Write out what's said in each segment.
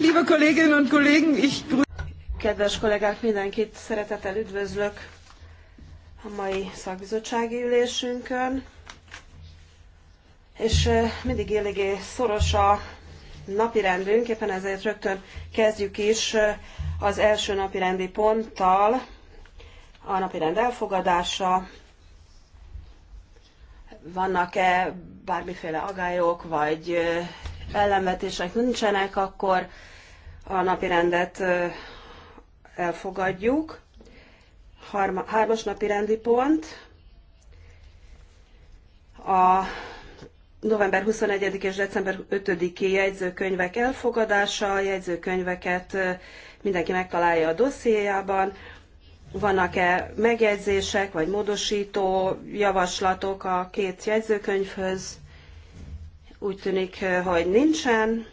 Liebe Kolleginnen und Kollegen, ich Kedves kollégák, mindenkit szeretettel üdvözlök a mai szakbizottsági ülésünkön. És mindig eléggé szoros a napi rendünk, éppen ezért rögtön kezdjük is az első napi rendi ponttal, a napi rend elfogadása. Vannak-e bármiféle agályok, vagy ellenvetések nincsenek, akkor a napirendet elfogadjuk. Harma, hármas napirendi pont. A november 21 és december 5-i jegyzőkönyvek elfogadása, a jegyzőkönyveket mindenki megtalálja a dossziéjában. Vannak-e megjegyzések vagy módosító javaslatok a két jegyzőkönyvhöz? Úgy tűnik, hogy nincsen.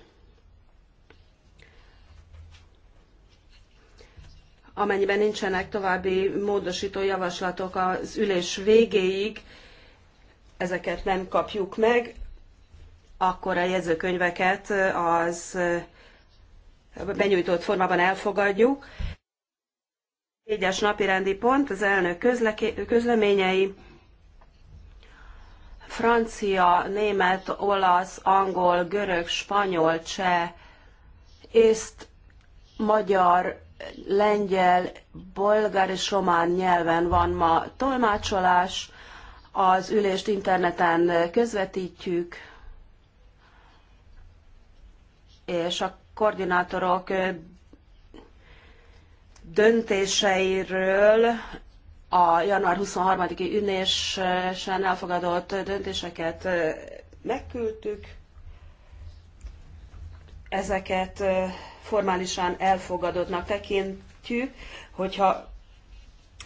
amennyiben nincsenek további módosító javaslatok az ülés végéig, ezeket nem kapjuk meg, akkor a jegyzőkönyveket az benyújtott formában elfogadjuk. Egyes napirendi pont, az elnök közleményei, francia, német, olasz, angol, görög, spanyol, cseh, észt, magyar, lengyel, bolgár és román nyelven van ma tolmácsolás, az ülést interneten közvetítjük, és a koordinátorok döntéseiről a január 23-i ülésen elfogadott döntéseket megküldtük. Ezeket formálisan elfogadottnak tekintjük, hogyha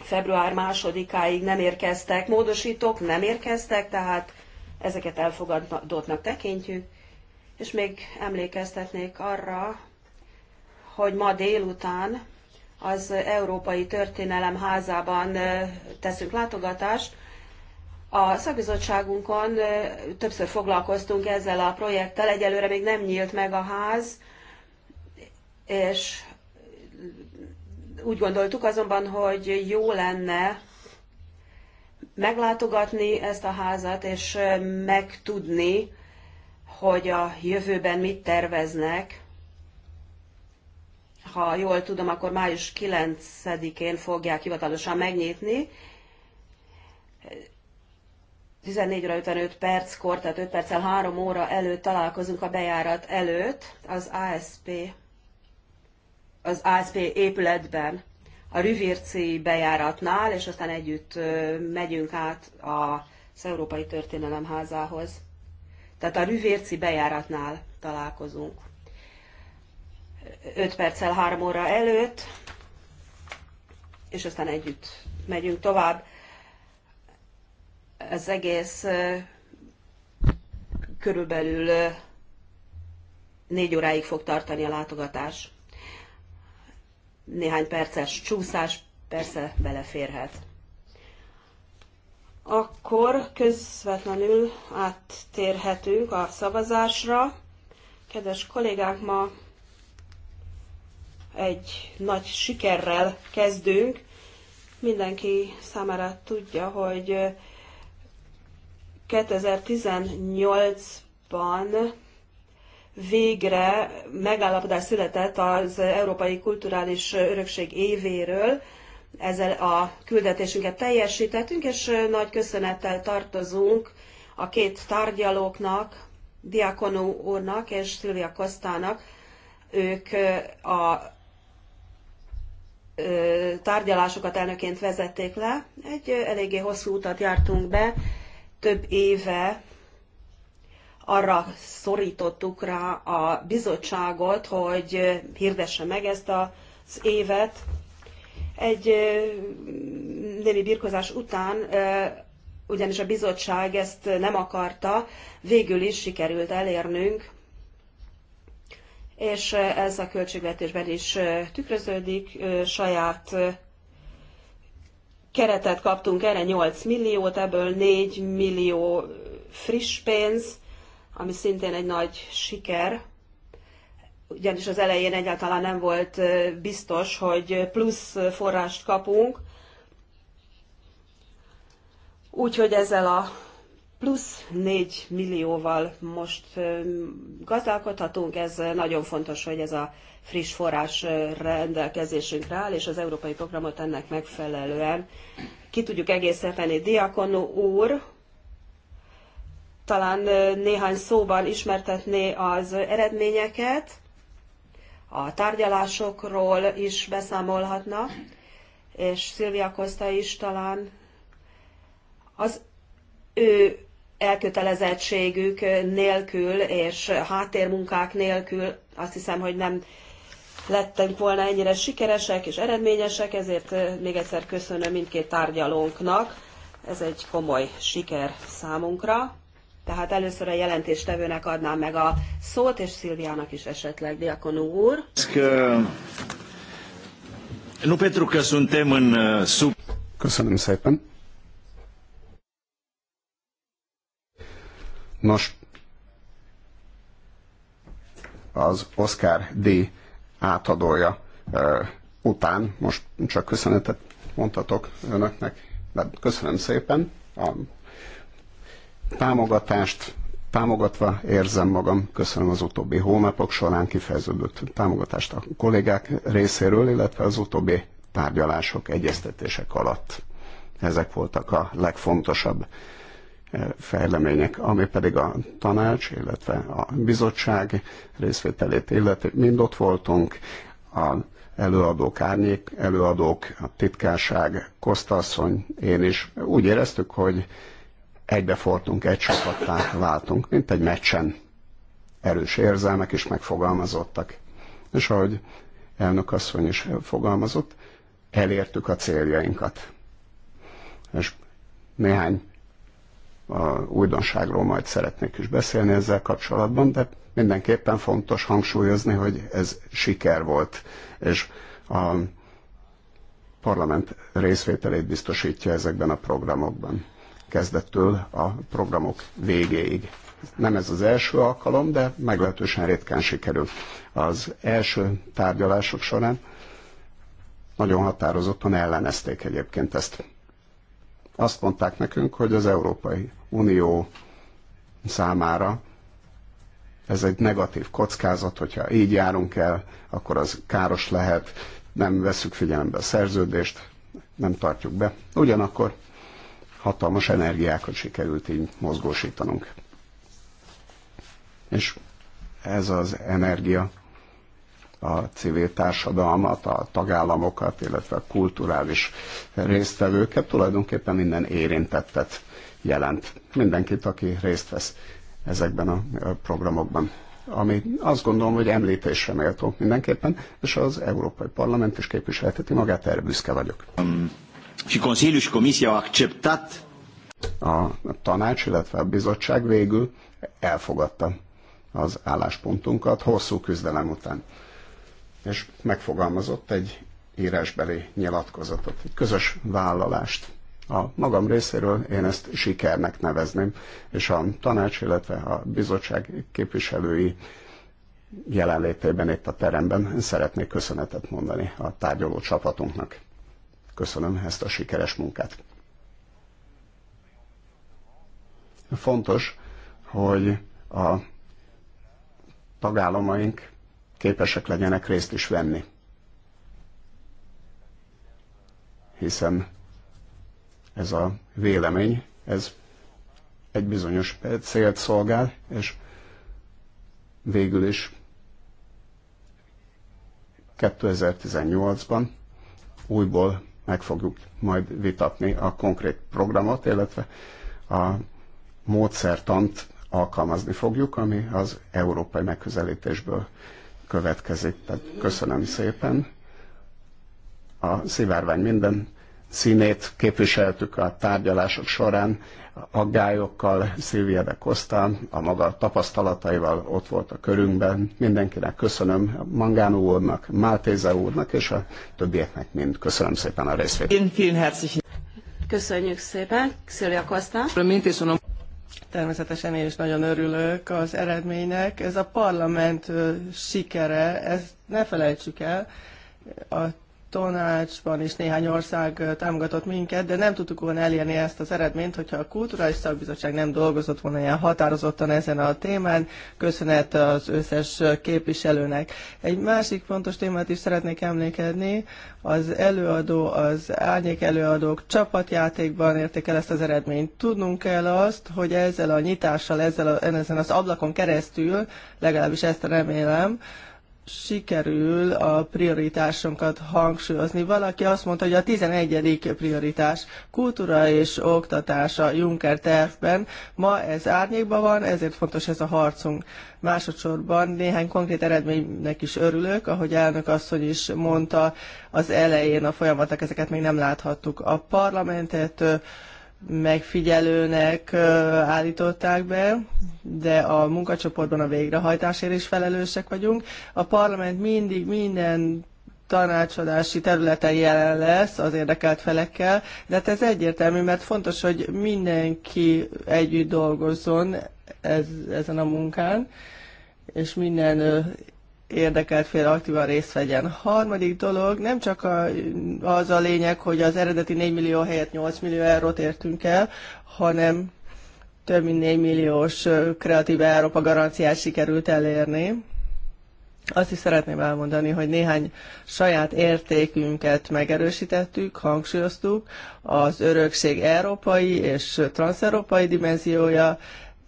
február másodikáig nem érkeztek módosítók, nem érkeztek, tehát ezeket elfogadottnak tekintjük. És még emlékeztetnék arra, hogy ma délután az Európai Történelem házában teszünk látogatást. A szakbizottságunkon többször foglalkoztunk ezzel a projekttel, egyelőre még nem nyílt meg a ház, és úgy gondoltuk azonban, hogy jó lenne meglátogatni ezt a házat, és megtudni, hogy a jövőben mit terveznek. Ha jól tudom, akkor május 9-én fogják hivatalosan megnyitni. 14-ra 55 perckor, tehát 5 perccel 3 óra előtt találkozunk a bejárat előtt az ASP az ASP épületben, a Rüvirci bejáratnál, és aztán együtt megyünk át az Európai Történelem házához. Tehát a Rüvirci bejáratnál találkozunk. 5 perccel 3 óra előtt, és aztán együtt megyünk tovább. Ez egész körülbelül 4 óráig fog tartani a látogatás néhány perces csúszás persze beleférhet. Akkor közvetlenül áttérhetünk a szavazásra. Kedves kollégák, ma egy nagy sikerrel kezdünk. Mindenki számára tudja, hogy 2018-ban végre megállapodás született az Európai Kulturális Örökség évéről, ezzel a küldetésünket teljesítettünk, és nagy köszönettel tartozunk a két tárgyalóknak, Diakonú úrnak és Szilvia Kostának. Ők a tárgyalásokat elnöként vezették le. Egy eléggé hosszú utat jártunk be, több éve arra szorítottuk rá a bizottságot, hogy hirdesse meg ezt az évet. Egy némi birkozás után, ugyanis a bizottság ezt nem akarta, végül is sikerült elérnünk, és ez a költségvetésben is tükröződik, saját keretet kaptunk erre 8 milliót, ebből 4 millió friss pénz, ami szintén egy nagy siker, ugyanis az elején egyáltalán nem volt biztos, hogy plusz forrást kapunk, úgyhogy ezzel a plusz 4 millióval most gazdálkodhatunk, ez nagyon fontos, hogy ez a friss forrás rendelkezésünkre áll, és az európai programot ennek megfelelően ki tudjuk egészíteni. Diakon úr talán néhány szóban ismertetné az eredményeket, a tárgyalásokról is beszámolhatna, és Szilvia Koszta is talán az ő elkötelezettségük nélkül és háttérmunkák nélkül azt hiszem, hogy nem lettünk volna ennyire sikeresek és eredményesek, ezért még egyszer köszönöm mindkét tárgyalónknak. Ez egy komoly siker számunkra. Tehát először a jelentéstevőnek adnám meg a szót, és Szilviának is esetleg, Diakon úr. Köszönöm szépen. Nos, az Oscar D. átadója után most csak köszönetet mondhatok önöknek, de köszönöm szépen a támogatást, támogatva érzem magam, köszönöm az utóbbi hónapok során kifejeződött támogatást a kollégák részéről, illetve az utóbbi tárgyalások, egyeztetések alatt. Ezek voltak a legfontosabb eh, fejlemények, ami pedig a tanács, illetve a bizottság részvételét illeti. Mind ott voltunk, a előadók, árnyék előadók, a titkárság, Kosztasszony, én is. Úgy éreztük, hogy egybefortunk, egy csapattá váltunk, mint egy meccsen. Erős érzelmek is megfogalmazottak. És ahogy elnök asszony is fogalmazott, elértük a céljainkat. És néhány a újdonságról majd szeretnék is beszélni ezzel kapcsolatban, de mindenképpen fontos hangsúlyozni, hogy ez siker volt, és a parlament részvételét biztosítja ezekben a programokban kezdettől a programok végéig. Nem ez az első alkalom, de meglehetősen ritkán sikerül. Az első tárgyalások során nagyon határozottan ellenezték egyébként ezt. Azt mondták nekünk, hogy az Európai Unió számára ez egy negatív kockázat, hogyha így járunk el, akkor az káros lehet, nem veszük figyelembe a szerződést, nem tartjuk be. Ugyanakkor hatalmas energiákat sikerült így mozgósítanunk. És ez az energia a civil társadalmat, a tagállamokat, illetve a kulturális résztvevőket, tulajdonképpen minden érintettet jelent. Mindenkit, aki részt vesz ezekben a programokban. Ami azt gondolom, hogy említésre méltó mindenképpen, és az Európai Parlament is képviselteti magát, erre büszke vagyok. Um și Consiliul și Comisia au acceptat. A tanács, illetve a bizottság végül elfogadta az álláspontunkat hosszú küzdelem után. És megfogalmazott egy írásbeli nyilatkozatot, egy közös vállalást. A magam részéről én ezt sikernek nevezném, és a tanács, illetve a bizottság képviselői jelenlétében itt a teremben szeretnék köszönetet mondani a tárgyaló csapatunknak. Köszönöm ezt a sikeres munkát. Fontos, hogy a tagállamaink képesek legyenek részt is venni. Hiszen ez a vélemény, ez egy bizonyos célt szolgál, és végül is 2018-ban újból meg fogjuk majd vitatni a konkrét programot, illetve a módszertant alkalmazni fogjuk, ami az európai megközelítésből következik. Tehát köszönöm szépen. A szivárvány minden színét képviseltük a tárgyalások során, aggályokkal, Szilvia de Costa, a maga tapasztalataival ott volt a körünkben. Mindenkinek köszönöm, Mangánó úrnak, Máltéze úrnak és a többieknek mind. Köszönöm szépen a részvételt. Köszönjük szépen, Szilvia Costa. Természetesen én is nagyon örülök az eredménynek. Ez a parlament sikere, ezt ne felejtsük el. A tanácsban is néhány ország támogatott minket, de nem tudtuk volna elérni ezt az eredményt, hogyha a Kulturális Szakbizottság nem dolgozott volna ilyen határozottan ezen a témán. Köszönet az összes képviselőnek. Egy másik fontos témát is szeretnék emlékezni. Az előadó, az árnyék előadók csapatjátékban érték el ezt az eredményt. Tudnunk kell azt, hogy ezzel a nyitással, ezzel a, ezen az ablakon keresztül, legalábbis ezt remélem, sikerül a prioritásunkat hangsúlyozni. Valaki azt mondta, hogy a 11. prioritás kultúra és oktatás a Juncker tervben. Ma ez árnyékban van, ezért fontos ez a harcunk. Másodszorban néhány konkrét eredménynek is örülök, ahogy elnök asszony is mondta, az elején a folyamatok ezeket még nem láthattuk. A parlamentet megfigyelőnek állították be, de a munkacsoportban a végrehajtásért is felelősek vagyunk. A parlament mindig minden tanácsadási területen jelen lesz az érdekelt felekkel, de hát ez egyértelmű, mert fontos, hogy mindenki együtt dolgozzon ez, ezen a munkán, és minden érdekelt fél aktívan részt vegyen. Harmadik dolog, nem csak a, az a lényeg, hogy az eredeti 4 millió helyett 8 millió eurót értünk el, hanem több mint 4 milliós kreatív Európa garanciát sikerült elérni. Azt is szeretném elmondani, hogy néhány saját értékünket megerősítettük, hangsúlyoztuk, az örökség európai és transzeurópai dimenziója,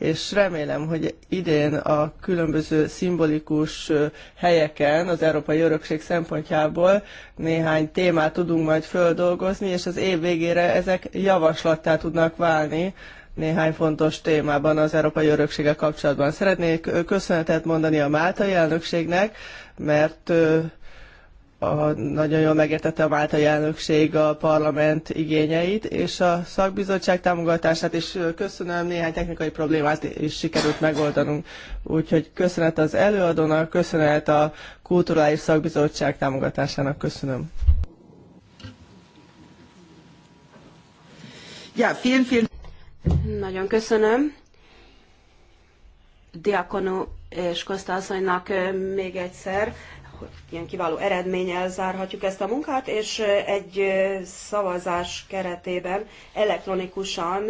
és remélem, hogy idén a különböző szimbolikus helyeken az Európai Örökség szempontjából néhány témát tudunk majd földolgozni, és az év végére ezek javaslattá tudnak válni, néhány fontos témában az Európai Örökséggel kapcsolatban. Szeretnék köszönetet mondani a Máltai elnökségnek, mert a, nagyon jól megértette a Máltai elnökség a parlament igényeit, és a szakbizottság támogatását is köszönöm, néhány technikai problémát is sikerült megoldanunk. Úgyhogy köszönet az előadónak, köszönet a kulturális szakbizottság támogatásának, köszönöm. Ja, vielen, vielen. Nagyon köszönöm. Diakonu és Koszta asszonynak még egyszer ilyen kiváló eredménnyel zárhatjuk ezt a munkát, és egy szavazás keretében elektronikusan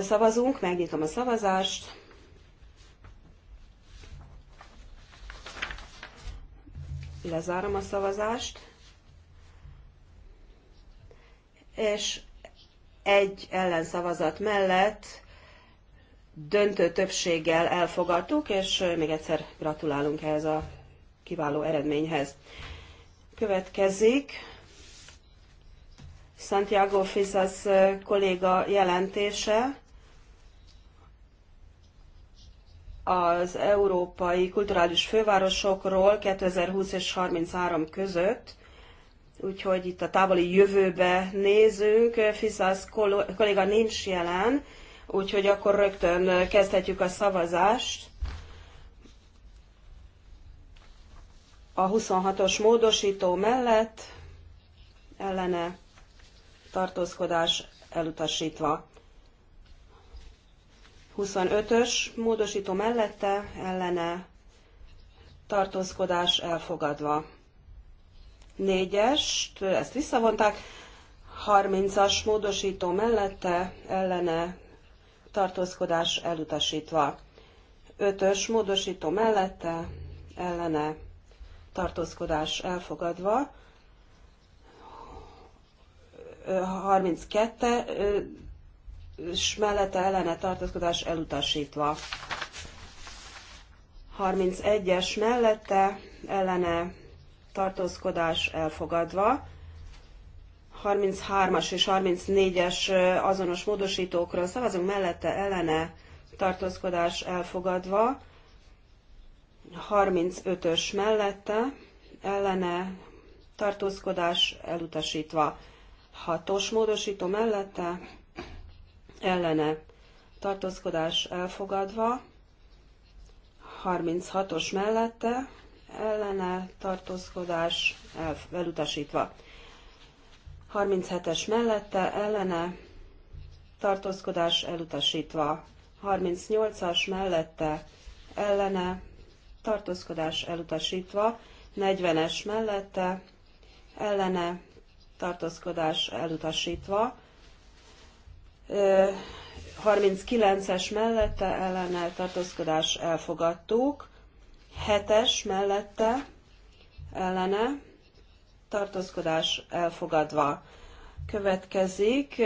szavazunk, megnyitom a szavazást. Lezárom a szavazást. És egy ellenszavazat mellett döntő többséggel elfogadtuk, és még egyszer gratulálunk ehhez a kiváló eredményhez. Következik Santiago Fizas kolléga jelentése az európai kulturális fővárosokról 2020 és 33 között, úgyhogy itt a távoli jövőbe nézünk, Fizas kolléga nincs jelen, úgyhogy akkor rögtön kezdhetjük a szavazást. a 26-os módosító mellett ellene tartózkodás elutasítva. 25-ös módosító mellette ellene tartózkodás elfogadva. 4 es ezt visszavonták, 30-as módosító mellette ellene tartózkodás elutasítva. 5-ös módosító mellette ellene tartózkodás elfogadva. 32 és mellette ellene tartózkodás elutasítva. 31-es mellette ellene tartózkodás elfogadva. 33-as és 34-es azonos módosítókról szavazunk mellette ellene tartózkodás elfogadva. 35-ös mellette ellene tartózkodás elutasítva. 6-os módosító mellette ellene tartózkodás elfogadva. 36-os mellette ellene tartózkodás elutasítva. 37-es mellette ellene tartózkodás elutasítva. 38-as mellette ellene tartózkodás elutasítva, 40-es mellette, ellene tartózkodás elutasítva, 39-es mellette ellene tartózkodás elfogadtuk, 7-es mellette ellene tartózkodás elfogadva. Következik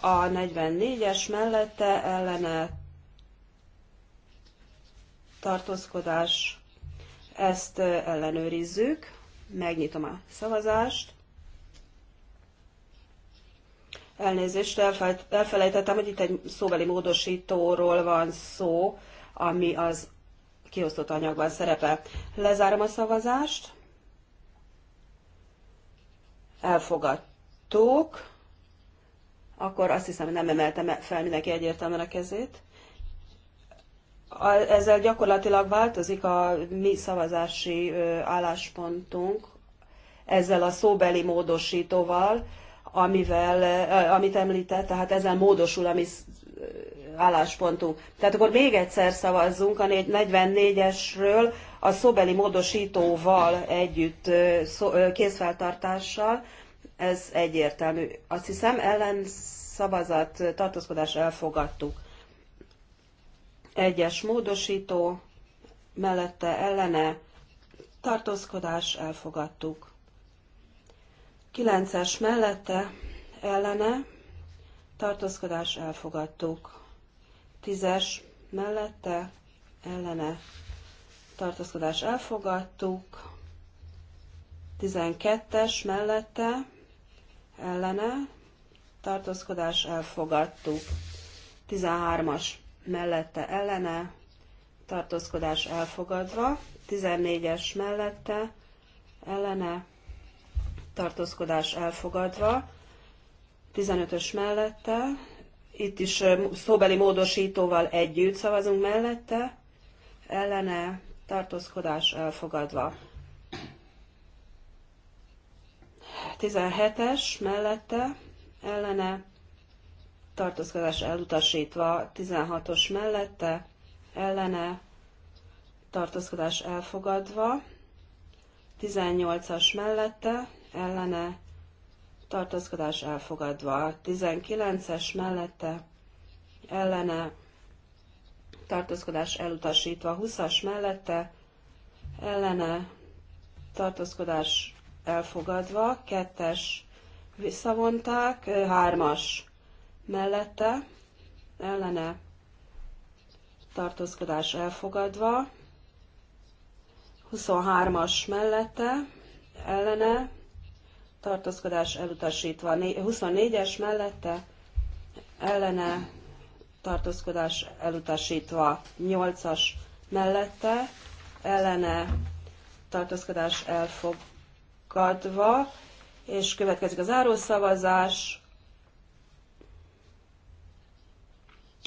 a 44-es mellette ellene tartózkodás, ezt ellenőrizzük. Megnyitom a szavazást. Elnézést, elfelejtettem, hogy itt egy szóbeli módosítóról van szó, ami az kiosztott anyagban szerepel. Lezárom a szavazást. Elfogadtuk. Akkor azt hiszem, nem emeltem fel mindenki egyértelműen a kezét ezzel gyakorlatilag változik a mi szavazási álláspontunk ezzel a szóbeli módosítóval, amivel, amit említett, tehát ezzel módosul a mi álláspontunk. Tehát akkor még egyszer szavazzunk a 44-esről a szóbeli módosítóval együtt készfeltartással. Ez egyértelmű. Azt hiszem, ellen szavazat tartózkodás elfogadtuk. Egyes módosító mellette ellene tartózkodás elfogadtuk. 9-es mellette ellene tartózkodás elfogadtuk. 10-es mellette ellene tartózkodás elfogadtuk. 12-es mellette ellene tartózkodás elfogadtuk. 13-as mellette ellene, tartózkodás elfogadva, 14-es mellette ellene, tartózkodás elfogadva, 15-ös mellette, itt is szóbeli módosítóval együtt szavazunk mellette, ellene, tartózkodás elfogadva. 17-es mellette, ellene, tartózkodás elutasítva, 16-os mellette, ellene, tartózkodás elfogadva, 18-as mellette, ellene, tartózkodás elfogadva, 19-es mellette, ellene, tartózkodás elutasítva, 20-as mellette, ellene, tartózkodás elfogadva, 2-es visszavonták, 3-as mellette ellene tartózkodás elfogadva, 23-as mellette ellene tartózkodás elutasítva, 24-es mellette ellene tartózkodás elutasítva, 8-as mellette ellene tartózkodás elfogadva, és következik az árószavazás,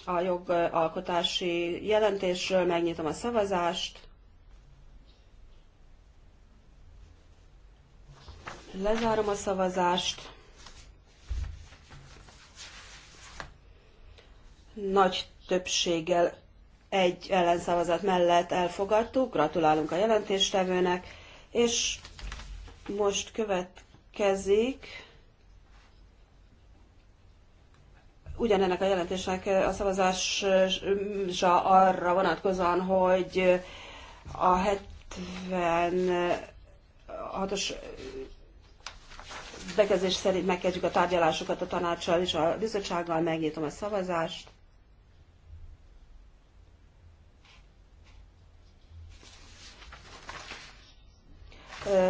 a jogalkotási jelentésről, megnyitom a szavazást. Lezárom a szavazást. Nagy többséggel egy ellenszavazat mellett elfogadtuk, gratulálunk a jelentéstevőnek, és most következik ugyanennek a jelentésnek a szavazása arra vonatkozóan, hogy a 76-os bekezdés szerint megkezdjük a tárgyalásokat a tanácssal és a bizottsággal, megnyitom a szavazást.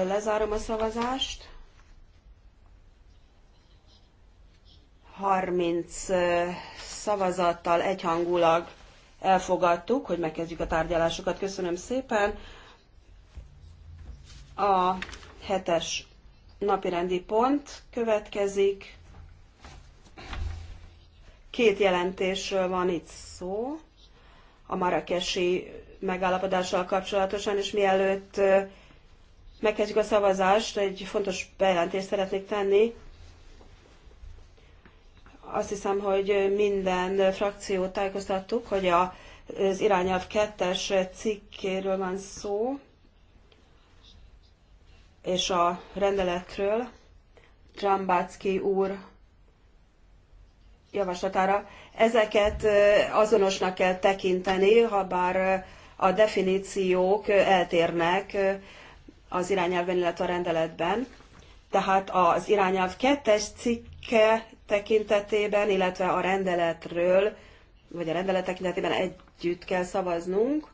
Lezárom a szavazást. 30 szavazattal egyhangulag elfogadtuk, hogy megkezdjük a tárgyalásokat. Köszönöm szépen. A hetes napirendi pont következik. Két jelentésről van itt szó a marakesi megállapodással kapcsolatosan, és mielőtt megkezdjük a szavazást, egy fontos bejelentést szeretnék tenni. Azt hiszem, hogy minden frakciót tájékoztattuk, hogy a, az irányelv kettes cikkéről van szó, és a rendeletről Trambácki úr javaslatára. Ezeket azonosnak kell tekinteni, ha bár a definíciók eltérnek az irányelven, illetve a rendeletben. Tehát az irányelv kettes cikk cikke tekintetében, illetve a rendeletről, vagy a rendelet tekintetében együtt kell szavaznunk.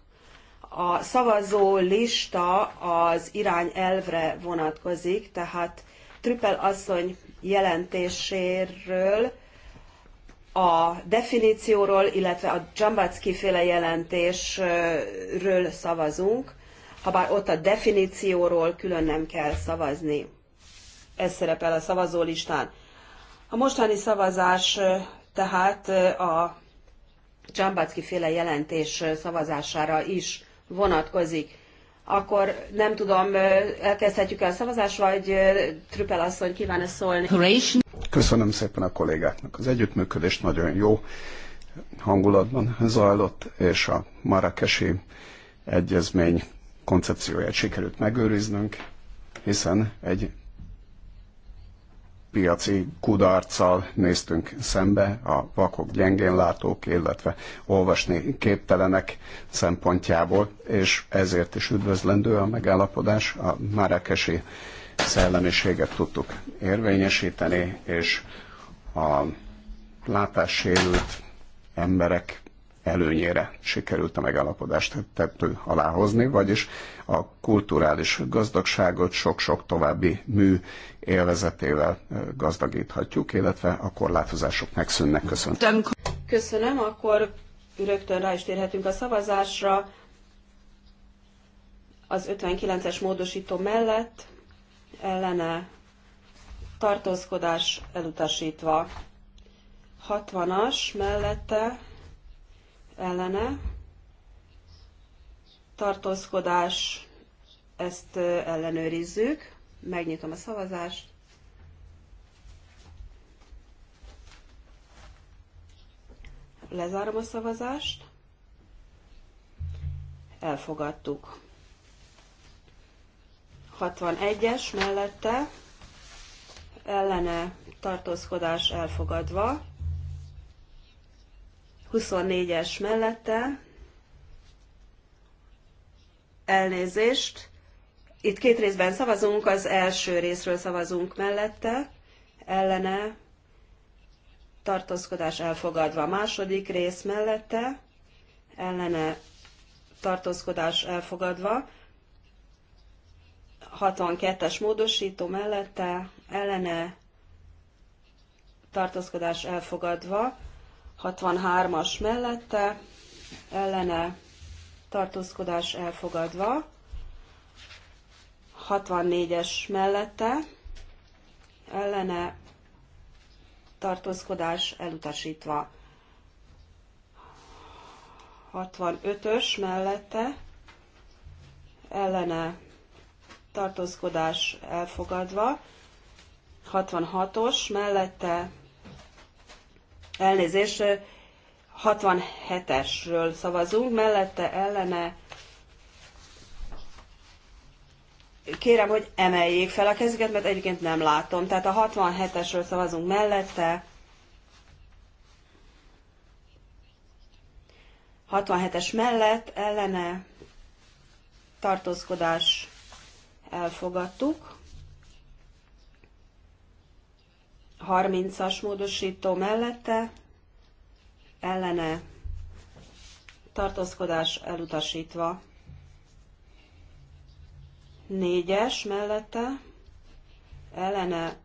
A szavazó lista az irányelvre vonatkozik, tehát Trüppel asszony jelentéséről, a definícióról, illetve a Dzsambacki féle jelentésről szavazunk, habár ott a definícióról külön nem kell szavazni. Ez szerepel a szavazólistán. A mostani szavazás tehát a Csambacki féle jelentés szavazására is vonatkozik. Akkor nem tudom, elkezdhetjük el a szavazást, vagy Trüppel asszony kíván szólni. Köszönöm szépen a kollégáknak. Az együttműködés nagyon jó hangulatban zajlott, és a marakesi egyezmény koncepcióját sikerült megőriznünk, hiszen egy piaci kudarccal néztünk szembe, a vakok gyengén látók, illetve olvasni képtelenek szempontjából, és ezért is üdvözlendő a megállapodás. A márekesi szellemiséget tudtuk érvényesíteni, és a látássérült emberek előnyére sikerült a megállapodást tettő aláhozni, vagyis a kulturális gazdagságot sok-sok további mű élvezetével gazdagíthatjuk, illetve a korlátozások megszűnnek. Köszönöm. Köszönöm, akkor rögtön rá is térhetünk a szavazásra. Az 59-es módosító mellett ellene tartózkodás elutasítva. 60-as mellette ellene tartózkodás, ezt ellenőrizzük. Megnyitom a szavazást. Lezárom a szavazást. Elfogadtuk. 61-es mellette ellene tartózkodás elfogadva. 24-es mellette, elnézést, itt két részben szavazunk, az első részről szavazunk mellette, ellene, tartózkodás elfogadva. Második rész mellette, ellene, tartózkodás elfogadva. 62-es módosító mellette, ellene, tartózkodás elfogadva. 63-as mellette, ellene tartózkodás elfogadva, 64-es mellette, ellene tartózkodás elutasítva. 65-ös mellette ellene tartózkodás elfogadva, 66-os mellette elnézést, 67-esről szavazunk, mellette ellene kérem, hogy emeljék fel a kezüket, mert egyébként nem látom. Tehát a 67-esről szavazunk mellette. 67-es mellett ellene tartózkodás elfogadtuk. 30-as módosító mellette ellene tartózkodás elutasítva. 4-es mellette ellene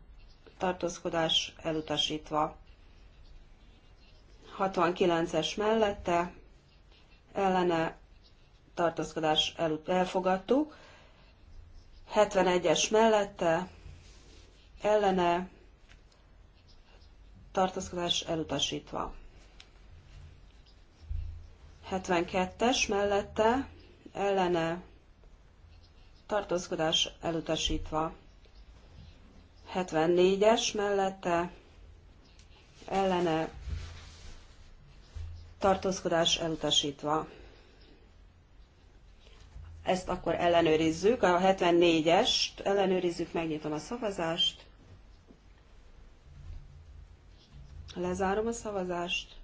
tartózkodás elutasítva. 69-es mellette ellene tartózkodás elfogadtuk. 71-es mellette ellene tartózkodás elutasítva. 72-es mellette ellene tartózkodás elutasítva. 74-es mellette ellene tartózkodás elutasítva. Ezt akkor ellenőrizzük, a 74-est ellenőrizzük, megnyitom a szavazást. Lezárom a szavazást.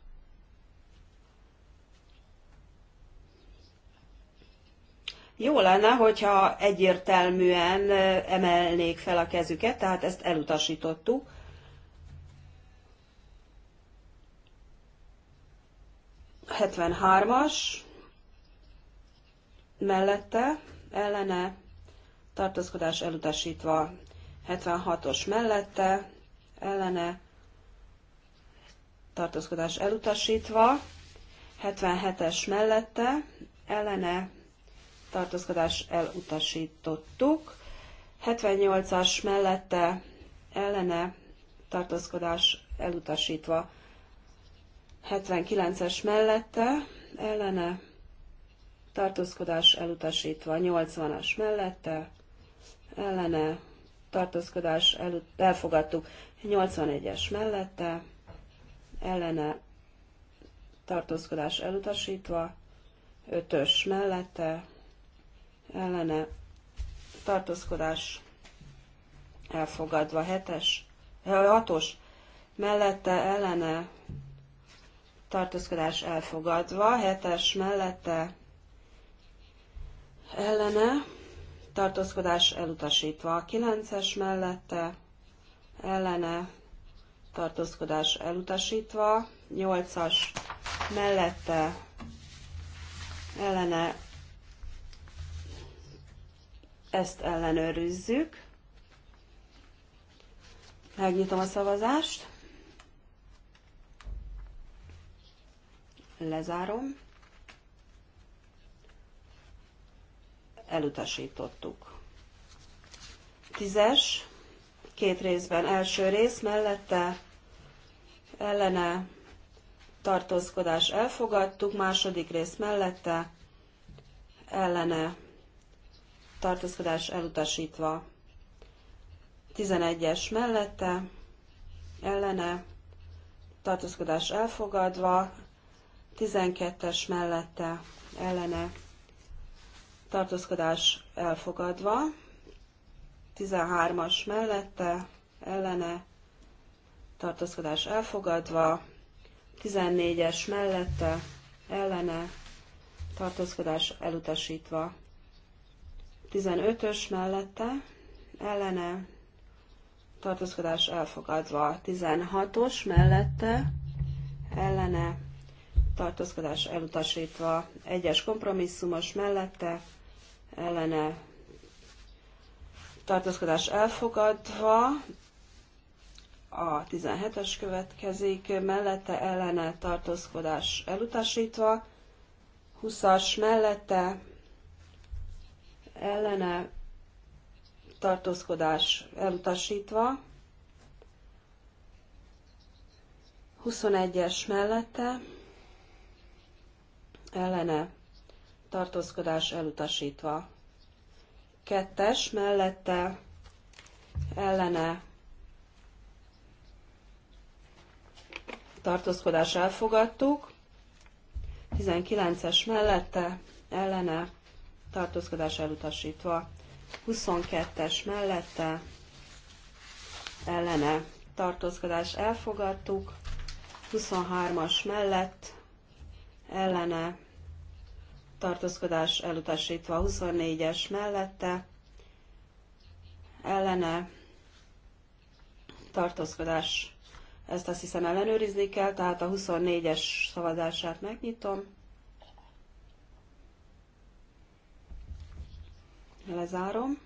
Jó lenne, hogyha egyértelműen emelnék fel a kezüket, tehát ezt elutasítottuk. as mellette, ellene, tartózkodás elutasítva, 76-os mellette, ellene, tartózkodás elutasítva, 77-es mellette, ellene tartózkodás elutasítottuk, 78-as mellette, ellene tartózkodás elutasítva, 79-es mellette, ellene tartózkodás elutasítva, 80-as mellette, ellene tartózkodás elut- elfogadtuk, 81-es mellette, ellene tartózkodás elutasítva, 5-ös mellette ellene tartózkodás elfogadva, 7-es, 6-os mellette ellene tartózkodás elfogadva, 7-es mellette ellene tartózkodás elutasítva, 9-es mellette ellene tartózkodás elutasítva, 8-as mellette ellene ezt ellenőrizzük. Megnyitom a szavazást. Lezárom. Elutasítottuk. Tízes, két részben első rész mellette ellene tartózkodás elfogadtuk, második rész mellette ellene tartózkodás elutasítva. 11-es mellette ellene tartózkodás elfogadva, 12-es mellette ellene tartózkodás elfogadva, 13-as mellette ellene tartózkodás elfogadva, 14-es mellette, ellene, tartózkodás elutasítva, 15-ös mellette, ellene, tartózkodás elfogadva, 16-os mellette, ellene, tartózkodás elutasítva, 1-es kompromisszumos mellette, ellene, tartózkodás elfogadva, a 17-es következik, mellette ellene tartózkodás elutasítva, 20-as mellette ellene tartózkodás elutasítva, 21-es mellette ellene tartózkodás elutasítva. 2-es mellette ellene tartózkodás elfogadtuk, 19-es mellette ellene tartózkodás elutasítva, 22-es mellette ellene tartózkodás elfogadtuk, 23-as mellett ellene tartózkodás elutasítva, 24-es mellette ellene tartózkodás ezt azt hiszem ellenőrizni kell, tehát a 24-es szavazását megnyitom. Lezárom.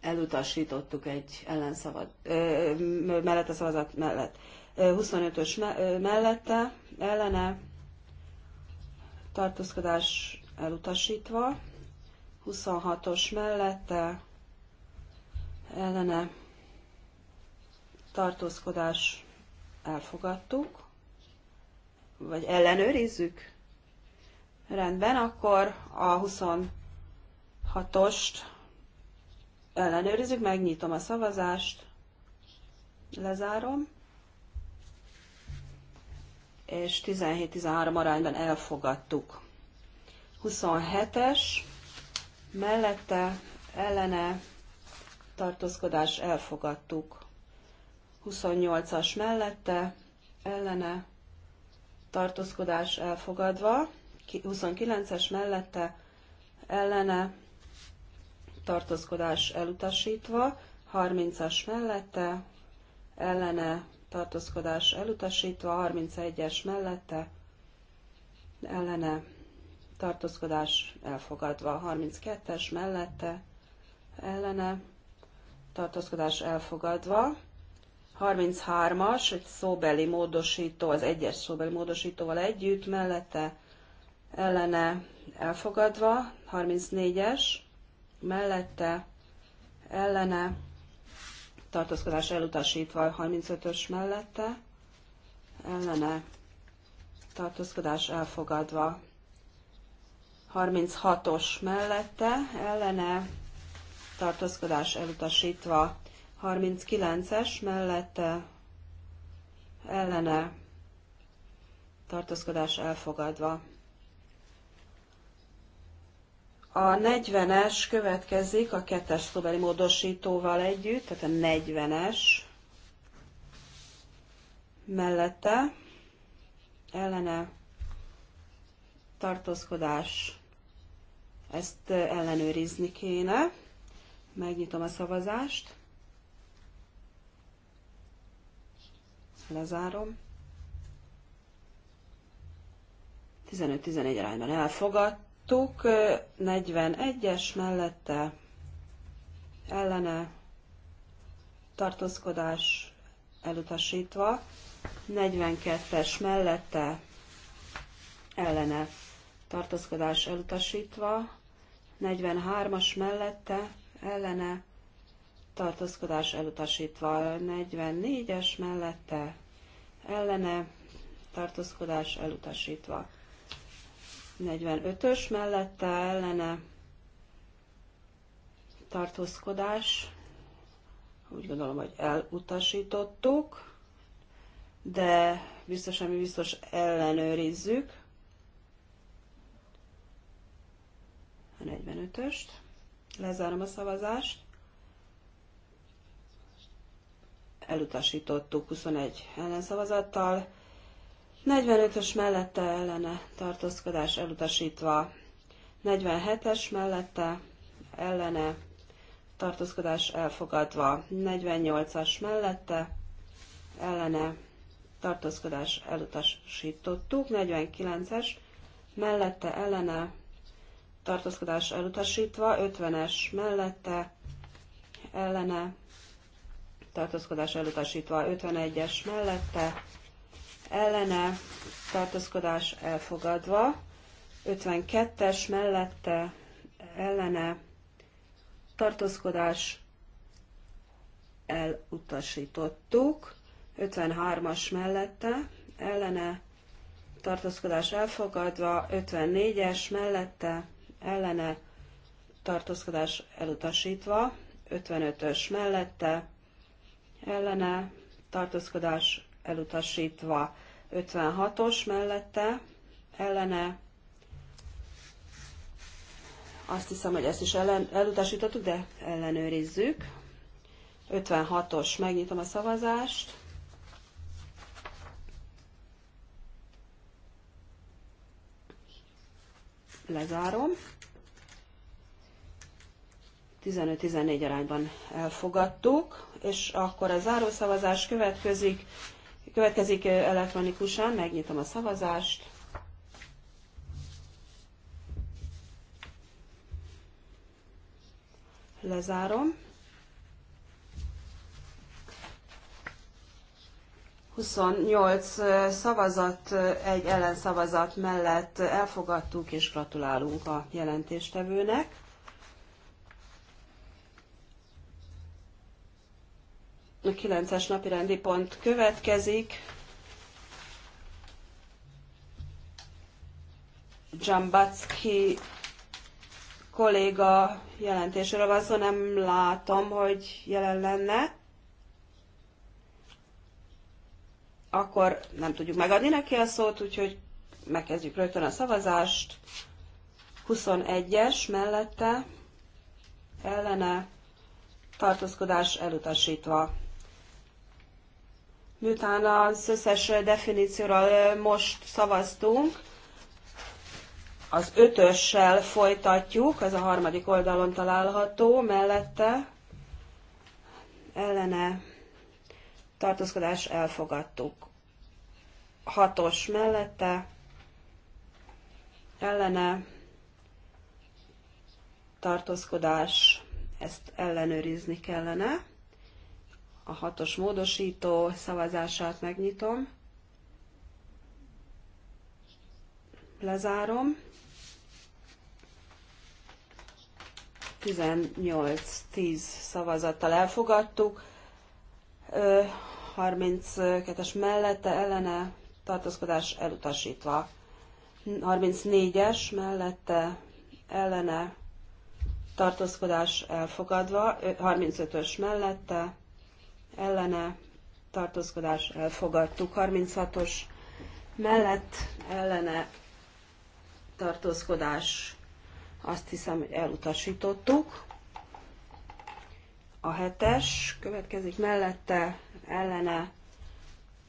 Elutasítottuk egy ellenszavaz, ö, mellette szavazat mellett. 25-ös me, mellette, ellene, tartózkodás elutasítva, 26-os mellette, ellene tartózkodás elfogadtuk, vagy ellenőrizzük? Rendben, akkor a 26-ost ellenőrizzük, megnyitom a szavazást, lezárom, és 17-13 arányban elfogadtuk. 27-es, mellette, ellene, tartózkodás elfogadtuk. 28-as mellette, ellene, tartózkodás elfogadva, 29-es mellette, ellene, tartózkodás elutasítva, 30-as mellette, ellene, tartózkodás elutasítva, 31-es mellette, ellene, tartózkodás elfogadva, 32-es mellette, ellene, tartózkodás elfogadva. 33-as, egy szóbeli módosító, az egyes szóbeli módosítóval együtt, mellette ellene elfogadva, 34-es, mellette ellene tartózkodás elutasítva, 35-ös mellette ellene tartózkodás elfogadva, 36-os mellette ellene tartózkodás elutasítva. 39-es mellette ellene tartózkodás elfogadva. A 40-es következik a kettes szóbeli módosítóval együtt, tehát a 40-es mellette ellene tartózkodás ezt ellenőrizni kéne. Megnyitom a szavazást. Lezárom. 15-11 arányban elfogadtuk. 41-es mellette ellene tartózkodás elutasítva, 42-es mellette ellene tartózkodás elutasítva, 43-as mellette ellene tartózkodás elutasítva 44-es mellette ellene tartózkodás elutasítva 45-ös mellette ellene tartózkodás úgy gondolom, hogy elutasítottuk, de biztos, ami biztos ellenőrizzük a 45-öst. Lezárom a szavazást. Elutasítottuk 21 ellenszavazattal. 45-ös mellette ellene tartózkodás elutasítva. 47-es mellette ellene tartózkodás elfogadva. 48-as mellette ellene tartózkodás elutasítottuk. 49-es mellette ellene tartózkodás elutasítva, 50-es mellette, ellene, tartózkodás elutasítva, 51-es mellette, ellene, tartózkodás elfogadva, 52-es mellette, ellene, tartózkodás elutasítottuk, 53-as mellette, ellene, tartózkodás elfogadva, 54-es mellette, ellene tartózkodás elutasítva, 55-ös mellette ellene tartózkodás elutasítva, 56-os mellette ellene azt hiszem, hogy ezt is ellen, elutasítottuk, de ellenőrizzük. 56-os, megnyitom a szavazást. lezárom. 15-14 arányban elfogadtuk, és akkor a zárószavazás következik, következik elektronikusan, megnyitom a szavazást. Lezárom. 28 eh, szavazat, eh, egy ellenszavazat mellett elfogadtuk, és gratulálunk a jelentéstevőnek. A 9-es rendi pont következik. Dzsambacki kolléga jelentéséről van szó, nem látom, hogy jelen lenne. akkor nem tudjuk megadni neki a szót, úgyhogy megkezdjük rögtön a szavazást. 21-es mellette ellene tartózkodás elutasítva. Miután az összes definícióról most szavaztunk, az ötössel folytatjuk, ez a harmadik oldalon található, mellette ellene tartózkodás elfogadtuk. Hatos mellette, ellene, tartózkodás, ezt ellenőrizni kellene. A hatos módosító szavazását megnyitom. Lezárom. 18-10 szavazattal elfogadtuk. 32-es mellette ellene tartózkodás elutasítva. 34-es mellette ellene tartózkodás elfogadva, 35-ös mellette ellene tartózkodás elfogadtuk, 36-os mellett ellene tartózkodás azt hiszem, hogy elutasítottuk. A hetes következik mellette ellene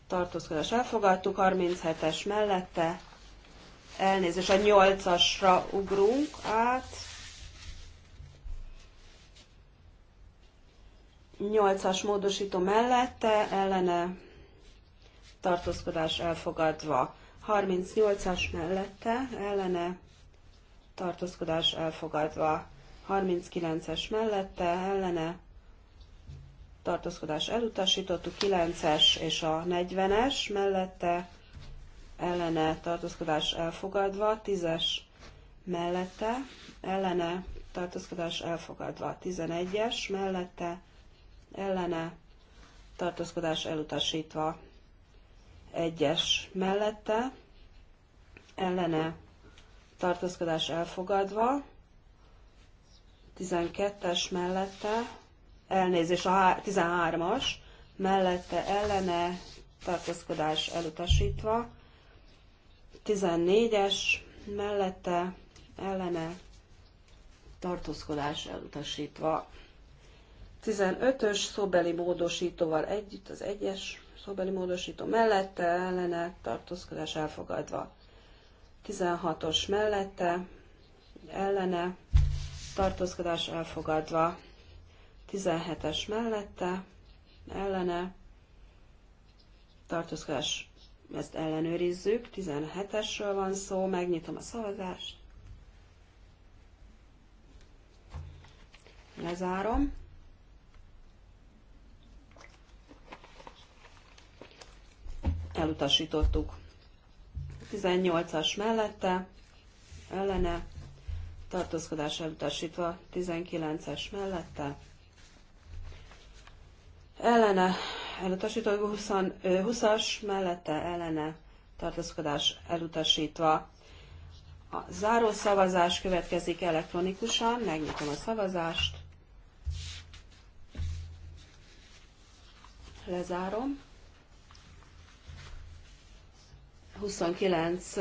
tartózkodás elfogadtuk, 37-es mellette elnézés, a 8-asra ugrunk át. 8-as módosító mellette ellene tartózkodás elfogadva. 38-as mellette ellene tartózkodás elfogadva. 39-es mellette ellene tartózkodás elutasítottuk, 9-es és a 40-es mellette ellene tartózkodás elfogadva, 10-es mellette ellene tartózkodás elfogadva, 11-es mellette ellene tartózkodás elutasítva, 1-es mellette ellene tartózkodás elfogadva, 12-es mellette elnézés a 13-as, mellette ellene tartózkodás elutasítva, 14-es, mellette ellene tartózkodás elutasítva, 15-ös szóbeli módosítóval együtt az egyes szóbeli módosító mellette ellene tartózkodás elfogadva, 16-os mellette ellene tartózkodás elfogadva, 17-es mellette, ellene, tartózkodás, ezt ellenőrizzük, 17-esről van szó, megnyitom a szavazást, lezárom, elutasítottuk. 18-as mellette, ellene, tartózkodás elutasítva, 19-es mellette, ellene elutasítva, 20-as mellette ellene tartózkodás elutasítva. A záró szavazás következik elektronikusan, megnyitom a szavazást, lezárom. 29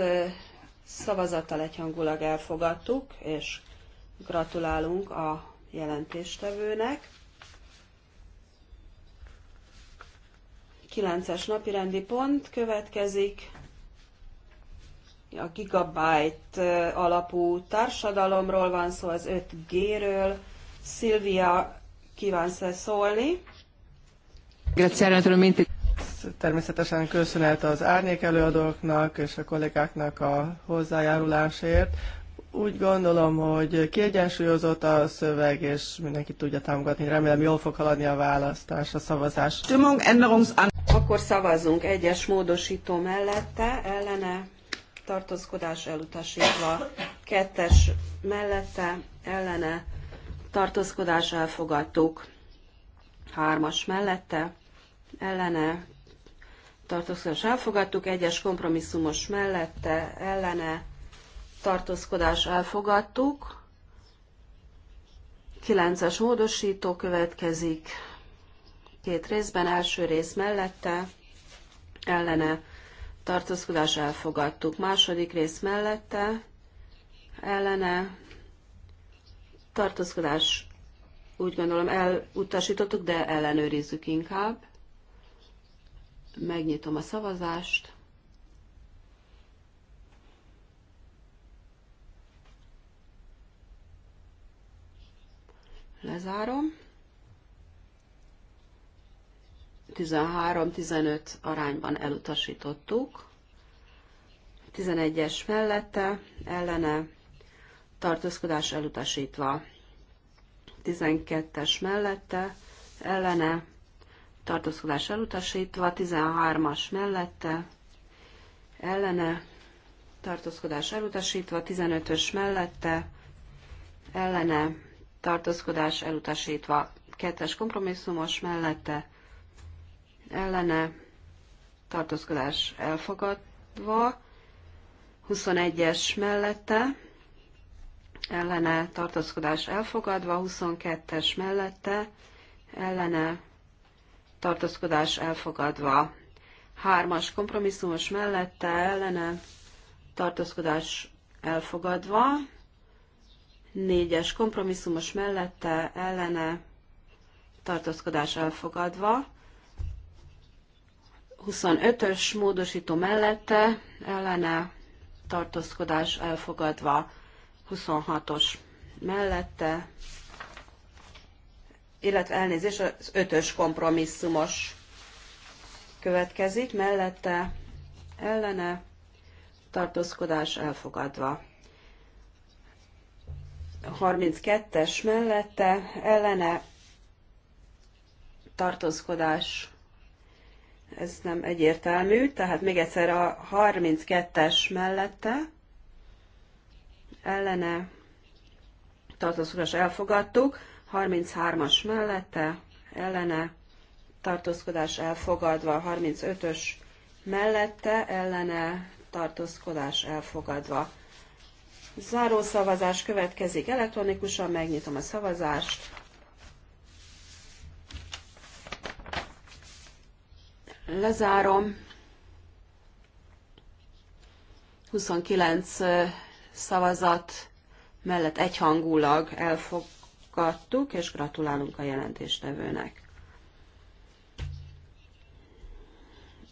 szavazattal egyhangulag elfogadtuk, és gratulálunk a jelentéstevőnek. 9-es napirendi pont következik. A gigabyte alapú társadalomról van szó, az 5G-ről. Szilvia kívánsz -e szólni? Természetesen köszönet az árnyék előadóknak és a kollégáknak a hozzájárulásért. Úgy gondolom, hogy kiegyensúlyozott a szöveg, és mindenki tudja támogatni. Remélem, jól fog haladni a választás, a szavazás. Akkor szavazzunk egyes módosító mellette, ellene tartózkodás elutasítva, kettes mellette, ellene tartózkodás elfogadtuk, hármas mellette, ellene tartózkodás elfogadtuk, egyes kompromisszumos mellette, ellene tartózkodás elfogadtuk, kilences módosító következik, két részben, első rész mellette, ellene tartózkodás elfogadtuk, második rész mellette, ellene tartózkodás úgy gondolom elutasítottuk, de ellenőrizzük inkább. Megnyitom a szavazást. Lezárom. 13-15 arányban elutasítottuk. 11-es mellette, ellene, tartózkodás elutasítva. 12-es mellette, ellene, tartózkodás elutasítva, 13-as mellette, ellene, tartózkodás elutasítva, 15-ös mellette, ellene, tartózkodás elutasítva, 2-es kompromisszumos mellette, ellene tartózkodás elfogadva, 21-es mellette ellene tartózkodás elfogadva, 22-es mellette ellene tartózkodás elfogadva, 3-as kompromisszumos mellette ellene tartózkodás elfogadva, 4-es kompromisszumos mellette ellene tartózkodás elfogadva, 25-ös módosító mellette ellene tartózkodás elfogadva, 26-os mellette, illetve elnézés, az 5-ös kompromisszumos következik, mellette ellene tartózkodás elfogadva. 32-es mellette ellene tartózkodás ez nem egyértelmű, tehát még egyszer a 32-es mellette ellene tartózkodás elfogadtuk, 33-as mellette ellene tartózkodás elfogadva, 35-ös mellette ellene tartózkodás elfogadva. Záró szavazás következik elektronikusan, megnyitom a szavazást. Lezárom. 29 szavazat mellett egyhangulag elfogadtuk, és gratulálunk a jelentéstevőnek.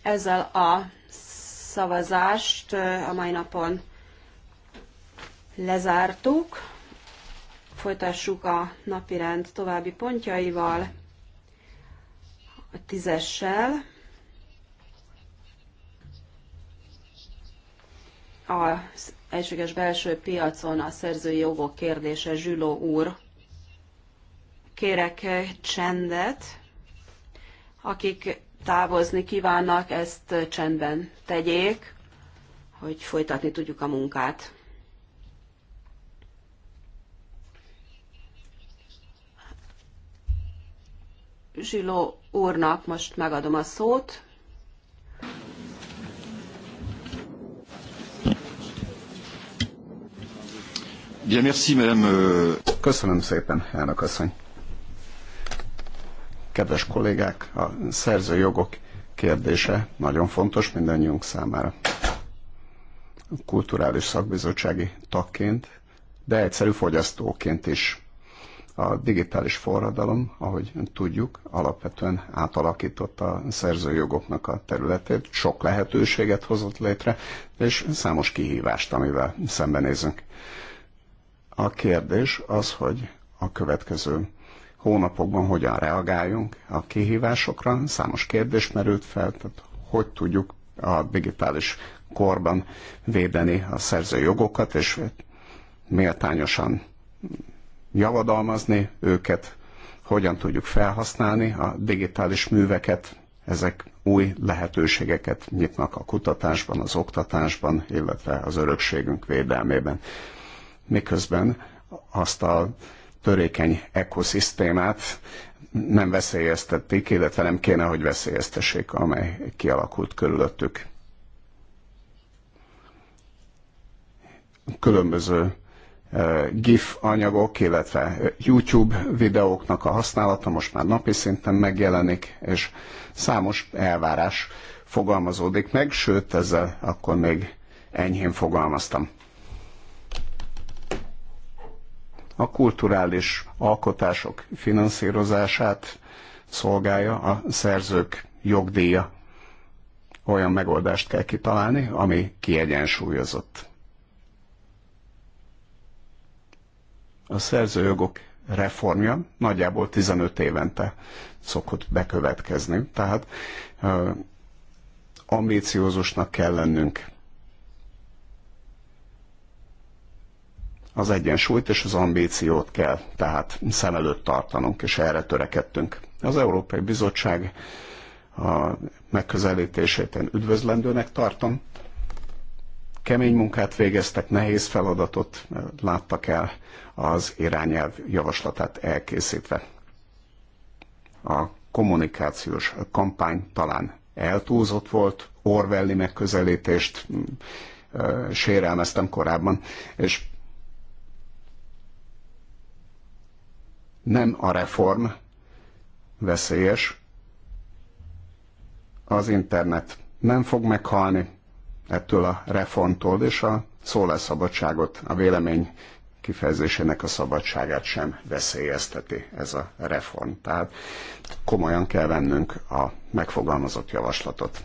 Ezzel a szavazást a mai napon lezártuk. Folytassuk a napirend további pontjaival, a tízessel. az egységes belső piacon a szerzői jogok kérdése, Zsüló úr. Kérek csendet. Akik távozni kívánnak, ezt csendben tegyék, hogy folytatni tudjuk a munkát. Zsiló úrnak most megadom a szót. Bien, merci, madame. Euh. Köszönöm szépen, elnök asszony. Kedves kollégák, a szerzőjogok kérdése nagyon fontos mindannyiunk számára. A kulturális szakbizottsági tagként, de egyszerű fogyasztóként is. A digitális forradalom, ahogy tudjuk, alapvetően átalakította a szerzőjogoknak a területét, sok lehetőséget hozott létre, és számos kihívást, amivel szembenézünk. A kérdés az, hogy a következő hónapokban hogyan reagáljunk a kihívásokra. Számos kérdés merült fel, tehát hogy tudjuk a digitális korban védeni a szerző jogokat, és méltányosan javadalmazni őket, hogyan tudjuk felhasználni a digitális műveket, ezek új lehetőségeket nyitnak a kutatásban, az oktatásban, illetve az örökségünk védelmében miközben azt a törékeny ekoszisztémát nem veszélyeztették, illetve nem kéne, hogy veszélyeztessék, amely kialakult körülöttük. Különböző eh, GIF anyagok, illetve YouTube videóknak a használata most már napi szinten megjelenik, és számos elvárás fogalmazódik meg, sőt, ezzel akkor még enyhén fogalmaztam. a kulturális alkotások finanszírozását szolgálja a szerzők jogdíja. Olyan megoldást kell kitalálni, ami kiegyensúlyozott. A szerzőjogok reformja nagyjából 15 évente szokott bekövetkezni, tehát ambíciózusnak kell lennünk az egyensúlyt és az ambíciót kell tehát szem előtt tartanunk, és erre törekedtünk. Az Európai Bizottság a megközelítését én üdvözlendőnek tartom. Kemény munkát végeztek, nehéz feladatot láttak el az irányelv javaslatát elkészítve. A kommunikációs kampány talán eltúlzott volt, Orwelli megközelítést sérelmeztem korábban, és nem a reform veszélyes, az internet nem fog meghalni ettől a reformtól, és a szólásszabadságot, a vélemény kifejezésének a szabadságát sem veszélyezteti ez a reform. Tehát komolyan kell vennünk a megfogalmazott javaslatot.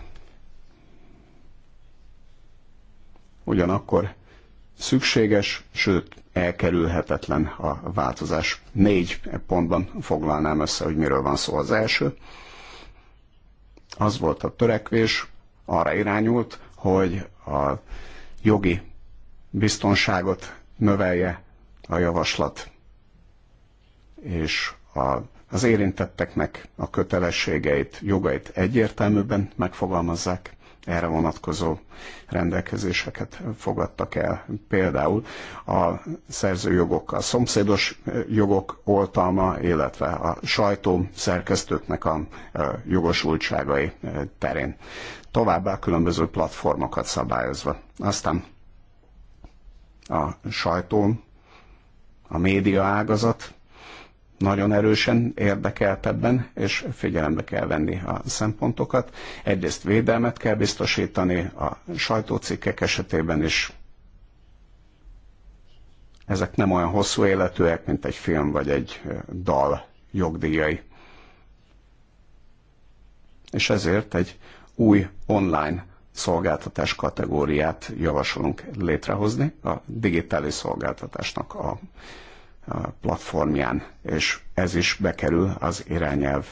Ugyanakkor szükséges, sőt elkerülhetetlen a változás. Négy pontban foglalnám össze, hogy miről van szó az első. Az volt a törekvés, arra irányult, hogy a jogi biztonságot növelje a javaslat, és a, az érintetteknek a kötelességeit, jogait egyértelműben megfogalmazzák erre vonatkozó rendelkezéseket fogadtak el. Például a szerzőjogokkal szomszédos jogok oltalma, illetve a sajtó szerkesztőknek a jogosultságai terén. Továbbá különböző platformokat szabályozva. Aztán a sajtó, a média ágazat, nagyon erősen érdekelt ebben, és figyelembe kell venni a szempontokat. Egyrészt védelmet kell biztosítani a sajtócikkek esetében is. Ezek nem olyan hosszú életűek, mint egy film vagy egy dal jogdíjai. És ezért egy új online szolgáltatás kategóriát javasolunk létrehozni, a digitális szolgáltatásnak a platformján, és ez is bekerül az irányelv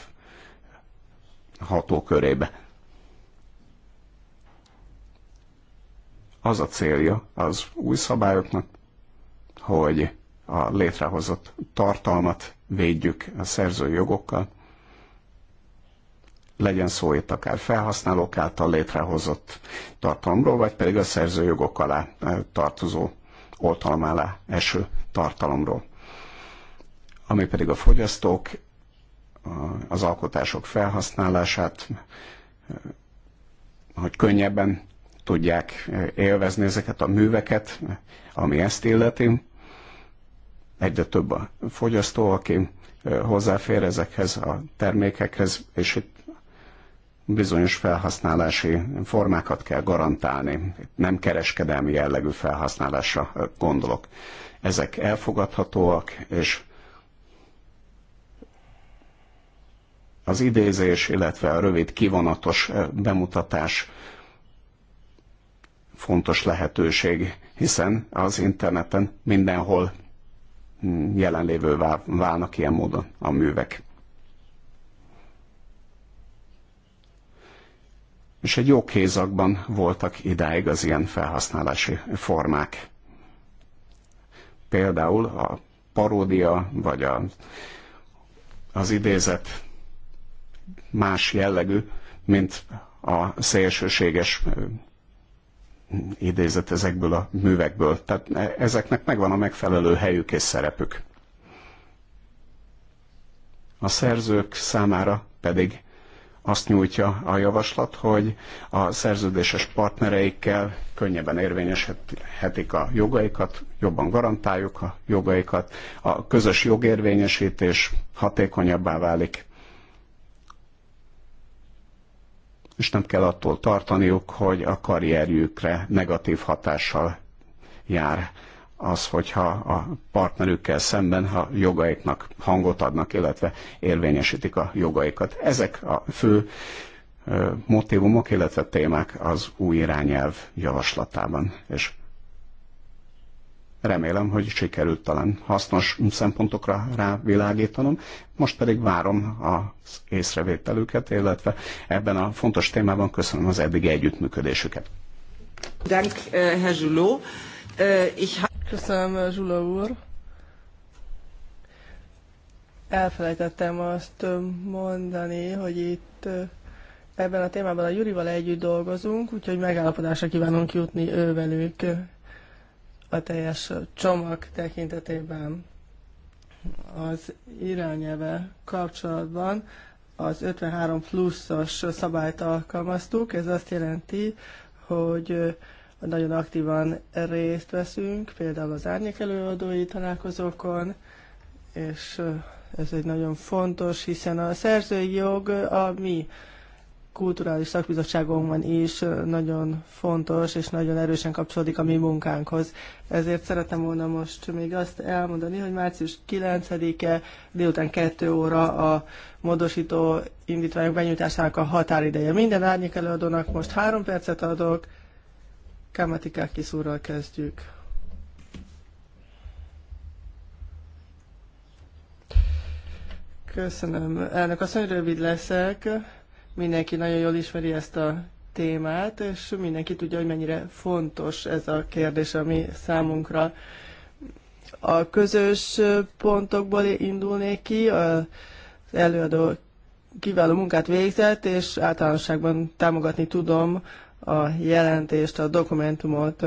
hatókörébe. Az a célja az új szabályoknak, hogy a létrehozott tartalmat védjük a szerzői jogokkal, legyen szó itt akár felhasználók által létrehozott tartalomról, vagy pedig a szerzőjogok alá eh, tartozó oltalom alá eső tartalomról ami pedig a fogyasztók, az alkotások felhasználását, e, hogy könnyebben tudják e, élvezni ezeket a műveket, ami ezt illeti. Egyre több a fogyasztó, aki e, hozzáfér ezekhez a termékekhez, és itt bizonyos felhasználási formákat kell garantálni. Nem kereskedelmi jellegű felhasználásra gondolok. Ezek elfogadhatóak, és az idézés, illetve a rövid kivonatos eh, bemutatás fontos lehetőség, hiszen az interneten mindenhol mm, jelenlévő válnak ilyen módon a művek. És egy jó kézakban voltak idáig az ilyen felhasználási formák. Például a paródia, vagy a, az idézet más jellegű, mint a szélsőséges idézet ezekből a művekből. Tehát e, ezeknek megvan a megfelelő helyük és szerepük. A szerzők számára pedig azt nyújtja a javaslat, hogy a szerződéses partnereikkel könnyebben érvényesíthetik a jogaikat, jobban garantáljuk a jogaikat, a közös jogérvényesítés hatékonyabbá válik, és nem kell attól tartaniuk, hogy a karrierjükre negatív hatással jár az, hogyha a partnerükkel szemben a jogaiknak hangot adnak, illetve érvényesítik a jogaikat. Ezek a fő motivumok, illetve témák az új irányelv javaslatában. És Remélem, hogy sikerült talán hasznos szempontokra rávilágítanom. Most pedig várom az észrevételüket, illetve ebben a fontos témában köszönöm az eddigi együttműködésüket. Dank, eh, Herr Zuló. Eh, köszönöm, Zsula eh, úr. Elfelejtettem azt mondani, hogy itt ebben a témában a Jurival együtt dolgozunk, úgyhogy megállapodásra kívánunk jutni ővelük. velük a teljes csomag tekintetében az irányelve kapcsolatban az 53 pluszos szabályt alkalmaztuk. Ez azt jelenti, hogy nagyon aktívan részt veszünk, például az árnyék előadói találkozókon, és ez egy nagyon fontos, hiszen a szerzői jog a mi kulturális szakbizottságunkban is nagyon fontos és nagyon erősen kapcsolódik a mi munkánkhoz. Ezért szeretem volna most még azt elmondani, hogy március 9-e délután 2 óra a módosító indítványok benyújtásának a határideje. Minden árnyék előadónak most három percet adok. Kamatikák kiszúrral kezdjük. Köszönöm. Elnök asszony, rövid leszek. Mindenki nagyon jól ismeri ezt a témát, és mindenki tudja, hogy mennyire fontos ez a kérdés, ami számunkra a közös pontokból indulnék ki. Az előadó kiváló munkát végzett, és általánosságban támogatni tudom a jelentést, a dokumentumot.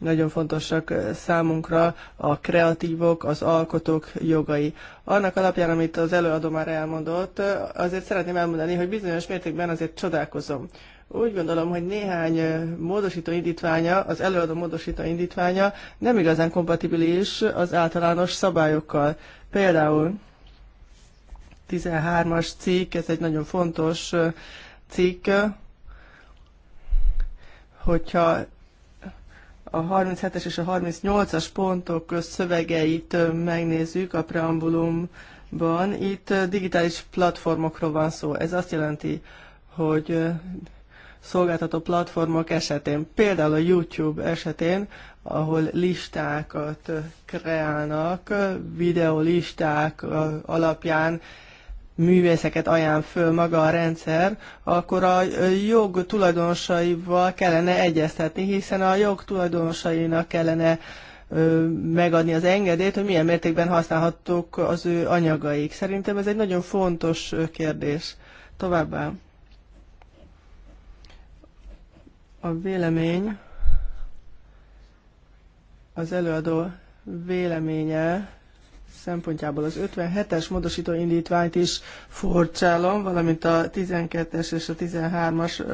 Nagyon fontosak számunkra a kreatívok, az alkotók jogai. Annak alapján, amit az előadó már elmondott, azért szeretném elmondani, hogy bizonyos mértékben azért csodálkozom. Úgy gondolom, hogy néhány módosító indítványa, az előadó módosító indítványa nem igazán kompatibilis az általános szabályokkal. Például 13-as cikk, ez egy nagyon fontos cikk, hogyha a 37-es és a 38-as pontok szövegeit megnézzük a preambulumban, itt digitális platformokról van szó. Ez azt jelenti, hogy szolgáltató platformok esetén, például a YouTube esetén, ahol listákat kreálnak, videolisták alapján művészeket ajánl föl maga a rendszer, akkor a jog tulajdonosaival kellene egyeztetni, hiszen a jog tulajdonosainak kellene megadni az engedélyt, hogy milyen mértékben használhattuk az ő anyagaik. Szerintem ez egy nagyon fontos kérdés. Továbbá a vélemény, az előadó véleménye szempontjából az 57-es módosító indítványt is forcsálom, valamint a 12-es és a 13-as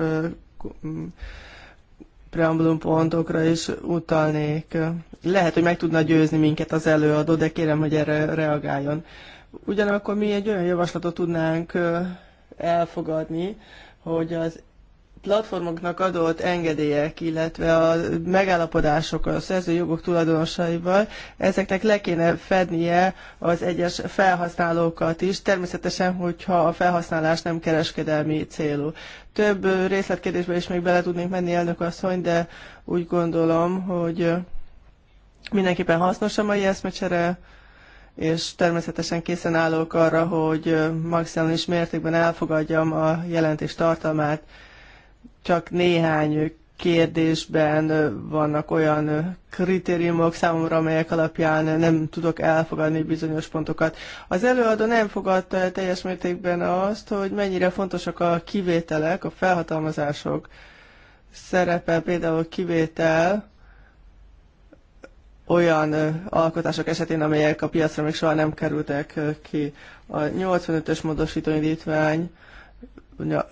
preambulum pontokra is utalnék. Lehet, hogy meg tudna győzni minket az előadó, de kérem, hogy erre reagáljon. Ugyanakkor mi egy olyan javaslatot tudnánk elfogadni, hogy az platformoknak adott engedélyek, illetve a megállapodások a szerzőjogok tulajdonosaival, ezeknek le kéne fednie az egyes felhasználókat is, természetesen, hogyha a felhasználás nem kereskedelmi célú. Több részletkérdésbe is még bele tudnék menni, elnök asszony, de úgy gondolom, hogy mindenképpen hasznos a mai eszmecsere, és természetesen készen állok arra, hogy maximális mértékben elfogadjam a jelentés tartalmát csak néhány kérdésben vannak olyan kritériumok számomra, amelyek alapján nem tudok elfogadni bizonyos pontokat. Az előadó nem fogadta el teljes mértékben azt, hogy mennyire fontosak a kivételek, a felhatalmazások. szerepe. például kivétel olyan alkotások esetén, amelyek a piacra még soha nem kerültek ki. A 85-ös módosítóindítvány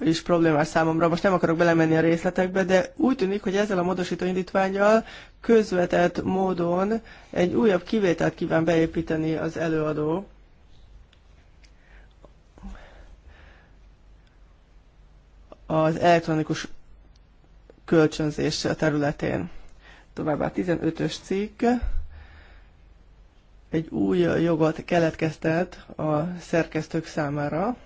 is problémás számomra. Most nem akarok belemenni a részletekbe, de úgy tűnik, hogy ezzel a módosító indítványjal közvetett módon egy újabb kivételt kíván beépíteni az előadó. az elektronikus kölcsönzés területén. Továbbá 15-ös cikk egy új jogot keletkeztet a szerkesztők számára,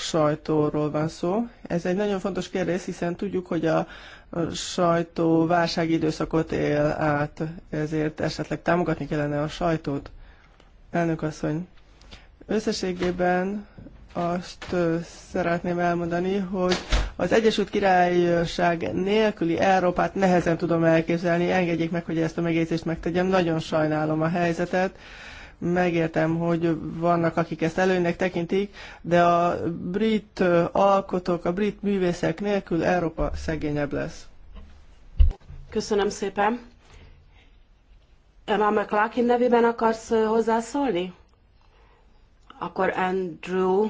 sajtóról van szó. Ez egy nagyon fontos kérdés, hiszen tudjuk, hogy a sajtó válsági időszakot él át, ezért esetleg támogatni kellene a sajtót. Elnök asszony, összességében azt szeretném elmondani, hogy az Egyesült Királyság nélküli Európát nehezen tudom elképzelni. Engedjék meg, hogy ezt a megjegyzést megtegyem. Nagyon sajnálom a helyzetet. Megértem, hogy vannak, akik ezt előnynek tekintik, de a brit alkotók, a brit művészek nélkül Európa szegényebb lesz. Köszönöm szépen. Emma McLaughlin nevében akarsz hozzászólni? Akkor Andrew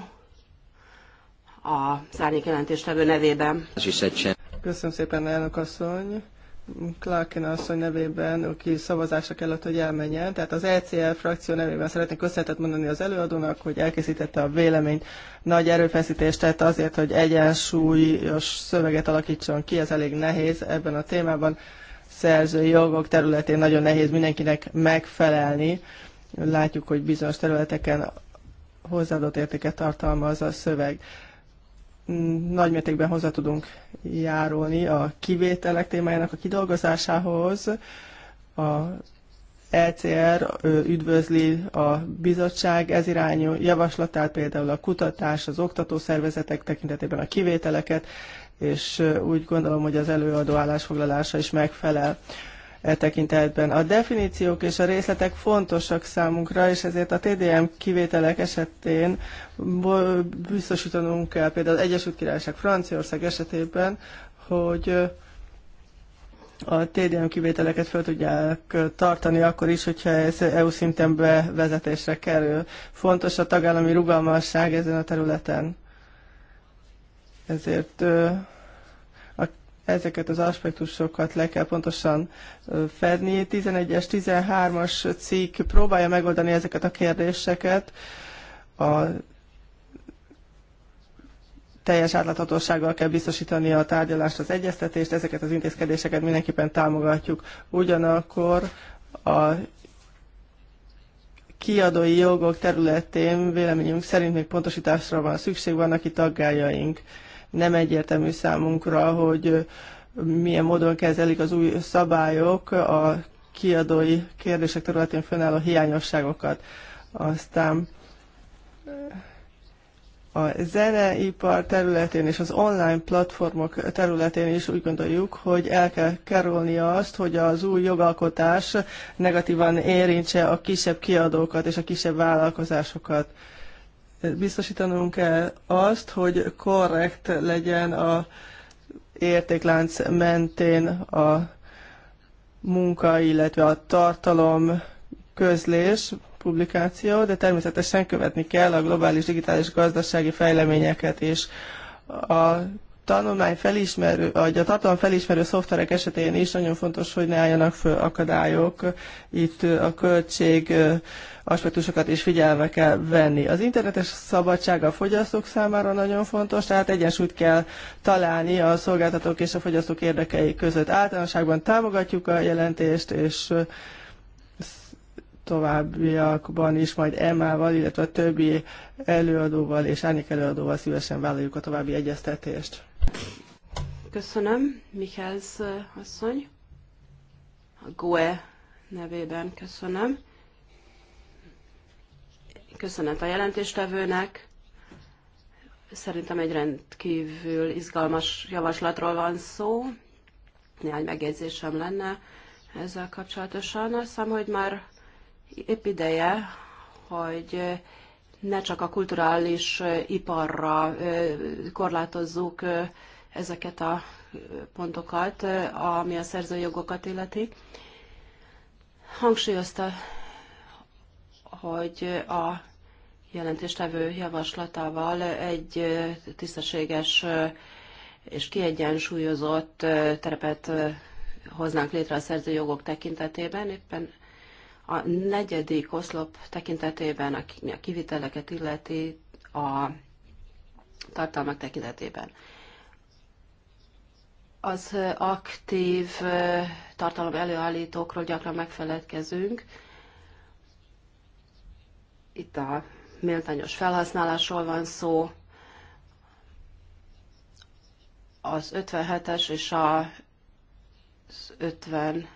a szárnyék jelentéstevő nevében. Köszönöm szépen, elnök asszony. Clarkin asszony nevében, aki szavazásra kellett, hogy elmenjen. Tehát az ECL frakció nevében szeretnék köszönetet mondani az előadónak, hogy elkészítette a véleményt. Nagy erőfeszítést tett azért, hogy egyensúlyos szöveget alakítson ki, ez elég nehéz ebben a témában. Szerzői jogok területén nagyon nehéz mindenkinek megfelelni. Látjuk, hogy bizonyos területeken hozzáadott értéket tartalmaz a szöveg nagymértékben hozzá tudunk járulni a kivételek témájának a kidolgozásához. A ECR üdvözli a bizottság ez irányú javaslatát, például a kutatás, az oktató szervezetek tekintetében a kivételeket, és úgy gondolom, hogy az előadó állásfoglalása is megfelel e tekintetben. A definíciók és a részletek fontosak számunkra, és ezért a TDM kivételek esetén biztosítanunk kell, például az Egyesült Királyság Franciaország esetében, hogy a TDM kivételeket fel tudják tartani akkor is, hogyha ez EU szinten bevezetésre kerül. Fontos a tagállami rugalmasság ezen a területen. Ezért Ezeket az aspektusokat le kell pontosan fedni. 11-es, 13-as cikk próbálja megoldani ezeket a kérdéseket. A teljes átláthatósággal kell biztosítani a tárgyalást, az egyeztetést, ezeket az intézkedéseket mindenképpen támogatjuk. Ugyanakkor a kiadói jogok területén véleményünk szerint még pontosításra van szükség, vannak itt aggájaink nem egyértelmű számunkra, hogy milyen módon kezelik az új szabályok a kiadói kérdések területén fönnálló hiányosságokat. Aztán a zeneipar területén és az online platformok területén is úgy gondoljuk, hogy el kell kerülni azt, hogy az új jogalkotás negatívan érintse a kisebb kiadókat és a kisebb vállalkozásokat. Biztosítanunk kell azt, hogy korrekt legyen a értéklánc mentén a munka, illetve a tartalom közlés, publikáció, de természetesen követni kell a globális digitális gazdasági fejleményeket is. A tanulmány felismerő, vagy a tartalom felismerő szoftverek esetén is nagyon fontos, hogy ne álljanak föl akadályok. Itt a költség aspektusokat is figyelme kell venni. Az internetes szabadság a fogyasztók számára nagyon fontos, tehát egyensúlyt kell találni a szolgáltatók és a fogyasztók érdekei között. Általánosságban támogatjuk a jelentést, és továbbiakban is, majd Emmával, illetve a többi előadóval és árnyék előadóval szívesen vállaljuk a további egyeztetést. Köszönöm, Michels asszony. A GOE nevében köszönöm. Köszönet a jelentéstevőnek. Szerintem egy rendkívül izgalmas javaslatról van szó. Néhány megjegyzésem lenne ezzel kapcsolatosan. Azt hiszem, hogy már épp ideje, hogy ne csak a kulturális iparra korlátozzuk ezeket a pontokat, ami a szerzőjogokat illeti. Hangsúlyozta, hogy a jelentéstevő javaslatával egy tisztességes és kiegyensúlyozott terepet hoznánk létre a szerzőjogok tekintetében. Éppen a negyedik oszlop tekintetében, a kiviteleket illeti, a tartalmak tekintetében. Az aktív tartalom előállítókról gyakran megfeledkezünk. Itt a méltányos felhasználásról van szó. Az 57-es és a 50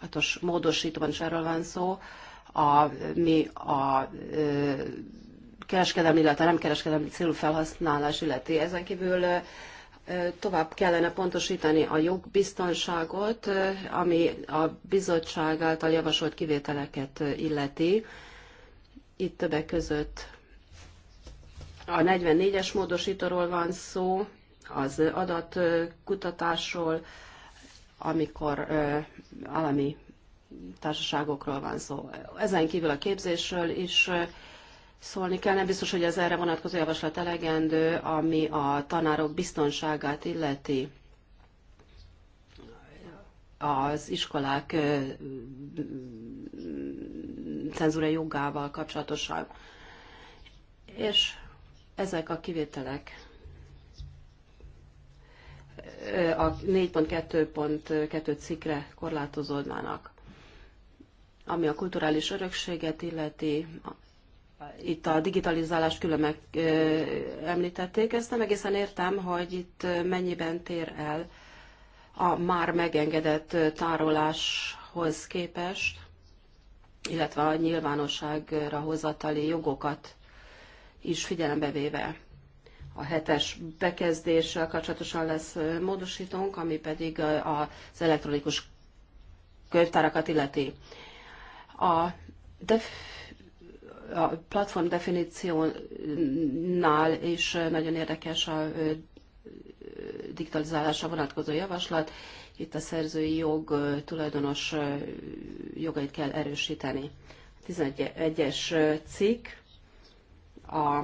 hatos módosítóban is erről van szó, a, mi a ö, kereskedelmi, illetve nem kereskedelmi célú felhasználás illeti. Ezen kívül ö, tovább kellene pontosítani a jogbiztonságot, ö, ami a bizottság által javasolt kivételeket illeti. Itt többek között a 44-es módosítóról van szó, az adatkutatásról, amikor állami társaságokról van szó. Ezen kívül a képzésről is szólni kell. Nem biztos, hogy az erre vonatkozó javaslat elegendő, ami a tanárok biztonságát illeti az iskolák cenzúra jogával kapcsolatosan. És ezek a kivételek a 4.2.2 cikre korlátozódnának. Ami a kulturális örökséget illeti, itt a digitalizálás külön meg említették, ezt nem egészen értem, hogy itt mennyiben tér el a már megengedett tároláshoz képest, illetve a nyilvánosságra hozatali jogokat is figyelembe véve a hetes bekezdéssel kapcsolatosan lesz módosítónk, ami pedig az elektronikus könyvtárakat illeti. A, def, a platform definíciónál is nagyon érdekes a digitalizálásra vonatkozó javaslat. Itt a szerzői jog tulajdonos jogait kell erősíteni. 11-es cikk a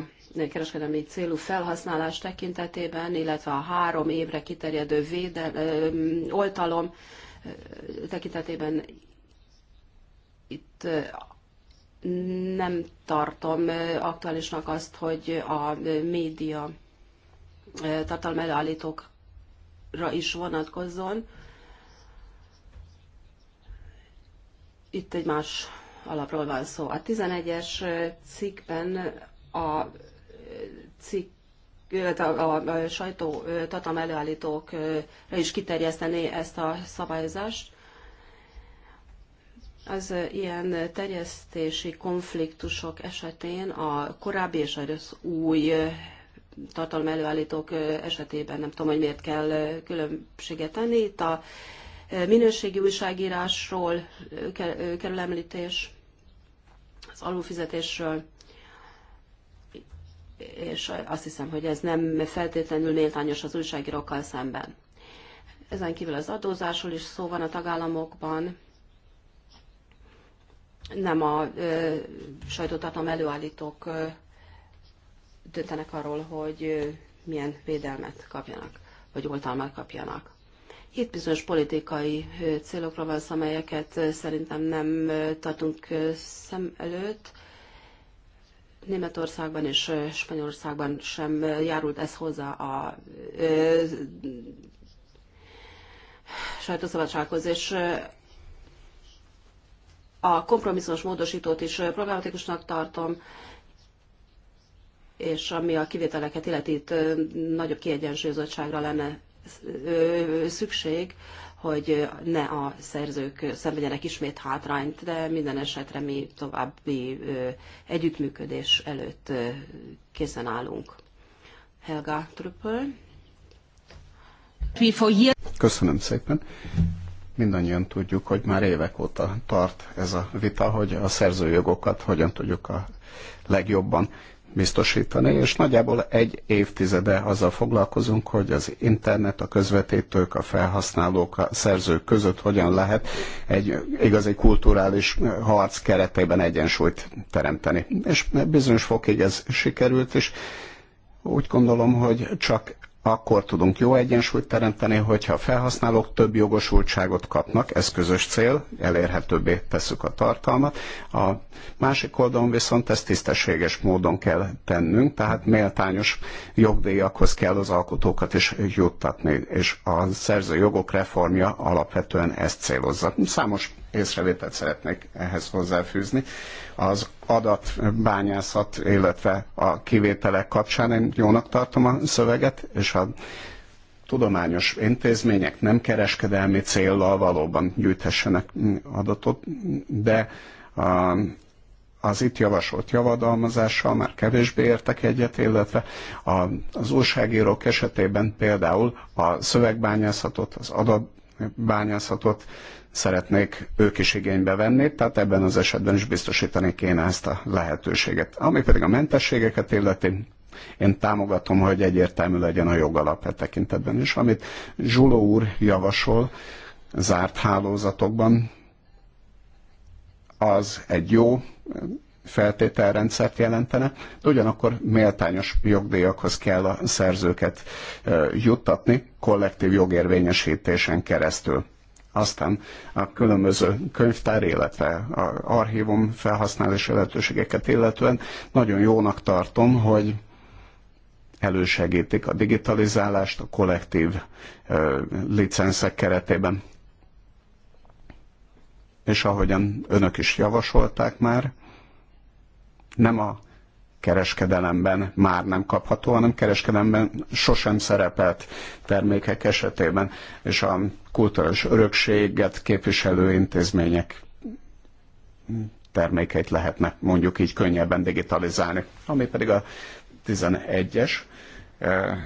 kereskedelmi célú felhasználás tekintetében, illetve a három évre kiterjedő véde, oltalom tekintetében itt nem tartom aktuálisnak azt, hogy a média tartalom előállítókra is vonatkozzon. Itt egy más alapról van szó. A 11-es cikkben a cikk, illetve a, a, a sajtó tatam előállítókra is kiterjesztené ezt a szabályozást. Az ilyen terjesztési konfliktusok esetén a korábbi és az új tartalom előállítók esetében nem tudom, hogy miért kell különbséget tenni. Itt a minőségi újságírásról kerül említés, az alulfizetésről, és azt hiszem, hogy ez nem feltétlenül méltányos az újságírókkal szemben. Ezen kívül az adózásról is szó van a tagállamokban. Nem a ö, sajtótartalom előállítók ö, döntenek arról, hogy ö, milyen védelmet kapjanak, vagy oltalmat kapjanak. Itt bizonyos politikai célokról van szó, amelyeket szerintem nem tartunk szem előtt. Németországban és Spanyolországban sem járult ez hozzá a sajtószabadsághoz, és a kompromisszumos módosítót is problematikusnak tartom, és ami a kivételeket illeti, itt nagyobb kiegyensúlyozottságra lenne szükség hogy ne a szerzők szenvedjenek ismét hátrányt, de minden esetre mi további együttműködés előtt készen állunk. Helga Trüppel. Köszönöm szépen. Mindannyian tudjuk, hogy már évek óta tart ez a vita, hogy a szerzőjogokat hogyan tudjuk a legjobban biztosítani, és nagyjából egy évtizede azzal foglalkozunk, hogy az internet, a közvetítők, a felhasználók, a szerzők között hogyan lehet egy igazi kulturális harc keretében egyensúlyt teremteni. És bizonyos fokig ez sikerült, és úgy gondolom, hogy csak akkor tudunk jó egyensúlyt teremteni, hogyha a felhasználók több jogosultságot kapnak, ez közös cél, elérhetőbbé tesszük a tartalmat. A másik oldalon viszont ezt tisztességes módon kell tennünk, tehát méltányos jogdíjakhoz kell az alkotókat is juttatni, és a szerző jogok reformja alapvetően ezt célozza. Számos észrevételt szeretnék ehhez hozzáfűzni. Az adatbányászat, illetve a kivételek kapcsán én jónak tartom a szöveget, és a tudományos intézmények nem kereskedelmi céllal valóban gyűjthessenek adatot, de a, az itt javasolt javadalmazással már kevésbé értek egyet, illetve a, az újságírók esetében például a szövegbányászatot, az adatbányászatot szeretnék ők is igénybe venni, tehát ebben az esetben is biztosítani kéne ezt a lehetőséget. Ami pedig a mentességeket illeti, én támogatom, hogy egyértelmű legyen a jogalap e tekintetben is. Amit Zsuló úr javasol zárt hálózatokban, az egy jó feltételrendszert jelentene, de ugyanakkor méltányos jogdíjakhoz kell a szerzőket juttatni kollektív jogérvényesítésen keresztül aztán a különböző könyvtár, illetve a archívum felhasználási lehetőségeket illetően nagyon jónak tartom, hogy elősegítik a digitalizálást a kollektív ö, licenszek keretében. És ahogyan önök is javasolták már, nem a kereskedelemben már nem kapható, hanem kereskedelemben sosem szerepelt termékek esetében, és a kulturális örökséget képviselő intézmények termékeit lehetne mondjuk így könnyebben digitalizálni. Ami pedig a 11-es eh,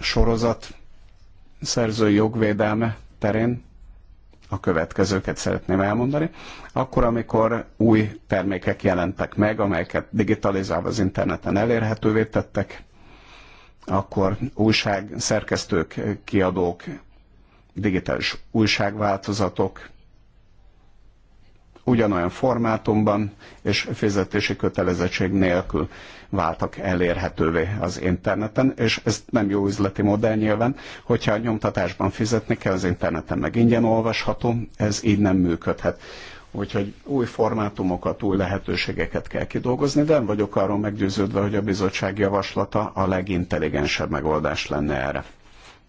sorozat szerző jogvédelme terén a következőket szeretném elmondani. Akkor, amikor új termékek jelentek meg, amelyeket digitalizálva az interneten elérhetővé tettek, akkor újság, szerkesztők, kiadók, digitális újságváltozatok, ugyanolyan formátumban és fizetési kötelezettség nélkül váltak elérhetővé az interneten, és ez nem jó üzleti modell nyilván, hogyha a nyomtatásban fizetni kell, az interneten meg ingyen olvasható, ez így nem működhet. Úgyhogy új formátumokat, új lehetőségeket kell kidolgozni, de nem vagyok arról meggyőződve, hogy a bizottság javaslata a legintelligensebb megoldás lenne erre.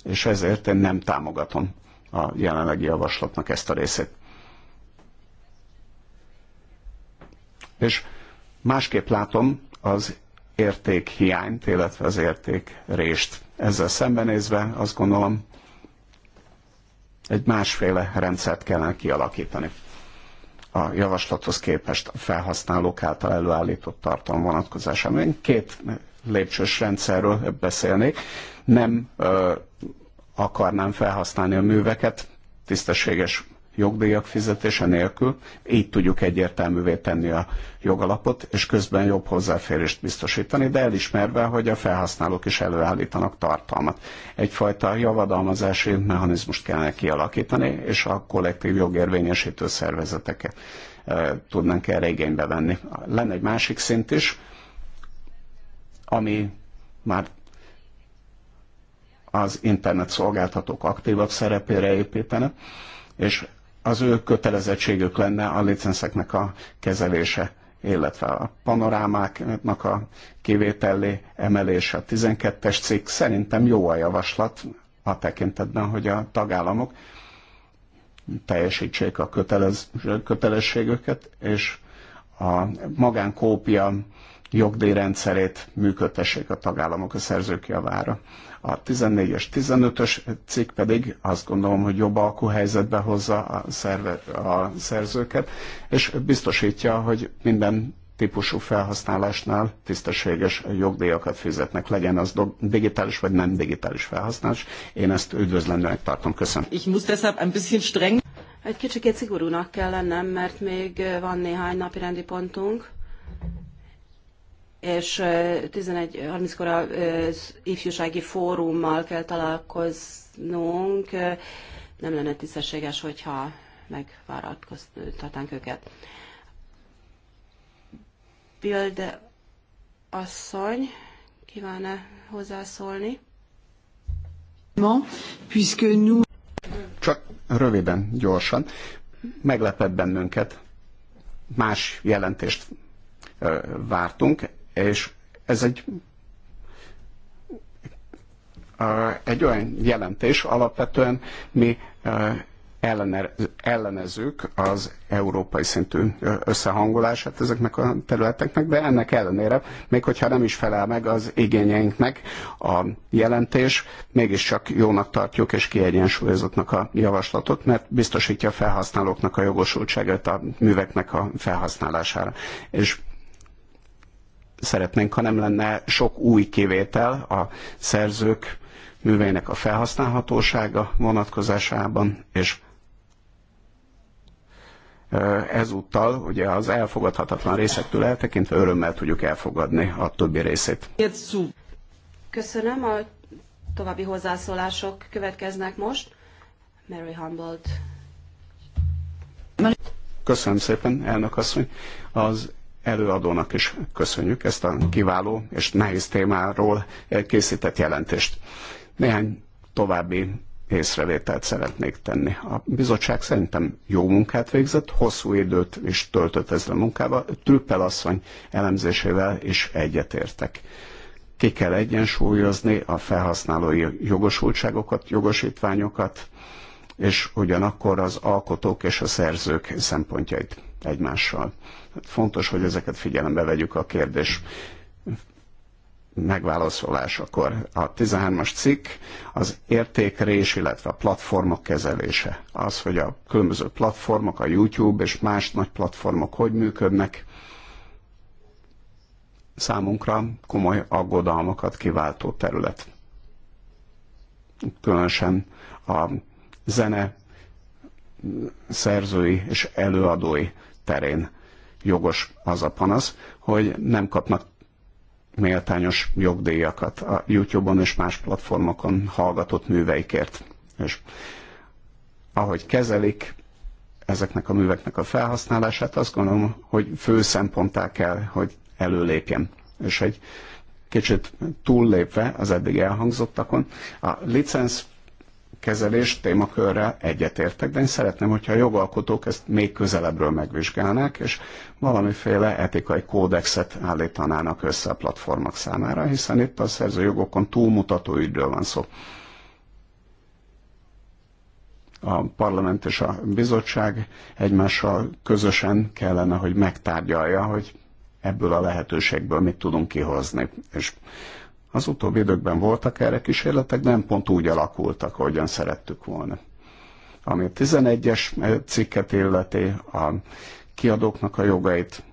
És ezért én nem támogatom a jelenlegi javaslatnak ezt a részét. És másképp látom az hiányt, illetve az részt Ezzel szembenézve azt gondolom, egy másféle rendszert kellene kialakítani a javaslathoz képest a felhasználók által előállított tartalom vonatkozásában. Én két lépcsős rendszerről beszélnék. Nem ö, akarnám felhasználni a műveket tisztességes jogdíjak fizetése nélkül, így tudjuk egyértelművé tenni a jogalapot, és közben jobb hozzáférést biztosítani, de elismerve, hogy a felhasználók is előállítanak tartalmat. Egyfajta javadalmazási mechanizmust kellene kialakítani, és a kollektív jogérvényesítő szervezeteket e, tudnánk erre igénybe venni. Lenne egy másik szint is, ami már az internet szolgáltatók aktívabb szerepére építene, és az ő kötelezettségük lenne a licenszeknek a kezelése, illetve a panorámáknak a kivételé emelése. A 12-es cikk szerintem jó a javaslat a tekintetben, hogy a tagállamok teljesítsék a kötelez, kötelességüket, és a magánkópia jogdíjrendszerét működtessék a tagállamok a szerzők javára. A 14-es, 15-ös cikk pedig azt gondolom, hogy jobb alkuhelyzetbe hozza a, szerve, a szerzőket, és biztosítja, hogy minden típusú felhasználásnál tisztességes jogdíjakat fizetnek, legyen az digitális vagy nem digitális felhasználás. Én ezt üdvözlendőnek tartom. Köszönöm. Ich muss deshalb ein bisschen streng. Egy kicsikét szigorúnak kell lennem, mert még van néhány napi rendi pontunk és 11.30-kor az ifjúsági fórummal kell találkoznunk. Nem lenne tisztességes, hogyha megváratkoztatnánk őket. Bilde asszony kíván-e hozzászólni? Csak röviden, gyorsan. Meglepett bennünket. Más jelentést vártunk. És ez egy egy olyan jelentés, alapvetően mi ellenezzük az európai szintű összehangolását ezeknek a területeknek, de ennek ellenére, még hogyha nem is felel meg az igényeinknek a jelentés, mégiscsak jónak tartjuk és kiegyensúlyozottnak a javaslatot, mert biztosítja a felhasználóknak a jogosultságát a műveknek a felhasználására. És szeretnénk, ha nem lenne sok új kivétel a szerzők műveinek a felhasználhatósága vonatkozásában, és ezúttal ugye az elfogadhatatlan részektől eltekintve örömmel tudjuk elfogadni a többi részét. Köszönöm, a további hozzászólások következnek most. Mary Humboldt. Köszönöm szépen, elnök asszony. Az előadónak is köszönjük ezt a kiváló és nehéz témáról készített jelentést. Néhány további észrevételt szeretnék tenni. A bizottság szerintem jó munkát végzett, hosszú időt is töltött ezzel a munkával, Trüppel asszony elemzésével is egyetértek. Ki kell egyensúlyozni a felhasználói jogosultságokat, jogosítványokat, és ugyanakkor az alkotók és a szerzők szempontjait egymással. Fontos, hogy ezeket figyelembe vegyük a kérdés megválaszolásakor. A 13-as cikk az értékrés, illetve a platformok kezelése. Az, hogy a különböző platformok, a YouTube és más nagy platformok hogy működnek, számunkra komoly aggodalmakat kiváltó terület. Különösen a zene szerzői és előadói terén jogos az a panasz, hogy nem kapnak méltányos jogdíjakat a YouTube-on és más platformokon hallgatott műveikért. És ahogy kezelik ezeknek a műveknek a felhasználását, azt gondolom, hogy fő szemponttá kell, hogy előlépjen. És egy kicsit túllépve az eddig elhangzottakon, a licensz kezelés témakörrel egyetértek, de én szeretném, hogyha a jogalkotók ezt még közelebbről megvizsgálnák, és valamiféle etikai kódexet állítanának össze a platformok számára, hiszen itt a szerzőjogokon túlmutató ügyről van szó. A parlament és a bizottság egymással közösen kellene, hogy megtárgyalja, hogy ebből a lehetőségből mit tudunk kihozni. És az utóbbi időkben voltak erre kísérletek, nem pont úgy alakultak, ahogyan szerettük volna. Ami a 11-es eh, cikket illeti, a kiadóknak a jogait,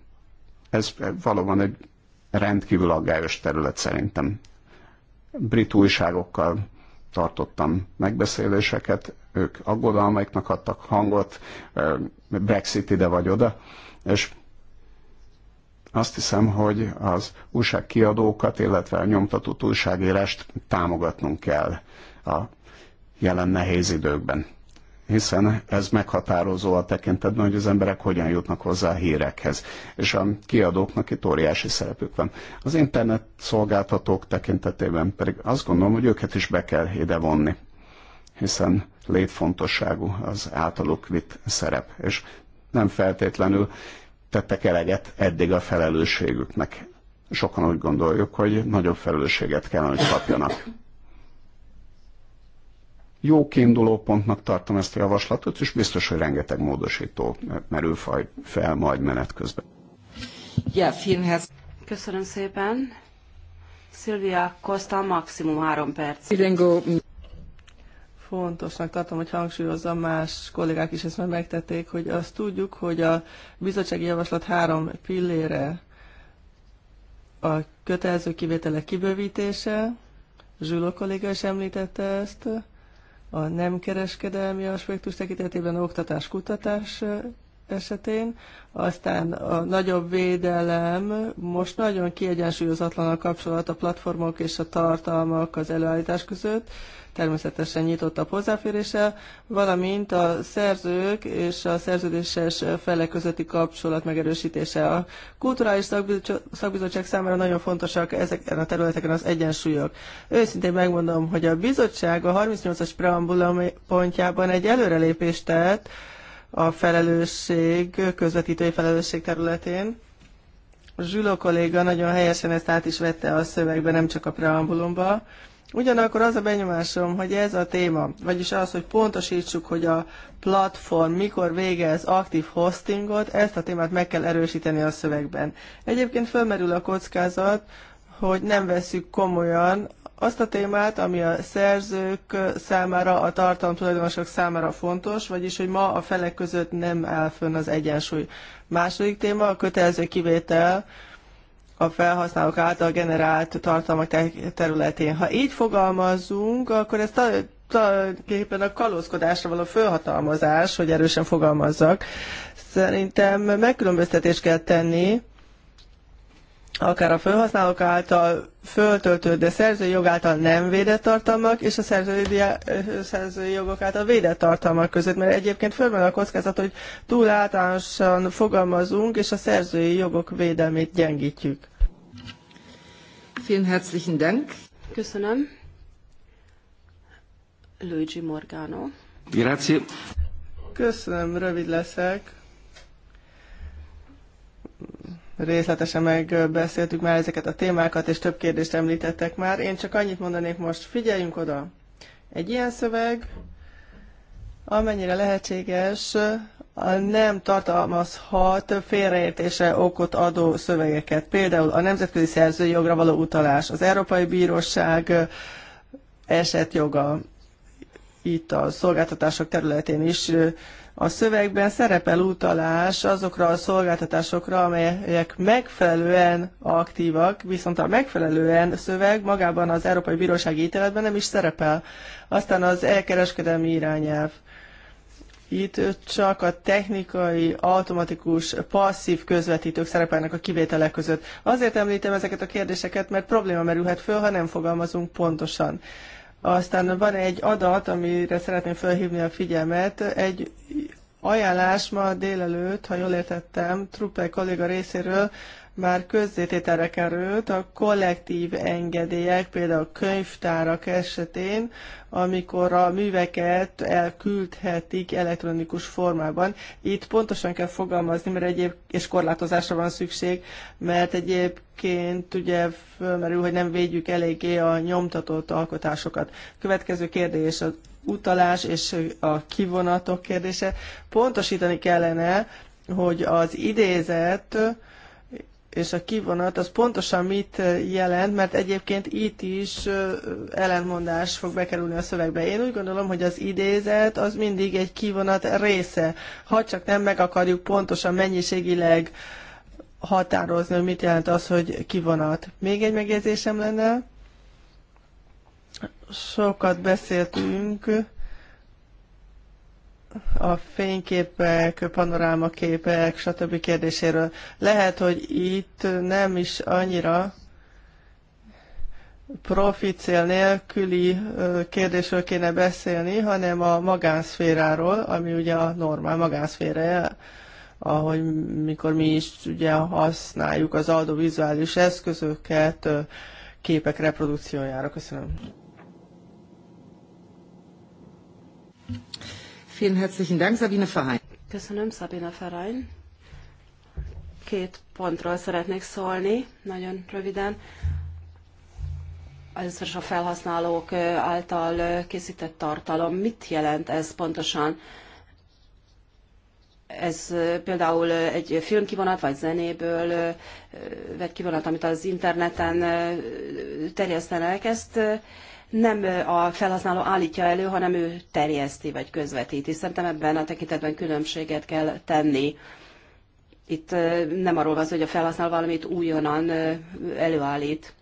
ez valóban egy rendkívül aggályos terület szerintem. Brit újságokkal tartottam megbeszéléseket, ők aggodalmaiknak adtak hangot, eh, Brexit ide vagy oda, és azt hiszem, hogy az újságkiadókat, illetve a nyomtatott újságírást támogatnunk kell a jelen nehéz időkben hiszen ez meghatározó a tekintetben, hogy az emberek hogyan jutnak hozzá a hírekhez. És a kiadóknak itt óriási szerepük van. Az internet szolgáltatók tekintetében pedig azt gondolom, hogy őket is be kell ide vonni, hiszen létfontosságú az általuk vitt szerep. És nem feltétlenül tettek eleget eddig a felelősségüknek. Sokan úgy gondoljuk, hogy nagyobb felelősséget kellene, hogy kapjanak. Jó kiinduló pontnak tartom ezt a javaslatot, és biztos, hogy rengeteg módosító merül fel majd menet közben. Ja, filmhez. Köszönöm szépen. Szilvia Costa, maximum három perc fontosnak tartom, hogy hangsúlyozza, más kollégák is ezt már megtették, hogy azt tudjuk, hogy a bizottsági javaslat három pillére a kötelező kivételek kibővítése, Zsüló kolléga is említette ezt, a nem kereskedelmi aspektus tekintetében oktatás-kutatás esetén, aztán a nagyobb védelem, most nagyon kiegyensúlyozatlan a kapcsolat a platformok és a tartalmak az előállítás között, természetesen nyitott a hozzáférése, valamint a szerzők és a szerződéses felek közötti kapcsolat megerősítése. A kulturális szakbizottság, szakbizottság számára nagyon fontosak ezeken a területeken az egyensúlyok. Őszintén megmondom, hogy a bizottság a 38-as preambula pontjában egy előrelépést tett, a felelősség, közvetítői felelősség területén. Zsülo kolléga nagyon helyesen ezt át is vette a szövegbe, nem csak a preambulumba. Ugyanakkor az a benyomásom, hogy ez a téma, vagyis az, hogy pontosítsuk, hogy a platform mikor végez aktív hostingot, ezt a témát meg kell erősíteni a szövegben. Egyébként fölmerül a kockázat, hogy nem veszük komolyan azt a témát, ami a szerzők számára, a tartalomtulajdonosok számára fontos, vagyis hogy ma a felek között nem áll fönn az egyensúly. Második téma a kötelező kivétel a felhasználók által generált tartalmak területén. Ha így fogalmazzunk, akkor ez tulajdonképpen a kalózkodásra való fölhatalmazás, hogy erősen fogalmazzak. Szerintem megkülönböztetést kell tenni, akár a felhasználók által föltöltött, de szerzői jog által nem védett tartalmak, és a szerzői, szerzői jogok által védett tartalmak között, mert egyébként fölmen a kockázat, hogy túl általánosan fogalmazunk, és a szerzői jogok védelmét gyengítjük. Vielen herzlichen Dank. Köszönöm. Luigi Morgano. Grazie. Köszönöm, rövid leszek részletesen megbeszéltük már ezeket a témákat, és több kérdést említettek már. Én csak annyit mondanék most, figyeljünk oda. Egy ilyen szöveg, amennyire lehetséges, a nem tartalmazhat félreértése okot adó szövegeket. Például a nemzetközi szerzőjogra való utalás, az Európai Bíróság esetjoga itt a szolgáltatások területén is a szövegben szerepel utalás azokra a szolgáltatásokra, amelyek megfelelően aktívak, viszont a megfelelően szöveg magában az Európai Bírósági ítéletben nem is szerepel. Aztán az elkereskedelmi irányelv. Itt csak a technikai, automatikus, passzív közvetítők szerepelnek a kivételek között. Azért említem ezeket a kérdéseket, mert probléma merülhet föl, ha nem fogalmazunk pontosan. Aztán van egy adat, amire szeretném felhívni a figyelmet. Egy ajánlás ma délelőtt, ha jól értettem, Truppe kolléga részéről már közzétételre került a kollektív engedélyek, például könyvtárak esetén, amikor a műveket elküldhetik elektronikus formában. Itt pontosan kell fogalmazni, mert egyéb, és korlátozásra van szükség, mert egyébként ugye fölmerül, hogy nem védjük eléggé a nyomtatott alkotásokat. Következő kérdés az utalás és a kivonatok kérdése. Pontosítani kellene, hogy az idézet és a kivonat az pontosan mit jelent, mert egyébként itt is ellentmondás fog bekerülni a szövegbe. Én úgy gondolom, hogy az idézet az mindig egy kivonat része, ha csak nem meg akarjuk pontosan mennyiségileg határozni, hogy mit jelent az, hogy kivonat. Még egy megjegyzésem lenne. Sokat beszéltünk a fényképek, panorámaképek, stb. kérdéséről. Lehet, hogy itt nem is annyira profi cél nélküli kérdésről kéne beszélni, hanem a magánszféráról, ami ugye a normál magánszféra, ahogy mikor mi is ugye használjuk az audiovizuális eszközöket képek reprodukciójára. Köszönöm. Vielen herzlichen Dank, Sabine Verein. Köszönöm, Sabine Verein. Két pontról szeretnék szólni, nagyon röviden. Először is a felhasználók által készített tartalom. Mit jelent ez pontosan? Ez például egy filmkivonat, vagy zenéből vett kivonat, amit az interneten terjesztenek. Ezt nem a felhasználó állítja elő, hanem ő terjeszti vagy közvetíti. Szerintem ebben a tekintetben különbséget kell tenni. Itt nem arról van hogy a felhasználó valamit újonnan előállít.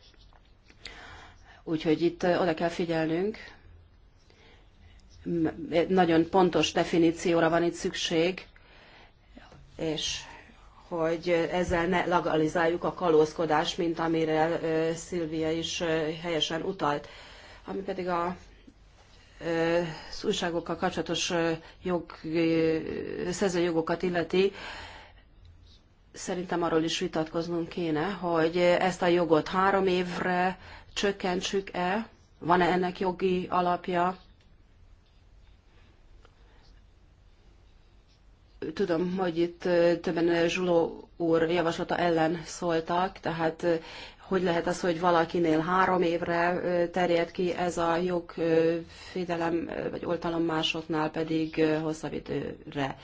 Úgyhogy itt oda kell figyelnünk. Nagyon pontos definícióra van itt szükség, és hogy ezzel ne legalizáljuk a kalózkodást, mint amire Szilvia is helyesen utalt. Ami pedig a az újságokkal kapcsolatos jog, szerzőjogokat illeti, szerintem arról is vitatkoznunk kéne, hogy ezt a jogot három évre csökkentsük-e, van-e ennek jogi alapja. Tudom, hogy itt többen Zsuló úr javaslata ellen szóltak, tehát hogy lehet az, hogy valakinél három évre terjed ki ez a jogvédelem, vagy oltalom másoknál pedig hosszabb időre.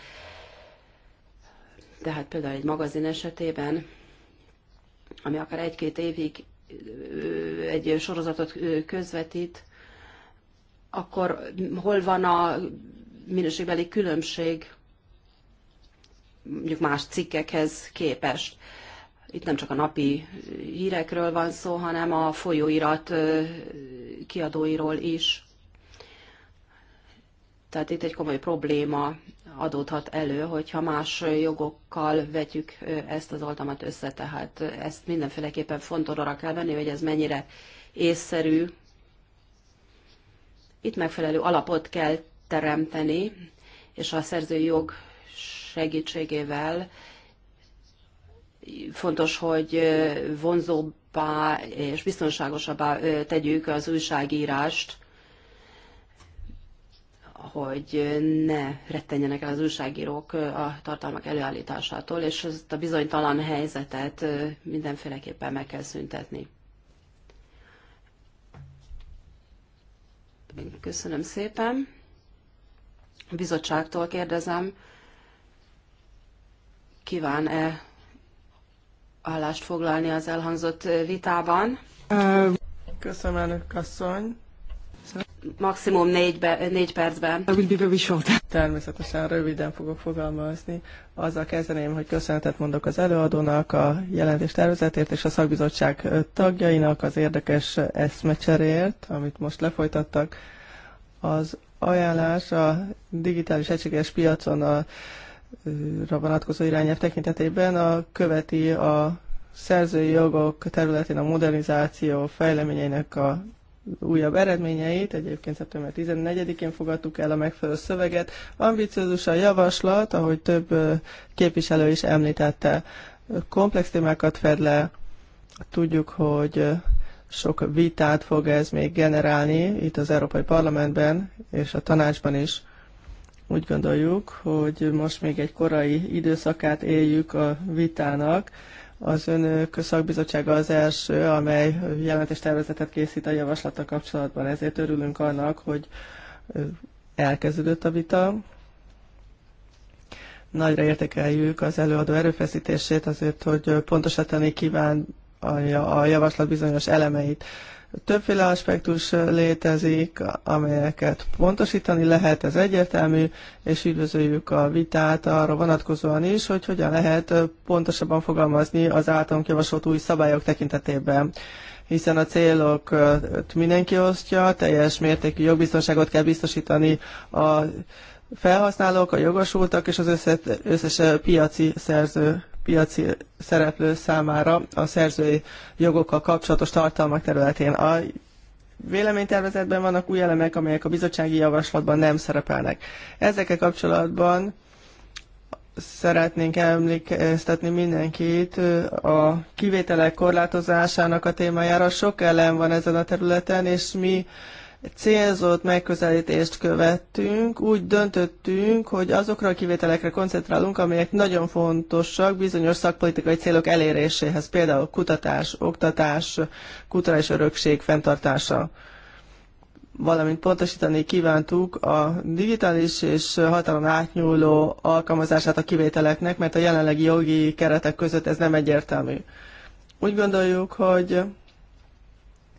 Tehát például egy magazin esetében, ami akár egy-két évig egy sorozatot közvetít, akkor hol van a minőségbeli különbség mondjuk más cikkekhez képest? Itt nem csak a napi hírekről van szó, hanem a folyóirat kiadóiról is. Tehát itt egy komoly probléma adódhat elő, hogyha más jogokkal vetjük ezt az oltalmat össze. Tehát ezt mindenféleképpen fontosra kell venni, hogy ez mennyire észszerű. Itt megfelelő alapot kell teremteni, és a szerzői jog segítségével fontos, hogy vonzóbbá és biztonságosabbá tegyük az újságírást, hogy ne rettenjenek el az újságírók a tartalmak előállításától, és ezt a bizonytalan helyzetet mindenféleképpen meg kell szüntetni. Köszönöm szépen. A bizottságtól kérdezem, kíván-e állást foglalni az elhangzott eh, vitában. Köszönöm, elnök asszony. Maximum négy percben. I will be very short. Természetesen röviden fogok fogalmazni. Azzal kezdeném, hogy köszönetet mondok az előadónak, a jelentés tervezetért és a szakbizottság eh, tagjainak az érdekes eh, eszmecseréért, amit most lefolytattak. Az ajánlás a digitális egységes piacon a vonatkozó irányelv tekintetében a követi a szerzői jogok területén a modernizáció fejleményeinek a újabb eredményeit, egyébként szeptember 14-én fogadtuk el a megfelelő szöveget. Ambiciózus a javaslat, ahogy több képviselő is említette, komplex témákat fed le, tudjuk, hogy sok vitát fog ez még generálni itt az Európai Parlamentben és a tanácsban is. Úgy gondoljuk, hogy most még egy korai időszakát éljük a vitának. Az önök szakbizottsága az első, amely jelentés tervezetet készít a javaslata kapcsolatban, ezért örülünk annak, hogy elkezdődött a vita. Nagyra értékeljük az előadó erőfeszítését azért, hogy pontosítani kíván a javaslat bizonyos elemeit. Többféle aspektus létezik, amelyeket pontosítani lehet, ez egyértelmű, és üdvözöljük a vitát arra vonatkozóan is, hogy hogyan lehet pontosabban fogalmazni az általunk javasolt új szabályok tekintetében hiszen a célokat mindenki osztja, teljes mértékű jogbiztonságot kell biztosítani a felhasználók, a jogosultak és az összes piaci szerző piaci szereplő számára a szerzői jogokkal kapcsolatos tartalmak területén. A véleménytervezetben vannak új elemek, amelyek a bizottsági javaslatban nem szerepelnek. Ezekkel kapcsolatban szeretnénk emlékeztetni mindenkit a kivételek korlátozásának a témájára. Sok ellen van ezen a területen, és mi célzott megközelítést követtünk, úgy döntöttünk, hogy azokra a kivételekre koncentrálunk, amelyek nagyon fontosak bizonyos szakpolitikai célok eléréséhez, például kutatás, oktatás, kulturális örökség fenntartása valamint pontosítani kívántuk a digitális és határon átnyúló alkalmazását a kivételeknek, mert a jelenlegi jogi keretek között ez nem egyértelmű. Úgy gondoljuk, hogy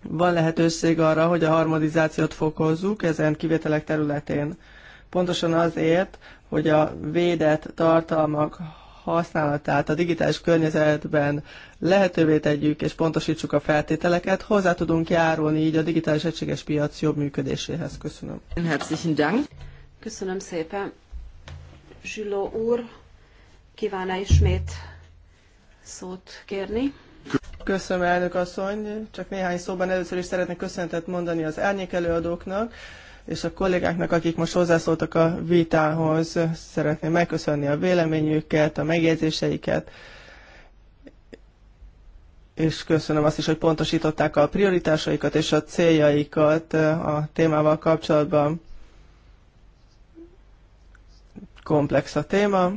van lehetőség arra, hogy a harmonizációt fokozzuk ezen kivételek területén. Pontosan azért, hogy a védett tartalmak használatát a digitális környezetben lehetővé tegyük és pontosítsuk a feltételeket, hozzá tudunk járulni így a digitális egységes piac jobb működéséhez. Köszönöm. Herzlichen Dank. Köszönöm szépen. Zsilló úr, kívánna ismét szót kérni? Köszönöm, elnök asszony. Csak néhány szóban először is szeretnék köszöntet mondani az árnyék előadóknak és a kollégáknak, akik most hozzászóltak a vitához. Szeretném megköszönni a véleményüket, a megjegyzéseiket, és köszönöm azt is, hogy pontosították a prioritásaikat és a céljaikat a témával kapcsolatban. Komplex a téma.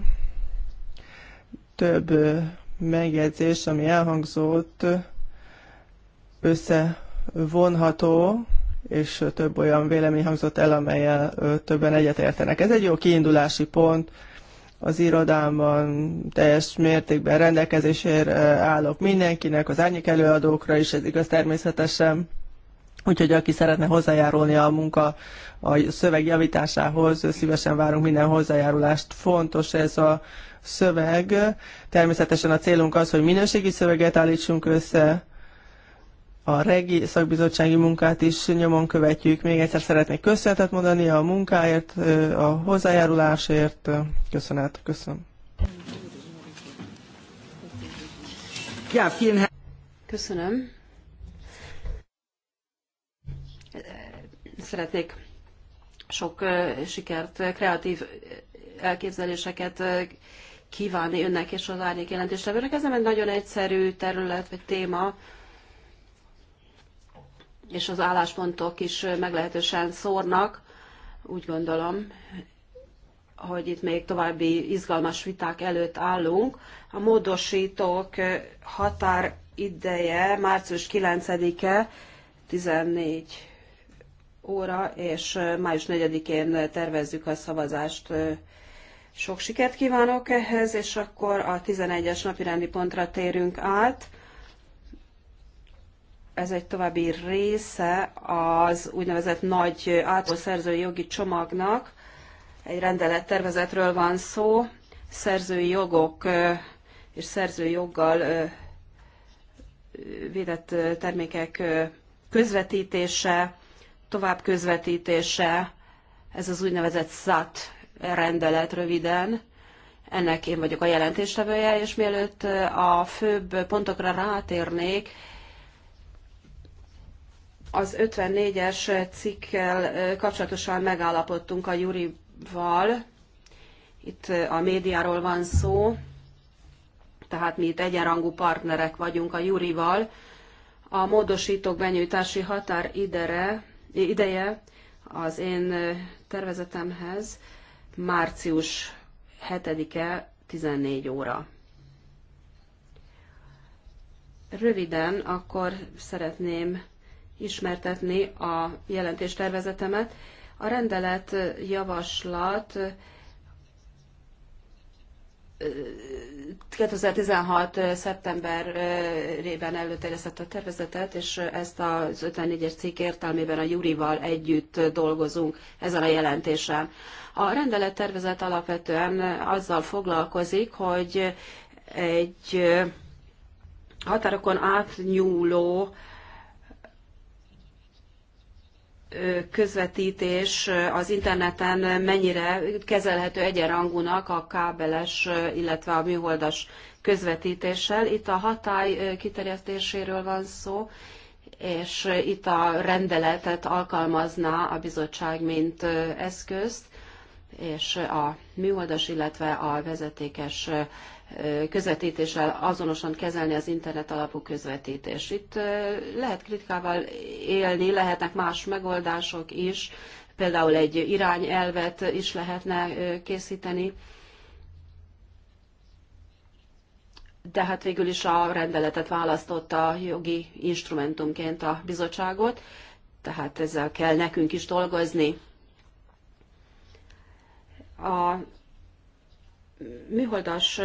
Több megjegyzés, ami elhangzott, összevonható, és több olyan vélemény hangzott el, amelyel többen egyetértenek. Ez egy jó kiindulási pont. Az irodámban teljes mértékben rendelkezésére állok mindenkinek, az árnyék előadókra is, ez igaz természetesen. Úgyhogy aki szeretne hozzájárulni a munka a szöveg javításához, szívesen várunk minden hozzájárulást. Fontos ez a szöveg. Természetesen a célunk az, hogy minőségi szöveget állítsunk össze, a regi szakbizottsági munkát is nyomon követjük. Még egyszer szeretnék köszönetet mondani a munkáért, a hozzájárulásért. Köszönet, köszönöm. Köszönöm szeretnék sok sikert, kreatív elképzeléseket kívánni önnek és az árnyék jelentéstevőnek. Ez nem egy nagyon egyszerű terület vagy téma, és az álláspontok is meglehetősen szórnak. Úgy gondolom, hogy itt még további izgalmas viták előtt állunk. A módosítók ideje: március 9-e 14 óra, és május 4-én tervezzük a szavazást. Sok sikert kívánok ehhez, és akkor a 11-es napirendi pontra térünk át. Ez egy további része az úgynevezett nagy átolszerzői jogi csomagnak. Egy rendelettervezetről van szó, szerzői jogok és szerzői joggal védett termékek közvetítése, tovább közvetítése, ez az úgynevezett SAT rendelet röviden, ennek én vagyok a jelentéstevője, és mielőtt a főbb pontokra rátérnék, az 54-es cikkel kapcsolatosan megállapodtunk a Jurival, itt a médiáról van szó, tehát mi itt egyenrangú partnerek vagyunk a Jurival. A módosítók benyújtási határ idere ideje az én tervezetemhez március 7-e 14 óra. Röviden akkor szeretném ismertetni a jelentéstervezetemet. A rendelet javaslat 2016. szeptemberében előterjesztett a tervezetet, és ezt az 54-es cikk értelmében a Jurival együtt dolgozunk ezen a jelentésen. A rendelettervezet alapvetően azzal foglalkozik, hogy egy határokon átnyúló közvetítés az interneten mennyire kezelhető egyenrangúnak a kábeles, illetve a műholdas közvetítéssel. Itt a hatály kiterjesztéséről van szó, és itt a rendeletet alkalmazná a bizottság, mint eszközt, és a műholdas, illetve a vezetékes közvetítéssel azonosan kezelni az internet alapú közvetítés. Itt lehet kritikával élni, lehetnek más megoldások is, például egy irányelvet is lehetne készíteni, de hát végül is a rendeletet választotta jogi instrumentumként a bizottságot, tehát ezzel kell nekünk is dolgozni. A műholdas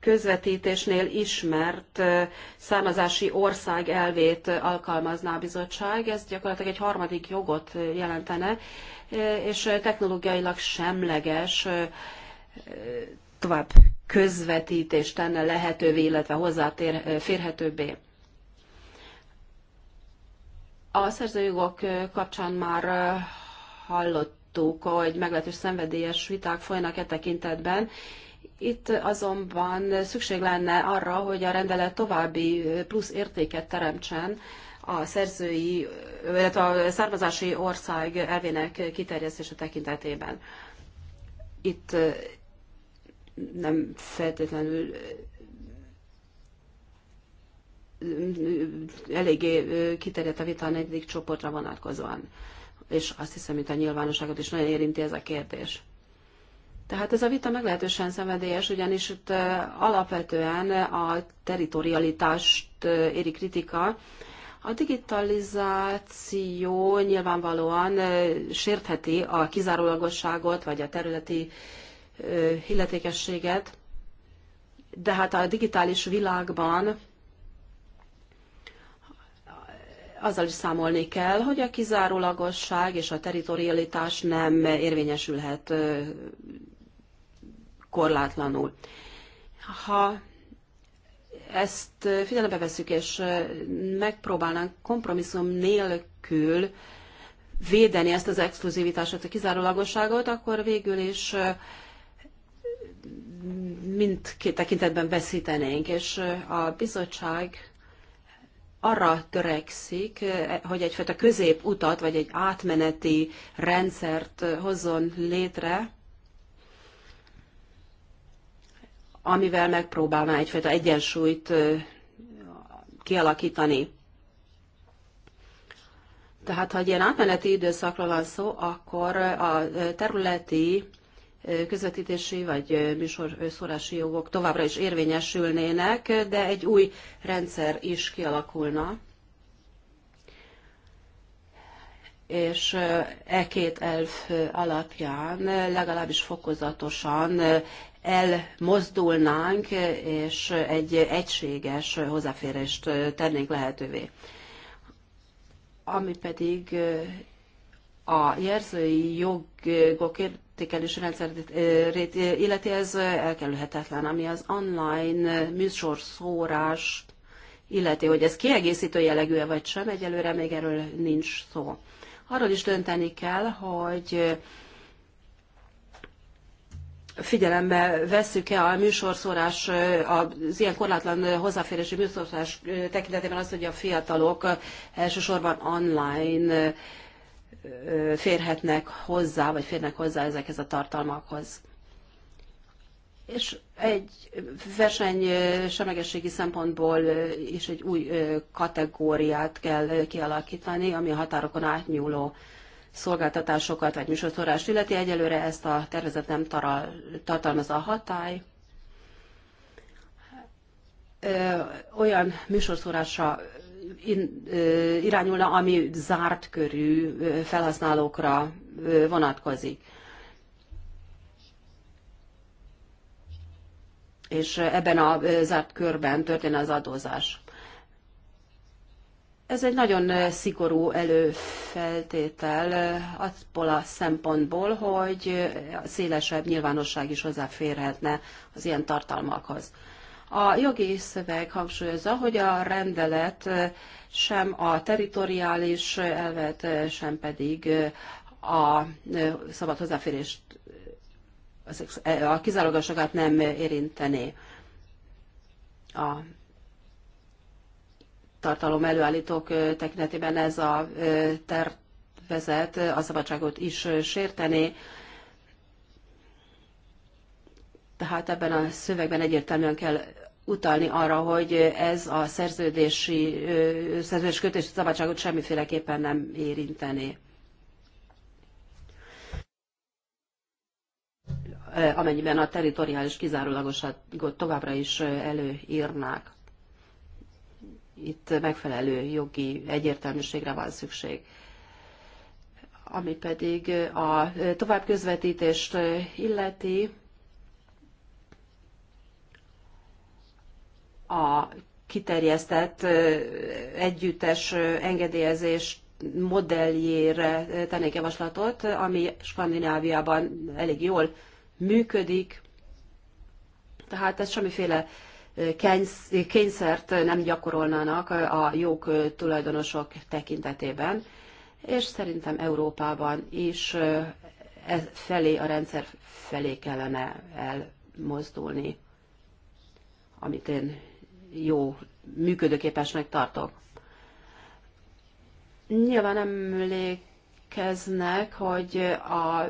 közvetítésnél ismert származási ország elvét alkalmazná a bizottság. Ez gyakorlatilag egy harmadik jogot jelentene, és technológiailag semleges tovább közvetítést tenne lehetővé, illetve hozzáférhetőbbé. A szerzőjogok kapcsán már hallott láttuk, hogy meglehetős szenvedélyes viták folynak e tekintetben. Itt azonban szükség lenne arra, hogy a rendelet további plusz értéket teremtsen a szerzői, illetve a származási ország elvének kiterjesztése tekintetében. Itt nem feltétlenül eléggé kiterjedt a vita a negyedik csoportra vonatkozóan és azt hiszem, mint a nyilvánosságot is nagyon érinti ez a kérdés. Tehát ez a vita meglehetősen szenvedélyes, ugyanis itt alapvetően a teritorialitást éri kritika. A digitalizáció nyilvánvalóan sértheti a kizárólagosságot, vagy a területi illetékességet, de hát a digitális világban azzal is számolni kell, hogy a kizárólagosság és a teritorialitás nem érvényesülhet korlátlanul. Ha ezt figyelembe veszük, és megpróbálnánk kompromisszum nélkül védeni ezt az exkluzivitást, a kizárólagosságot, akkor végül is mindkét tekintetben veszítenénk, és a bizottság arra törekszik, eh, hogy egyfajta középutat, vagy egy átmeneti rendszert eh, hozzon létre, amivel megpróbálná egyfajta egyensúlyt eh, kialakítani. Tehát, ha egy ilyen átmeneti időszakról van szó, akkor a területi közvetítési vagy műsorszórási jogok továbbra is érvényesülnének, de egy új rendszer is kialakulna. És e két elf alapján legalábbis fokozatosan elmozdulnánk, és egy egységes hozzáférést tennénk lehetővé. Ami pedig a jelzői jogok értékelési rendszerét illeti, ez elkerülhetetlen, ami az online szórás, illeti, hogy ez kiegészítő jellegű-e vagy sem, egyelőre még erről nincs szó. Arról is dönteni kell, hogy figyelembe veszük e a műsorszórás, az ilyen korlátlan hozzáférési műsorszórás tekintetében azt, hogy a fiatalok elsősorban online férhetnek hozzá, vagy férnek hozzá ezekhez a tartalmakhoz. És egy verseny semlegességi szempontból is egy új kategóriát kell kialakítani, ami a határokon átnyúló szolgáltatásokat vagy műsorszórást illeti. Egyelőre ezt a tervezet nem taral, tartalmaz a hatály. Olyan műsorszórásra irányulna, ami zárt körű felhasználókra vonatkozik. És ebben a zárt körben történ az adózás. Ez egy nagyon szigorú előfeltétel attól a szempontból, hogy szélesebb nyilvánosság is hozzáférhetne az ilyen tartalmakhoz. A jogi szöveg hangsúlyozza, hogy a rendelet sem a teritoriális elvet, sem pedig a szabad hozzáférést, a kizárólagosokat nem érintené. A tartalom előállítók tekintetében ez a tervezet a szabadságot is sértené. Tehát ebben a szövegben egyértelműen kell utalni arra, hogy ez a szerződési, szerződés kötési szabadságot semmiféleképpen nem érinteni. amennyiben a teritoriális kizárólagosságot továbbra is előírnák. Itt megfelelő jogi egyértelműségre van szükség. Ami pedig a továbbközvetítést illeti, a kiterjesztett együttes engedélyezés modelljére tennék javaslatot, ami Skandináviában elég jól működik. Tehát ez semmiféle kényszert nem gyakorolnának a jók tulajdonosok tekintetében, és szerintem Európában is ez felé, a rendszer felé kellene elmozdulni, amit én jó működőképesnek tartok. Nyilván emlékeznek, hogy a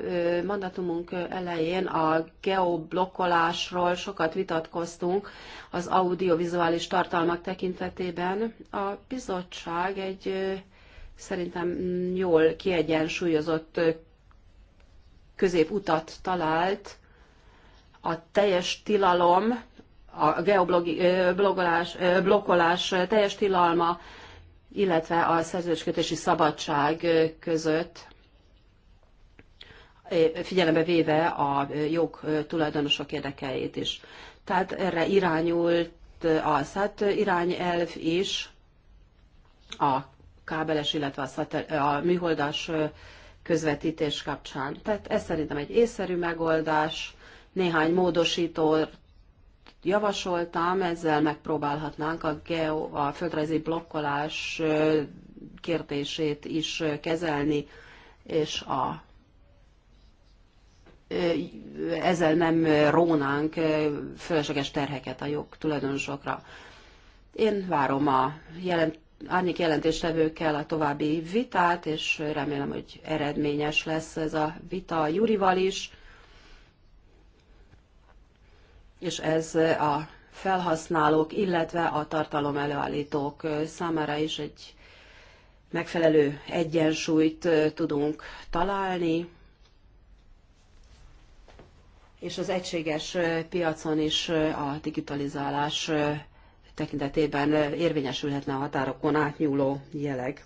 mandatumunk elején a geoblokkolásról sokat vitatkoztunk az audiovizuális tartalmak tekintetében. A bizottság egy szerintem jól kiegyensúlyozott középutat talált. A teljes tilalom a geoblogolás, blokkolás teljes tilalma, illetve a szerződéskötési szabadság között figyelembe véve a jog tulajdonosok érdekeit is. Tehát erre irányult a SZAT irányelv is, a kábeles, illetve a, szatel, a műholdas közvetítés kapcsán. Tehát ez szerintem egy észszerű megoldás, néhány módosítót javasoltam, ezzel megpróbálhatnánk a geo, a földrajzi blokkolás kérdését is kezelni, és a ezzel nem rónánk fölösleges terheket a jog tulajdonosokra. Én várom a jelent, árnyék jelentéstevőkkel a további vitát, és remélem, hogy eredményes lesz ez a vita Jurival is és ez a felhasználók, illetve a tartalom előállítók számára is egy megfelelő egyensúlyt tudunk találni, és az egységes piacon is a digitalizálás tekintetében érvényesülhetne a határokon átnyúló jeleg,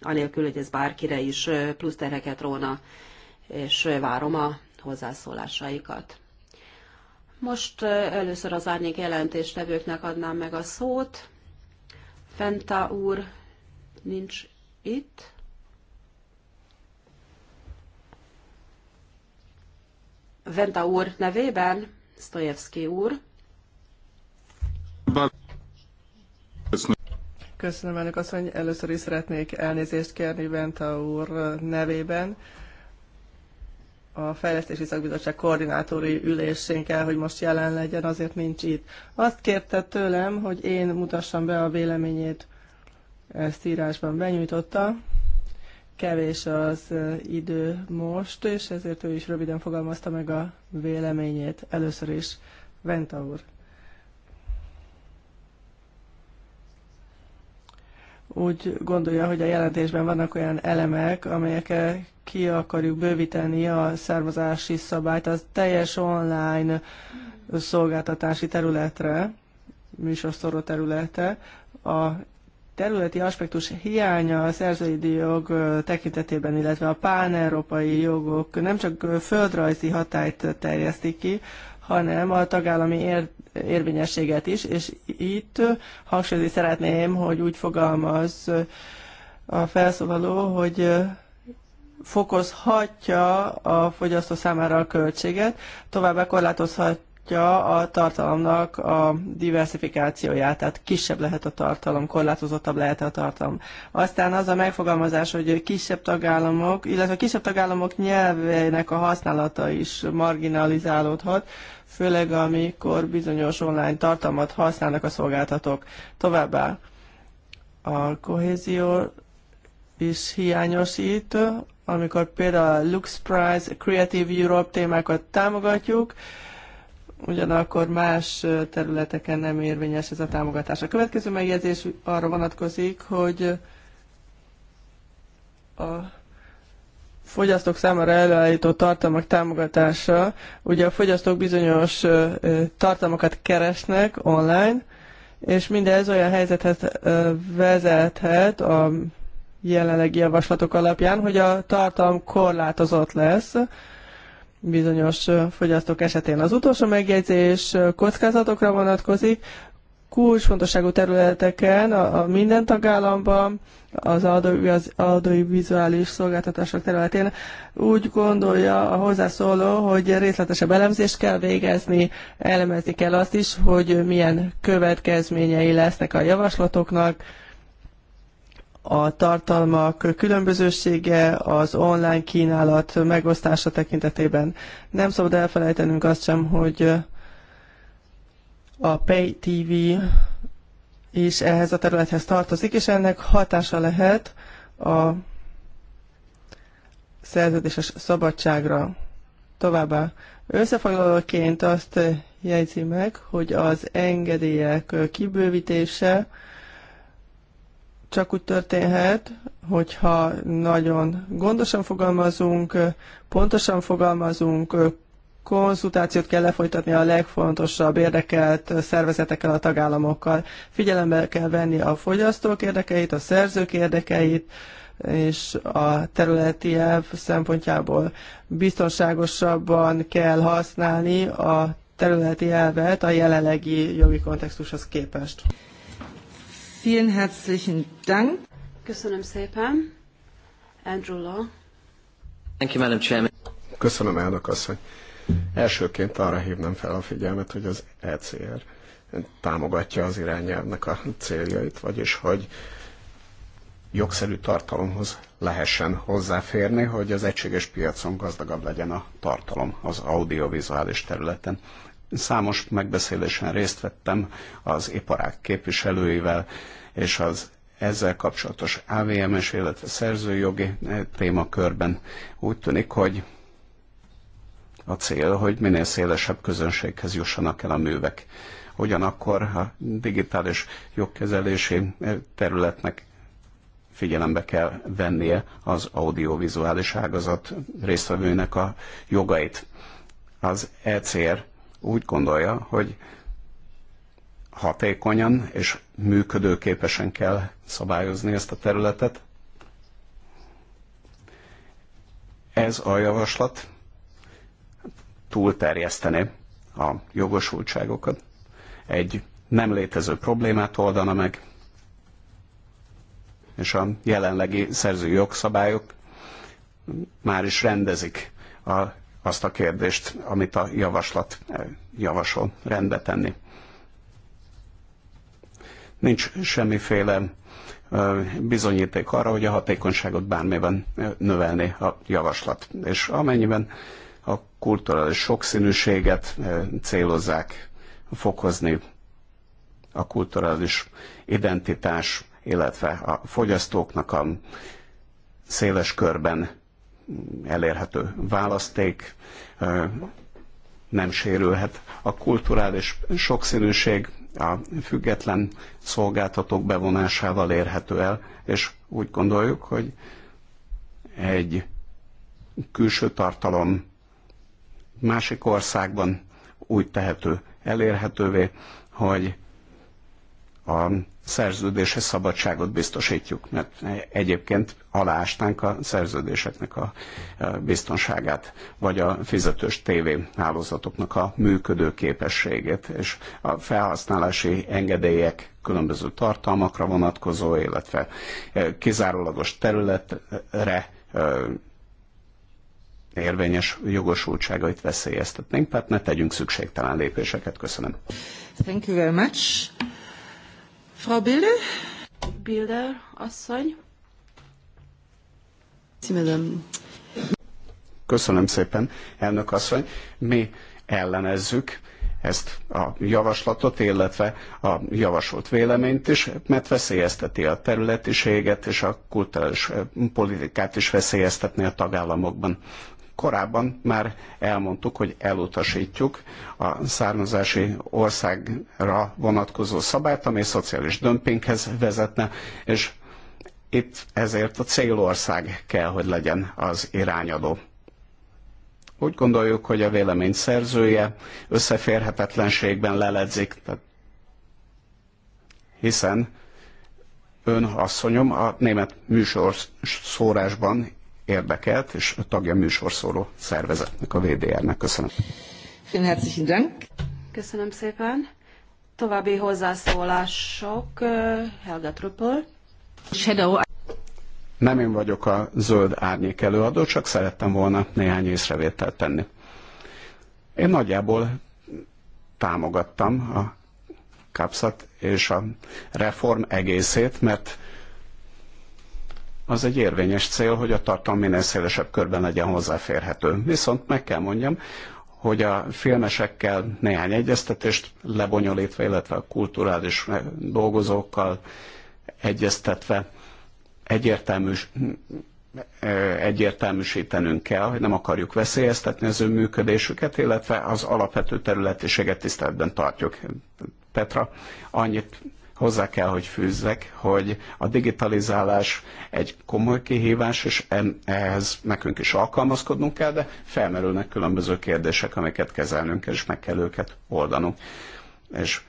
anélkül, hogy ez bárkire is plusz terheket róna, és várom a hozzászólásaikat. Most először az árnyék jelentéstevőknek adnám meg a szót. Fenta úr nincs itt. Venta úr nevében, Sztojevszki úr. Köszönöm, elnök asszony. Először is szeretnék elnézést kérni Venta úr nevében a Fejlesztési Szakbizottság koordinátori ülésén kell, hogy most jelen legyen, azért nincs itt. Azt kérte tőlem, hogy én mutassam be a véleményét, ezt írásban benyújtotta. Kevés az idő most, és ezért ő is röviden fogalmazta meg a véleményét először is. Venta úr. úgy gondolja, hogy a jelentésben vannak olyan elemek, amelyekkel ki akarjuk bővíteni a származási szabályt az teljes online szolgáltatási területre, műsorszorú területe. A területi aspektus hiánya a szerzői jog tekintetében, illetve a pán-európai jogok nem csak földrajzi hatályt terjesztik ki, hanem a tagállami ér, érvényességet is, és itt hangsúlyozni szeretném, hogy úgy fogalmaz a felszólaló, hogy fokozhatja a fogyasztó számára a költséget, továbbá korlátozhat a tartalomnak a diversifikációját, tehát kisebb lehet a tartalom, korlátozottabb lehet a tartalom. Aztán az a megfogalmazás, hogy kisebb tagállamok, illetve a kisebb tagállamok nyelvének a használata is marginalizálódhat, főleg amikor bizonyos online tartalmat használnak a szolgáltatók. Továbbá a kohézió is hiányosít, amikor például a Lux Prize, Creative Europe témákat támogatjuk, ugyanakkor más területeken nem érvényes ez a támogatás. A következő megjegyzés arra vonatkozik, hogy a fogyasztók számára előállított tartalmak támogatása. Ugye a fogyasztók bizonyos tartalmakat keresnek online, és mindez olyan helyzethez vezethet a jelenlegi javaslatok alapján, hogy a tartalom korlátozott lesz, bizonyos fogyasztók esetén. Az utolsó megjegyzés kockázatokra vonatkozik. Kulcsfontosságú területeken a, a minden tagállamban az adói, az adói vizuális szolgáltatások területén úgy gondolja a hozzászóló, hogy részletesebb elemzést kell végezni, elemezni kell azt is, hogy milyen következményei lesznek a javaslatoknak, a tartalmak különbözősége, az online kínálat megosztása tekintetében. Nem szabad elfelejtenünk azt sem, hogy a Pay TV is ehhez a területhez tartozik, és ennek hatása lehet a szerződéses szabadságra. Továbbá összefoglalóként azt jegyzi meg, hogy az engedélyek kibővítése csak úgy történhet, hogyha nagyon gondosan fogalmazunk, pontosan fogalmazunk, konzultációt kell lefolytatni a legfontosabb érdekelt szervezetekkel, a tagállamokkal. Figyelembe kell venni a fogyasztók érdekeit, a szerzők érdekeit, és a területi elv szempontjából biztonságosabban kell használni a területi elvet a jelenlegi jogi kontextushoz képest. Vielen herzlichen Dank. Köszönöm szépen. Andrew Law. Thank you, Madam Chairman. Köszönöm, elnök asszony. Elsőként arra hívnám fel a figyelmet, hogy az ECR támogatja az irányelvnek a céljait, vagyis hogy jogszerű tartalomhoz lehessen hozzáférni, hogy az egységes piacon gazdagabb legyen a tartalom az audiovizuális területen. Számos megbeszélésen részt vettem az iparák képviselőivel, és az ezzel kapcsolatos AVMS, illetve szerzőjogi eh, témakörben úgy tűnik, hogy a cél, hogy minél szélesebb közönséghez jussanak el a művek. Ugyanakkor a digitális jogkezelési eh, területnek figyelembe kell vennie az audiovizuális ágazat résztvevőinek a jogait. Az ECR úgy gondolja, hogy hatékonyan és működőképesen kell szabályozni ezt a területet. Ez a javaslat túlterjesztené a jogosultságokat, egy nem létező problémát oldana meg, és a jelenlegi szerző jogszabályok már is rendezik a azt a kérdést, amit a javaslat eh, javasol rendbe tenni. Nincs semmiféle eh, bizonyíték arra, hogy a hatékonyságot bármiben eh, növelni a javaslat. És amennyiben a kulturális sokszínűséget célozzák fokozni, a kulturális identitás, illetve a fogyasztóknak a széles körben elérhető választék nem sérülhet. A kulturális sokszínűség a független szolgáltatók bevonásával érhető el, és úgy gondoljuk, hogy egy külső tartalom másik országban úgy tehető elérhetővé, hogy a szerződési szabadságot biztosítjuk, mert egyébként aláástánk a szerződéseknek a biztonságát, vagy a fizetős TV hálózatoknak a működő képességét, és a felhasználási engedélyek különböző tartalmakra vonatkozó, illetve kizárólagos területre érvényes jogosultságait veszélyeztetnénk, tehát ne tegyünk szükségtelen lépéseket. Köszönöm. Thank you very much. Frau Bilder, Bilder asszony. Köszönöm szépen, elnök asszony. Mi ellenezzük ezt a javaslatot, illetve a javasolt véleményt is, mert veszélyezteti a területiséget és a kulturális eh, politikát is veszélyeztetni a tagállamokban. Korábban már elmondtuk, hogy elutasítjuk a származási országra vonatkozó szabályt, ami szociális dömpinghez vezetne, és itt ezért a célország kell, hogy legyen az irányadó. Úgy gondoljuk, hogy a vélemény szerzője összeférhetetlenségben leledzik, hiszen ön asszonyom a német műsorszórásban érdekelt, és tagja műsorszóró szervezetnek, a VDR-nek. Köszönöm. Köszönöm szépen. További hozzászólások. Helga Truppel. Nem én vagyok a zöld árnyék előadó, csak szerettem volna néhány észrevételt tenni. Én nagyjából támogattam a kapszat és a reform egészét, mert az egy érvényes cél, hogy a tartalom minél szélesebb körben legyen hozzáférhető. Viszont meg kell mondjam, hogy a filmesekkel néhány egyeztetést lebonyolítva, illetve a kulturális dolgozókkal, egyeztetve egyértelműs, egyértelműsítenünk kell, hogy nem akarjuk veszélyeztetni az önműködésüket illetve az alapvető területiséget tiszteletben tartjuk. Petra, annyit hozzá kell, hogy fűzzek, hogy a digitalizálás egy komoly kihívás, és ehhez nekünk is alkalmazkodnunk kell, de felmerülnek különböző kérdések, amiket kezelnünk kell, és meg kell őket oldanunk. És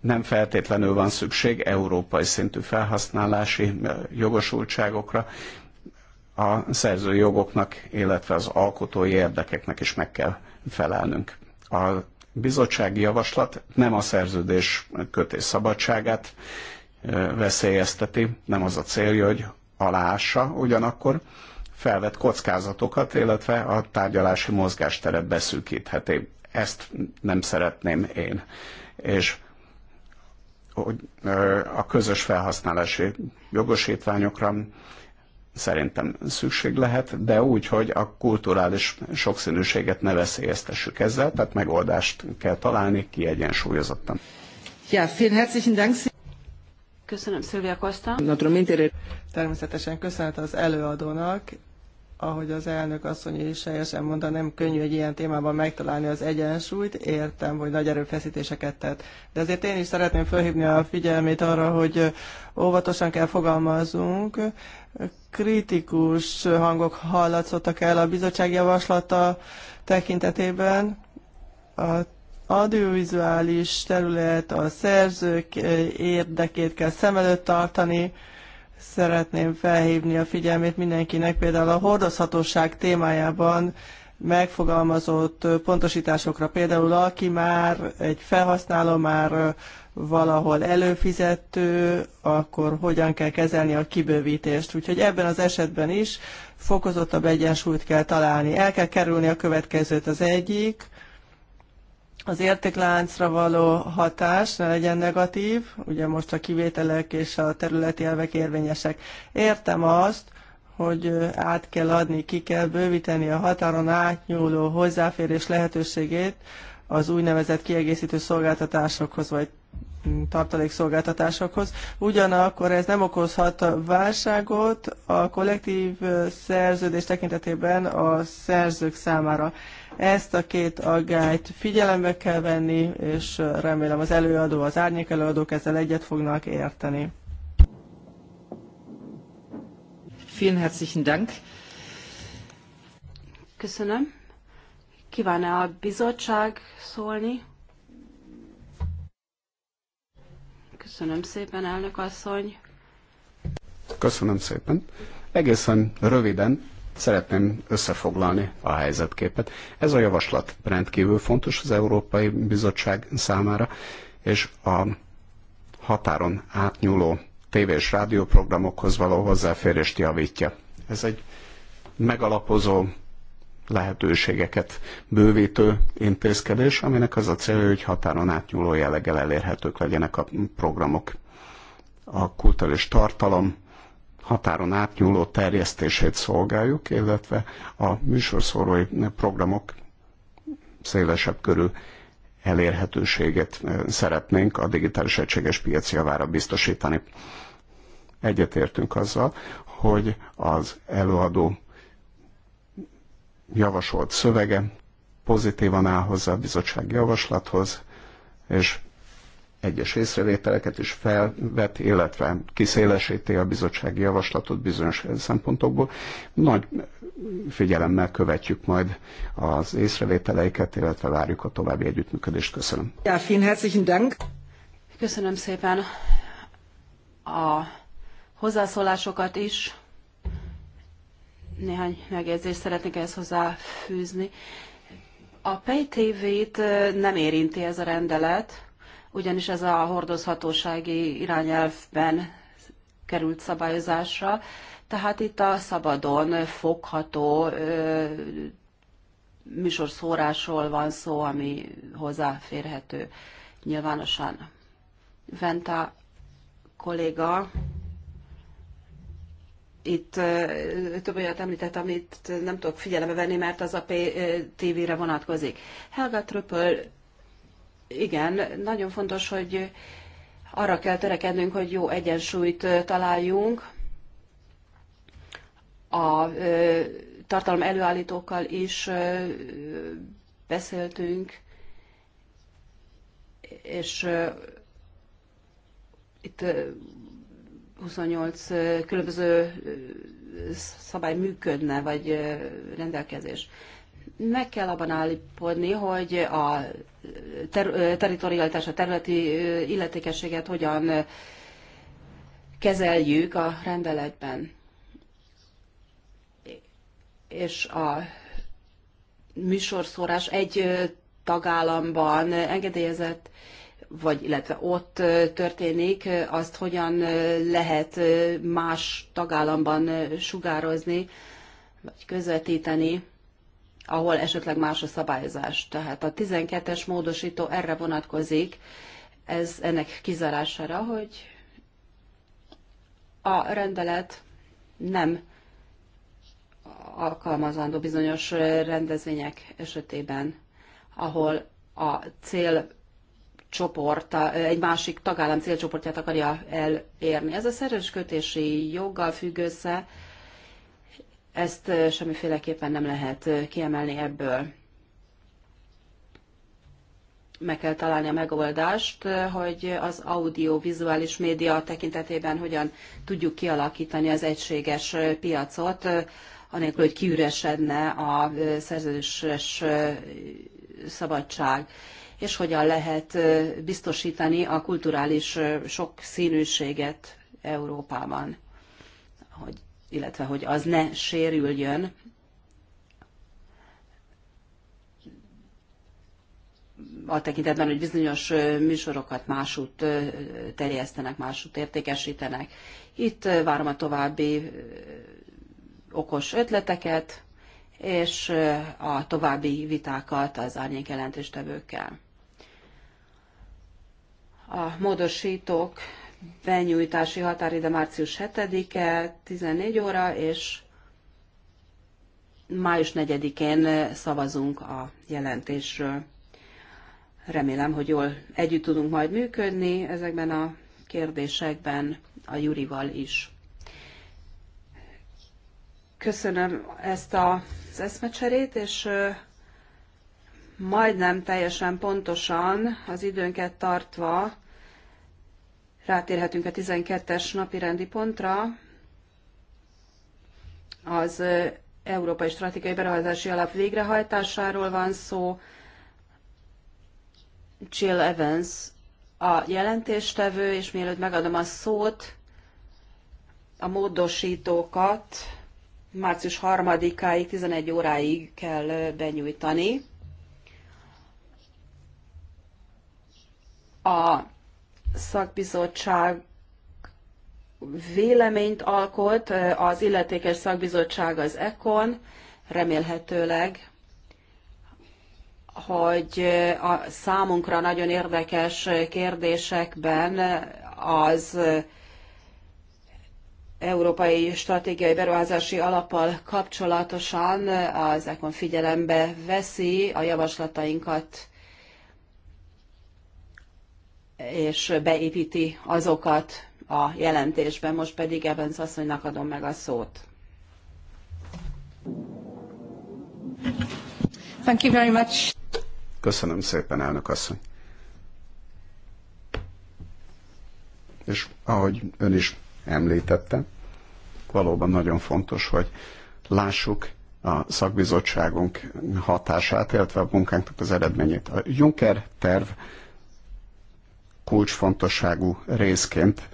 nem feltétlenül van szükség európai szintű felhasználási eh, jogosultságokra, a szerző jogoknak, illetve az alkotói érdekeknek is meg kell felelnünk. A bizottsági javaslat nem a szerződés kötés szabadságát eh, veszélyezteti, nem az a célja, hogy aláássa, ugyanakkor felvett kockázatokat, illetve a tárgyalási mozgásteret beszűkítheti. Ezt nem szeretném én. És hogy a közös felhasználási jogosítványokra szerintem szükség lehet, de úgy, hogy a kulturális sokszínűséget ne veszélyeztessük ezzel, tehát megoldást kell találni kiegyensúlyozottan. Ja, vielen herzlichen Dank. Köszönöm, Szilvia Kosta. Természetesen köszönet az előadónak, ahogy az elnök asszony is helyesen mondta, nem könnyű egy ilyen témában megtalálni az egyensúlyt. Értem, hogy nagy erőfeszítéseket tett. De azért én is szeretném felhívni a figyelmét arra, hogy óvatosan kell fogalmazunk. Kritikus hangok hallatszottak el a bizottság javaslata tekintetében. A audiovizuális terület, a szerzők érdekét kell szem előtt tartani, szeretném felhívni a figyelmét mindenkinek, például a hordozhatóság témájában megfogalmazott pontosításokra. Például aki már egy felhasználó, már valahol előfizető, akkor hogyan kell kezelni a kibővítést. Úgyhogy ebben az esetben is fokozottabb egyensúlyt kell találni. El kell kerülni a következőt az egyik, az értékláncra való hatás ne legyen negatív, ugye most a kivételek és a területi elvek érvényesek. Értem azt, hogy át kell adni, ki kell bővíteni a határon átnyúló hozzáférés lehetőségét az úgynevezett kiegészítő szolgáltatásokhoz, vagy mm, tartalékszolgáltatásokhoz. Ugyanakkor ez nem okozhat válságot a kollektív szerződés tekintetében a szerzők számára. Ezt a két aggályt figyelembe kell venni, és remélem az előadó, az árnyék előadók ezzel egyet fognak érteni. Vielen herzlichen Dank. Köszönöm. Kíván-e a bizottság szólni? Köszönöm szépen, elnök asszony. Köszönöm szépen. Egészen röviden Szeretném összefoglalni a helyzetképet. Ez a javaslat rendkívül fontos az Európai Bizottság számára, és a határon átnyúló tévé és rádióprogramokhoz való hozzáférést javítja. Ez egy megalapozó lehetőségeket bővítő intézkedés, aminek az a célja, hogy határon átnyúló jelleggel elérhetők legyenek a programok. A kultúrális tartalom határon átnyúló terjesztését szolgáljuk, illetve a műsorszórói programok szélesebb körül elérhetőséget szeretnénk a digitális egységes piac javára biztosítani. Egyetértünk azzal, hogy az előadó javasolt szövege pozitívan áll hozzá a bizottság javaslathoz, és egyes észrevételeket is felvet, illetve kiszélesíti a bizottsági javaslatot bizonyos szempontokból. Nagy figyelemmel követjük majd az észrevételeiket, illetve várjuk a további együttműködést. Köszönöm. Ja, vielen herzlichen Dank. Köszönöm szépen a hozzászólásokat is. Néhány megjegyzést szeretnék ehhez hozzáfűzni. A PayTV-t eh, nem érinti ez a rendelet, ugyanis ez a hordozhatósági irányelvben került szabályozásra, tehát itt a szabadon fogható műsorszórásról van szó, ami hozzáférhető nyilvánosan. Venta kolléga itt több olyat említett, amit nem tudok figyelembe venni, mert az a TV-re vonatkozik. Helga Tröpöl igen, nagyon fontos, hogy arra kell törekednünk, hogy jó egyensúlyt találjunk a tartalom előállítókkal is beszéltünk, és itt 28 különböző szabály működne, vagy rendelkezés meg kell abban állapodni, hogy a ter- teritorialitás, a területi illetékességet hogyan kezeljük a rendeletben. És a műsorszórás egy tagállamban engedélyezett, vagy illetve ott történik, azt hogyan lehet más tagállamban sugározni, vagy közvetíteni ahol esetleg más a szabályozás. Tehát a 12-es módosító erre vonatkozik, ez ennek kizárására, hogy a rendelet nem alkalmazandó bizonyos rendezvények esetében, ahol a cél csoport, egy másik tagállam célcsoportját akarja elérni. Ez a szerzőskötési joggal függ össze, ezt semmiféleképpen nem lehet kiemelni ebből. Meg kell találni a megoldást, hogy az audiovizuális média tekintetében hogyan tudjuk kialakítani az egységes piacot, anélkül, hogy kiüresedne a szerződéses szabadság, és hogyan lehet biztosítani a kulturális sokszínűséget Európában, hogy illetve hogy az ne sérüljön. A tekintetben, hogy bizonyos műsorokat másút terjesztenek, másút értékesítenek. Itt várom a további okos ötleteket, és a további vitákat az árnyék jelentéstevőkkel. A módosítók benyújtási határide március 7-e, 14 óra, és május 4-én szavazunk a jelentésről. Remélem, hogy jól együtt tudunk majd működni ezekben a kérdésekben a Jurival is. Köszönöm ezt az eszmecserét, és majdnem teljesen pontosan az időnket tartva Rátérhetünk a 12-es napi rendi pontra. Az Európai Stratégiai Beruházási Alap végrehajtásáról van szó. Jill Evans a jelentéstevő, és mielőtt megadom a szót, a módosítókat március 3-áig, 11 óráig kell benyújtani. A szakbizottság véleményt alkot, az illetékes szakbizottság az ECON, remélhetőleg, hogy a számunkra nagyon érdekes kérdésekben az Európai Stratégiai Beruházási Alappal kapcsolatosan az ECON figyelembe veszi a javaslatainkat és beépíti azokat a jelentésbe. Most pedig Evans asszonynak adom meg a szót. Thank you very much. Köszönöm szépen, elnök asszony. És ahogy ön is említette, valóban nagyon fontos, hogy lássuk a szakbizottságunk hatását, illetve a munkánknak az eredményét. A Juncker terv kulcsfontosságú részként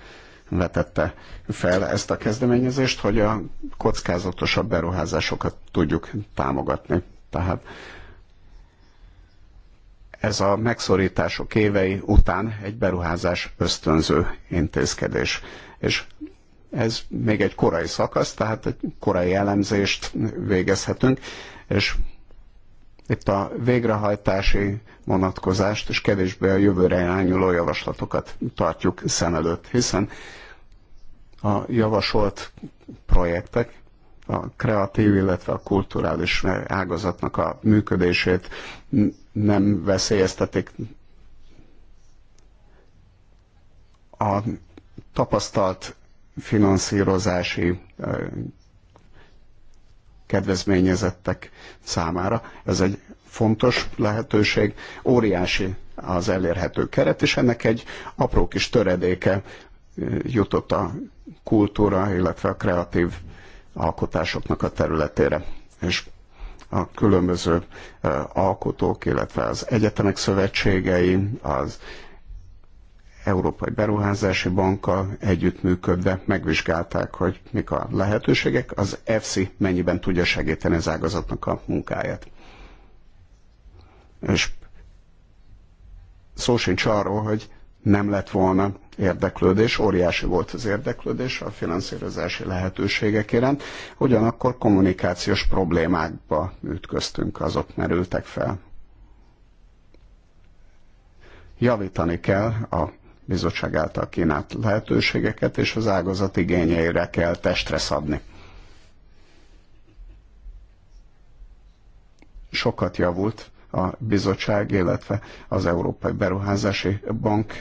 vetette fel ezt a kezdeményezést, hogy a kockázatosabb beruházásokat tudjuk támogatni. Tehát ez a megszorítások évei után egy beruházás ösztönző intézkedés. És ez még egy korai szakasz, tehát egy korai elemzést végezhetünk, és itt a végrehajtási vonatkozást és kevésbé a jövőre irányuló javaslatokat tartjuk szem előtt, hiszen a javasolt projektek a kreatív, illetve a kulturális ágazatnak a működését nem veszélyeztetik. A tapasztalt finanszírozási kedvezményezettek számára. Ez egy fontos lehetőség, óriási az elérhető keret, és ennek egy apró kis töredéke eh, jutott a kultúra, illetve a kreatív alkotásoknak a területére. És a különböző eh, alkotók, illetve az egyetemek szövetségei, az Európai Beruházási Bankkal együttműködve megvizsgálták, hogy mik a lehetőségek, az EFSI mennyiben tudja segíteni az ágazatnak a munkáját. És szó sincs arról, hogy nem lett volna érdeklődés, óriási volt az érdeklődés a finanszírozási lehetőségek iránt, ugyanakkor kommunikációs problémákba ütköztünk, azok merültek fel. Javítani kell a bizottság által kínált lehetőségeket, és az ágazat igényeire kell testre szabni. Sokat javult a bizottság, illetve az Európai Beruházási Bank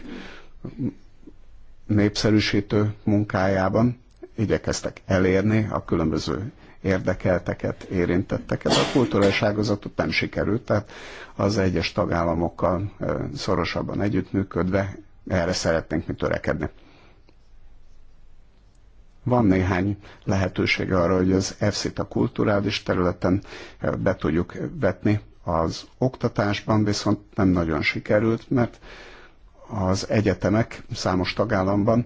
népszerűsítő munkájában igyekeztek elérni a különböző érdekelteket, érintetteket. A kulturális ágazatot nem sikerült, tehát az egyes tagállamokkal szorosabban együttműködve erre szeretnénk mi törekedni. Van néhány lehetőség arra, hogy az EFSZ-t a kulturális területen eh, be tudjuk vetni. Az oktatásban viszont nem nagyon sikerült, mert az egyetemek számos tagállamban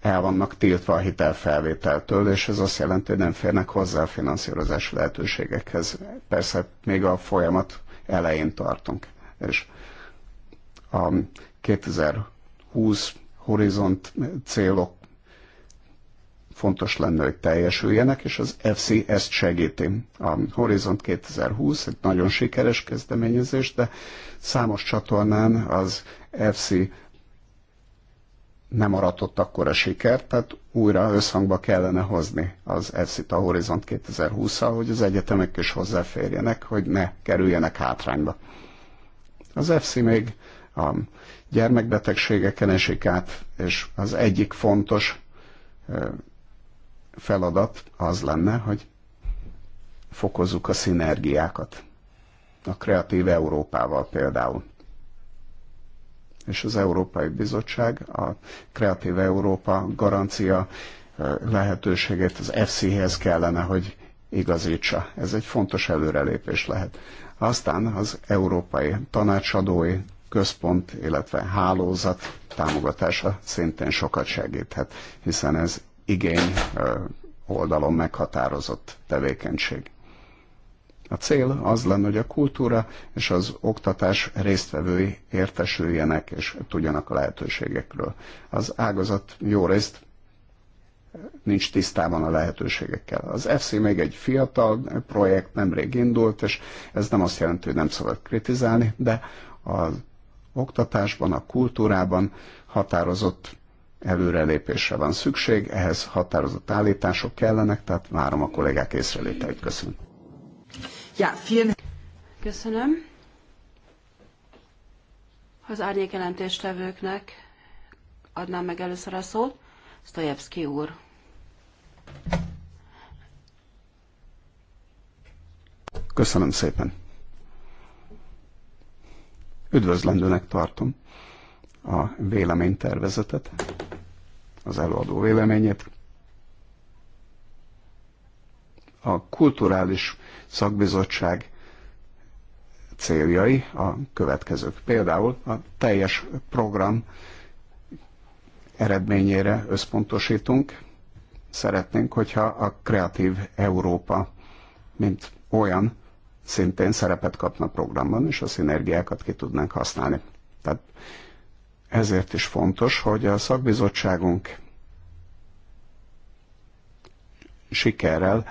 el vannak tiltva a hitelfelvételtől, és ez azt jelenti, hogy nem férnek hozzá a finanszírozási lehetőségekhez. Persze még a folyamat elején tartunk, és a 20 horizont célok fontos lenne, hogy teljesüljenek, és az FC ezt segíti. A Horizont 2020 egy nagyon sikeres kezdeményezés, de számos csatornán az FC nem aratott a sikert, tehát újra összhangba kellene hozni az FC a Horizont 2020-al, hogy az egyetemek is hozzáférjenek, hogy ne kerüljenek hátrányba. Az FC még a gyermekbetegségeken esik át, és az egyik fontos feladat az lenne, hogy fokozzuk a szinergiákat. A Kreatív Európával például. És az Európai Bizottság a Kreatív Európa garancia lehetőségét az FC-hez kellene, hogy igazítsa. Ez egy fontos előrelépés lehet. Aztán az Európai Tanácsadói központ, illetve hálózat támogatása szintén sokat segíthet, hiszen ez igény oldalon meghatározott tevékenység. A cél az lenne, hogy a kultúra és az oktatás résztvevői értesüljenek és tudjanak a lehetőségekről. Az ágazat jó részt nincs tisztában a lehetőségekkel. Az FC még egy fiatal projekt, nemrég indult, és ez nem azt jelenti, hogy nem szabad kritizálni, de az oktatásban, a kultúrában határozott előrelépésre van szükség, ehhez határozott állítások kellenek, tehát várom a kollégák észrelételét. Köszönöm. Ja, vielen... Köszönöm. Az árnyék jelentéstevőknek adnám meg először a szót. Stojevski úr. Köszönöm szépen. Üdvözlendőnek tartom a véleménytervezetet, az előadó véleményét. A kulturális szakbizottság céljai a következők. Például a teljes program eredményére összpontosítunk. Szeretnénk, hogyha a Kreatív Európa, mint olyan szintén szerepet kapna a programban, és a szinergiákat ki tudnánk használni. Tehát ezért is fontos, hogy a szakbizottságunk sikerrel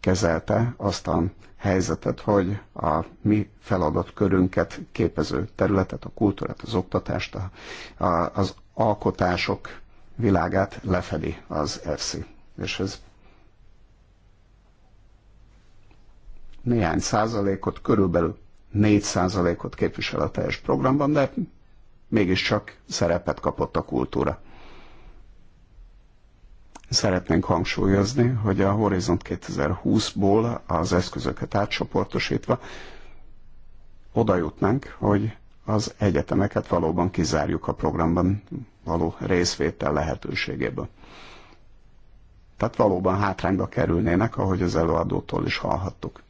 kezelte azt a helyzetet, hogy a mi feladatkörünket képező területet, a kultúrát, az oktatást, a, a, az alkotások világát lefedi az EFSI. És ez néhány százalékot, körülbelül 4 százalékot képvisel a teljes programban, de mégiscsak szerepet kapott a kultúra. Szeretnénk hangsúlyozni, hogy a Horizont 2020-ból az eszközöket átcsoportosítva oda jutnánk, hogy az egyetemeket valóban kizárjuk a programban való részvétel lehetőségéből. Tehát valóban hátrányba kerülnének, ahogy az előadótól is hallhattuk.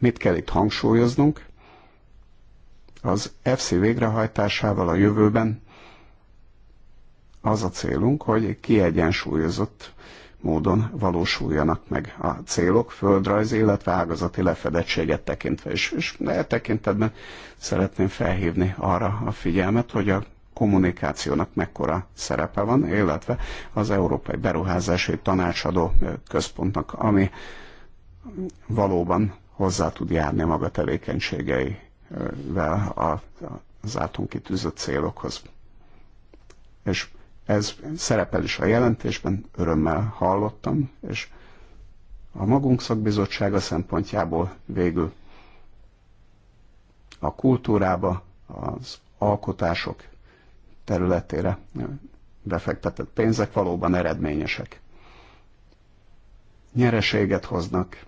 Mit kell itt hangsúlyoznunk? Az FC végrehajtásával a jövőben az a célunk, hogy kiegyensúlyozott módon valósuljanak meg a célok, földrajzi, illetve ágazati lefedettséget tekintve És, És e tekintetben szeretném felhívni arra a figyelmet, hogy a kommunikációnak mekkora szerepe van, illetve az Európai Beruházási Tanácsadó Központnak, ami valóban hozzá tud járni maga tevékenységeivel az általunk kitűzött célokhoz. És ez szerepel is a jelentésben, örömmel hallottam, és a magunk szakbizottsága szempontjából végül a kultúrába, az alkotások területére befektetett pénzek valóban eredményesek. Nyereséget hoznak,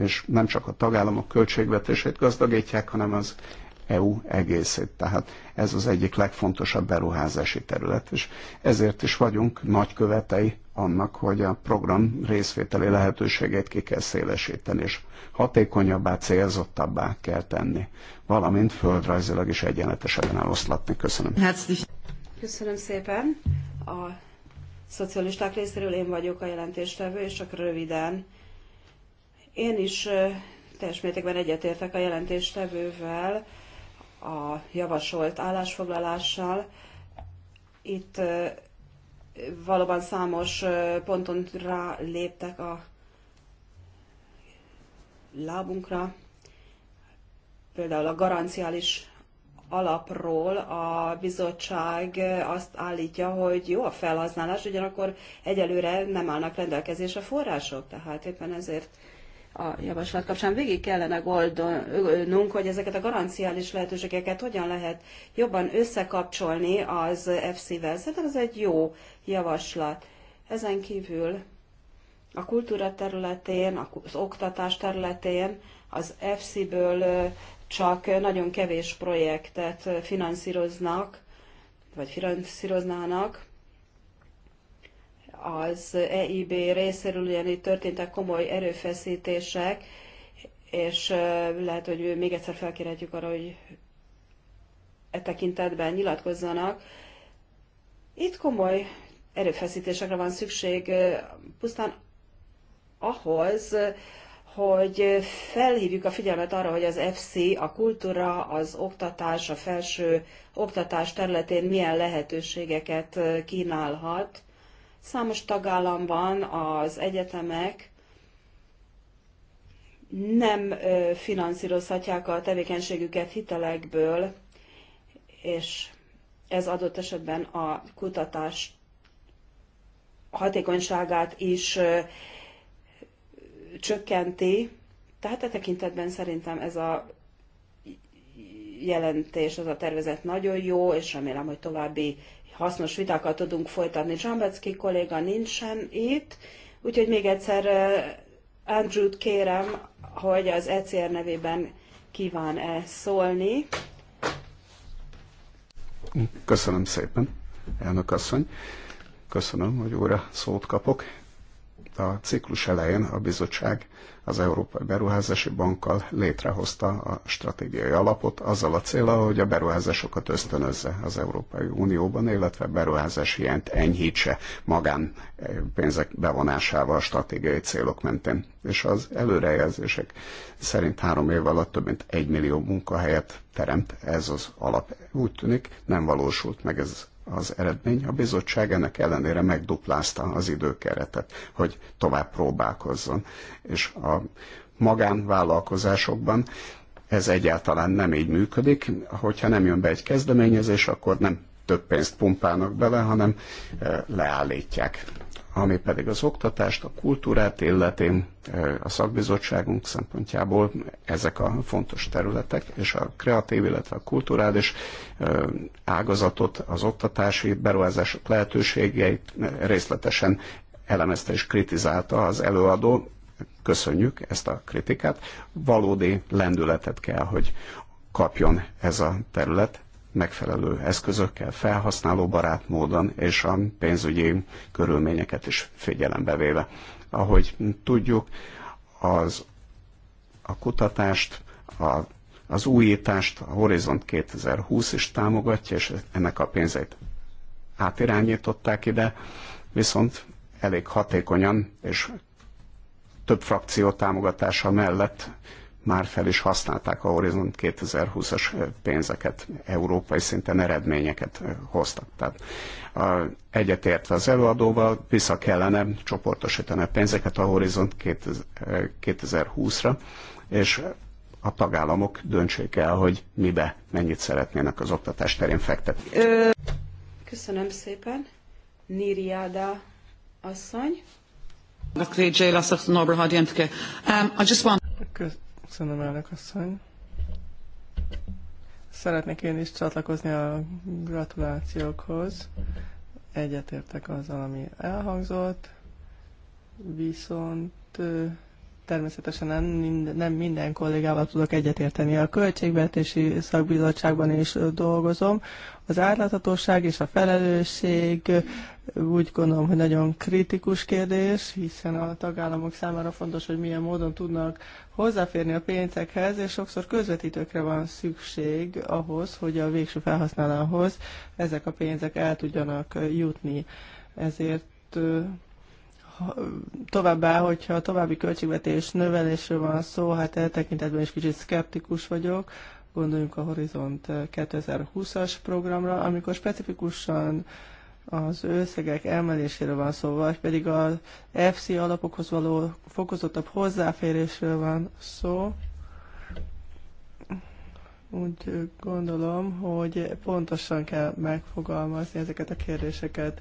és nem csak a tagállamok költségvetését gazdagítják, hanem az EU egészét. Tehát ez az egyik legfontosabb beruházási terület, és ezért is vagyunk nagy követei annak, hogy a program részvételi lehetőségét ki kell szélesíteni, és hatékonyabbá, célzottabbá kell tenni, valamint földrajzilag is egyenletesebben eloszlatni. Köszönöm. Köszönöm szépen. A szocialisták részéről én vagyok a jelentéstevő, és csak röviden én is teljes mértékben egyetértek a jelentéstevővel, a javasolt állásfoglalással. Itt valóban számos ponton rá léptek a lábunkra, például a garanciális alapról a bizottság azt állítja, hogy jó a felhasználás, ugyanakkor egyelőre nem állnak rendelkezésre források, tehát éppen ezért a javaslat kapcsán. Végig kellene gondolnunk, hogy ezeket a garanciális lehetőségeket hogyan lehet jobban összekapcsolni az FC-vel. Szerintem ez egy jó javaslat. Ezen kívül a kultúra területén, az oktatás területén az FC-ből csak nagyon kevés projektet finanszíroznak, vagy finanszíroznának az EIB részéről ugyanígy történtek komoly erőfeszítések, és lehet, hogy még egyszer felkérhetjük arra, hogy e tekintetben nyilatkozzanak. Itt komoly erőfeszítésekre van szükség pusztán ahhoz, hogy felhívjuk a figyelmet arra, hogy az FC a kultúra, az oktatás, a felső oktatás területén milyen lehetőségeket kínálhat, Számos tagállamban az egyetemek nem finanszírozhatják a tevékenységüket hitelekből, és ez adott esetben a kutatás hatékonyságát is csökkenti. Tehát e tekintetben szerintem ez a jelentés, ez a tervezet nagyon jó, és remélem, hogy további hasznos vitákat tudunk folytatni. Zsambecki kolléga nincsen itt, úgyhogy még egyszer Andrew-t kérem, hogy az ECR nevében kíván-e szólni. Köszönöm szépen, elnök asszony. Köszönöm, hogy óra szót kapok. A ciklus elején a bizottság az Európai Beruházási Bankkal létrehozta a stratégiai alapot azzal a célra, hogy a beruházásokat ösztönözze az Európai Unióban, illetve beruházás hiányt enyhítse magán eh, pénzek bevonásával a stratégiai célok mentén. És az előrejelzések szerint három év alatt több mint egy millió munkahelyet teremt ez az alap. Úgy tűnik, nem valósult meg ez az eredmény. A bizottság ennek ellenére megduplázta az időkeretet, hogy tovább próbálkozzon. És a magánvállalkozásokban ez egyáltalán nem így működik. Hogyha nem jön be egy kezdeményezés, akkor nem több pénzt pumpálnak bele, hanem eh, leállítják ami pedig az oktatást, a kultúrát illeti, a szakbizottságunk szempontjából ezek a fontos területek, és a kreatív, illetve a kulturális ágazatot, az oktatási beruházások lehetőségeit részletesen elemezte és kritizálta az előadó. Köszönjük ezt a kritikát. Valódi lendületet kell, hogy kapjon ez a terület, megfelelő eszközökkel, felhasználóbarát módon és a pénzügyi körülményeket is figyelembe véve. Ahogy tudjuk, az, a kutatást, a, az újítást a Horizont 2020 is támogatja, és ennek a pénzeit átirányították ide, viszont elég hatékonyan és több frakció támogatása mellett már fel is használták a Horizon 2020-as pénzeket, európai szinten eredményeket hoztak. Tehát egyetértve az előadóval, vissza kellene csoportosítani a pénzeket a Horizon 2020-ra, és a tagállamok döntsék el, hogy mibe mennyit szeretnének az oktatás terén fektetni. Köszönöm szépen. Niriáda asszony. Um, köszönöm. Köszönöm, elnök asszony. Szeretnék én is csatlakozni a gratulációkhoz. Egyetértek azzal, ami elhangzott, viszont természetesen nem, mind, nem minden kollégával tudok egyetérteni. A költségvetési szakbizottságban is dolgozom. Az átláthatóság és a felelősség úgy gondolom, hogy nagyon kritikus kérdés, hiszen a tagállamok számára fontos, hogy milyen módon tudnak hozzáférni a pénzekhez, és sokszor közvetítőkre van szükség ahhoz, hogy a végső felhasználóhoz ezek a pénzek el tudjanak jutni. Ezért Továbbá, hogyha a további költségvetés növelésről van szó, hát e tekintetben is kicsit szkeptikus vagyok. Gondoljunk a Horizont 2020-as programra, amikor specifikusan az összegek emeléséről van szó, vagy pedig az FC alapokhoz való fokozottabb hozzáférésről van szó. Úgy gondolom, hogy pontosan kell megfogalmazni ezeket a kérdéseket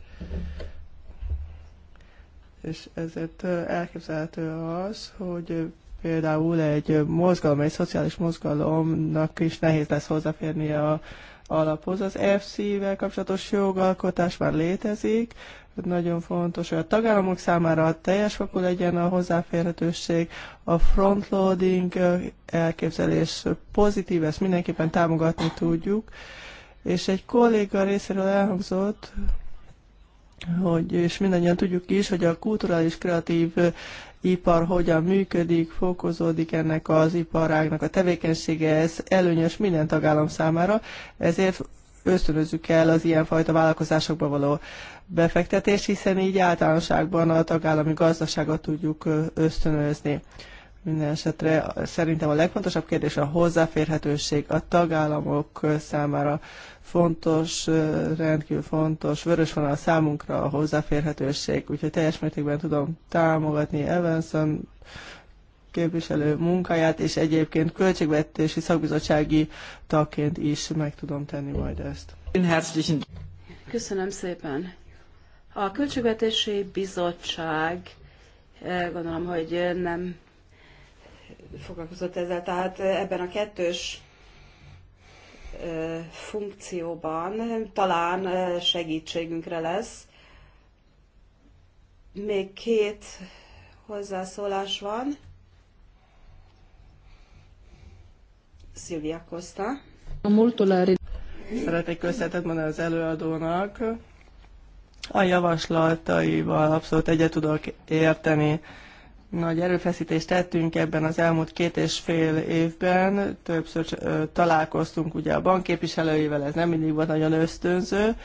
és ezért elképzelhető az, hogy például egy mozgalom, egy szociális mozgalomnak is nehéz lesz hozzáférni a alaphoz. Az FC-vel kapcsolatos jogalkotás már létezik, nagyon fontos, hogy a tagállamok számára teljes fokú legyen a hozzáférhetőség, a frontloading elképzelés pozitív, ezt mindenképpen támogatni tudjuk. És egy kolléga részéről elhangzott, hogy, és mindannyian tudjuk is, hogy a kulturális kreatív ipar hogyan működik, fokozódik ennek az iparágnak a tevékenysége, ez előnyös minden tagállam számára, ezért ösztönözzük el az ilyenfajta vállalkozásokba való befektetést, hiszen így általánosságban a tagállami gazdaságot tudjuk ösztönözni. Minden esetre szerintem a legfontosabb kérdés a hozzáférhetőség a tagállamok számára fontos, rendkívül fontos, vörös van a számunkra a hozzáférhetőség, úgyhogy teljes mértékben tudom támogatni Evanson képviselő munkáját, és egyébként költségvetési szakbizottsági tagként is meg tudom tenni majd ezt. Köszönöm szépen. A Költségvetési Bizottság eh, gondolom, hogy nem foglalkozott ezzel. Tehát ebben a kettős funkcióban talán segítségünkre lesz. Még két hozzászólás van. Szilvia Costa. Szeretnék köszönetet mondani az előadónak. A javaslataival abszolút egyet tudok érteni nagy erőfeszítést tettünk ebben az elmúlt két és fél évben. Többször találkoztunk ugye a bankképviselőivel, ez nem mindig volt nagyon ösztönző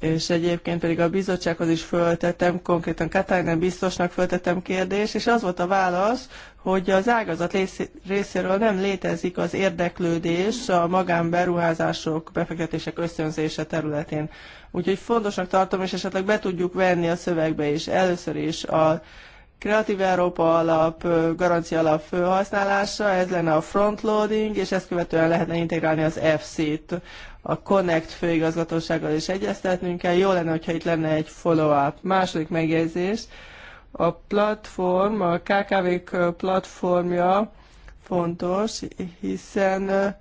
és egyébként pedig a bizottsághoz is föltettem, konkrétan Katainen biztosnak föltettem kérdést, és az volt a válasz, hogy az ágazat részéről nem létezik az érdeklődés a magánberuházások, befektetések ösztönzése területén. Úgyhogy fontosnak tartom, és esetleg be tudjuk venni a szövegbe is. Először is a Kreatív Európa alap, garancia alap felhasználása, ez lenne a frontloading, és ezt követően lehetne integrálni az FC-t. A Connect főigazgatósággal is egyeztetnünk kell, jó lenne, hogyha itt lenne egy follow-up. Második megjegyzés, a platform, a KKV-k platformja fontos, hiszen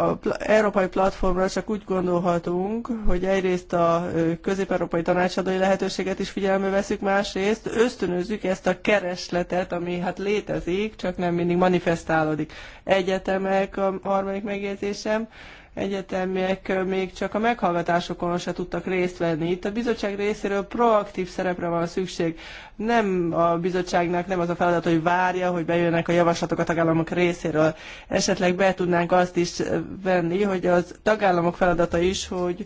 a európai platformra csak úgy gondolhatunk, hogy egyrészt a közép-európai tanácsadói lehetőséget is figyelembe veszük, másrészt ösztönözzük ezt a keresletet, ami hát létezik, csak nem mindig manifestálódik. Egyetemek a harmadik megjegyzésem egyetemiek még csak a meghallgatásokon se tudtak részt venni. Itt a bizottság részéről proaktív szerepre van szükség. Nem a bizottságnak nem az a feladat, hogy várja, hogy bejönnek a javaslatok a tagállamok részéről. Esetleg be tudnánk azt is venni, hogy az tagállamok feladata is, hogy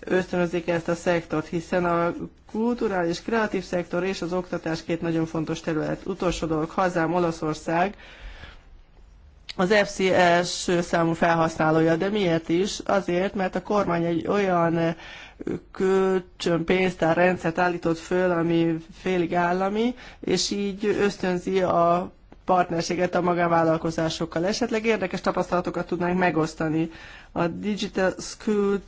ösztönözik ezt a szektort, hiszen a kulturális, kreatív szektor és az oktatás két nagyon fontos terület. Utolsó dolog, hazám Olaszország, az FC első számú felhasználója, de miért is? Azért, mert a kormány egy olyan pénztár rendszert állított föl, ami félig állami, és így ösztönzi a partnerséget a magánvállalkozásokkal. Esetleg érdekes tapasztalatokat tudnánk megosztani. A Digital school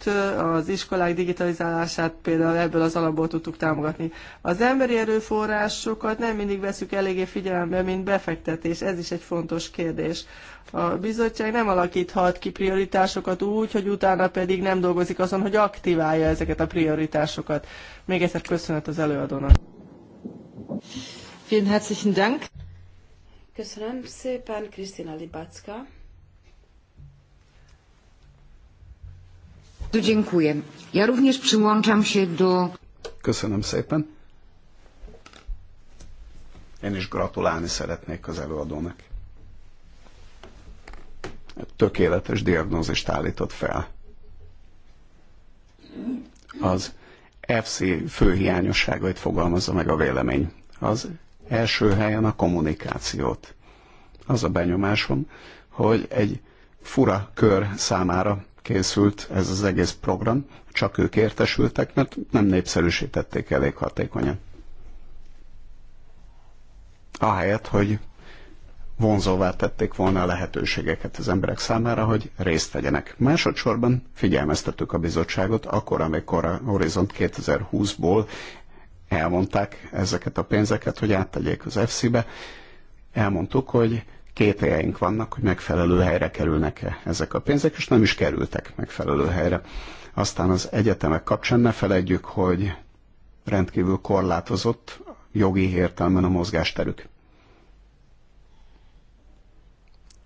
az iskolák digitalizálását például ebből az alapból tudtuk támogatni. Az emberi erőforrásokat nem mindig veszük eléggé figyelembe, mint befektetés. Ez is egy fontos kérdés. A bizottság nem alakíthat ki prioritásokat úgy, hogy utána pedig nem dolgozik azon, hogy aktiválja ezeket a prioritásokat. Még egyszer köszönet az előadónak. Vielen herzlichen Dank. Köszönöm szépen, Krisztina Libacka. Dziękuję. Ja również przyłączam się do... Köszönöm szépen. Én is gratulálni szeretnék az előadónak. Tökéletes diagnózist állított fel. Az FC főhiányosságait fogalmazza meg a vélemény. Az első helyen a kommunikációt. Az a benyomásom, hogy egy fura kör számára készült ez az egész program, csak ők értesültek, mert nem népszerűsítették elég hatékonyan. Ahelyett, hogy vonzóvá tették volna a lehetőségeket az emberek számára, hogy részt vegyenek. Másodszorban figyelmeztettük a bizottságot akkor, amikor a Horizont 2020-ból elmondták ezeket a pénzeket, hogy áttegyék az FC-be. Elmondtuk, hogy két helyeink vannak, hogy megfelelő helyre kerülnek-e ezek a pénzek, és nem is kerültek megfelelő helyre. Aztán az egyetemek kapcsán ne felejtjük, hogy rendkívül korlátozott jogi értelmen a mozgásterük.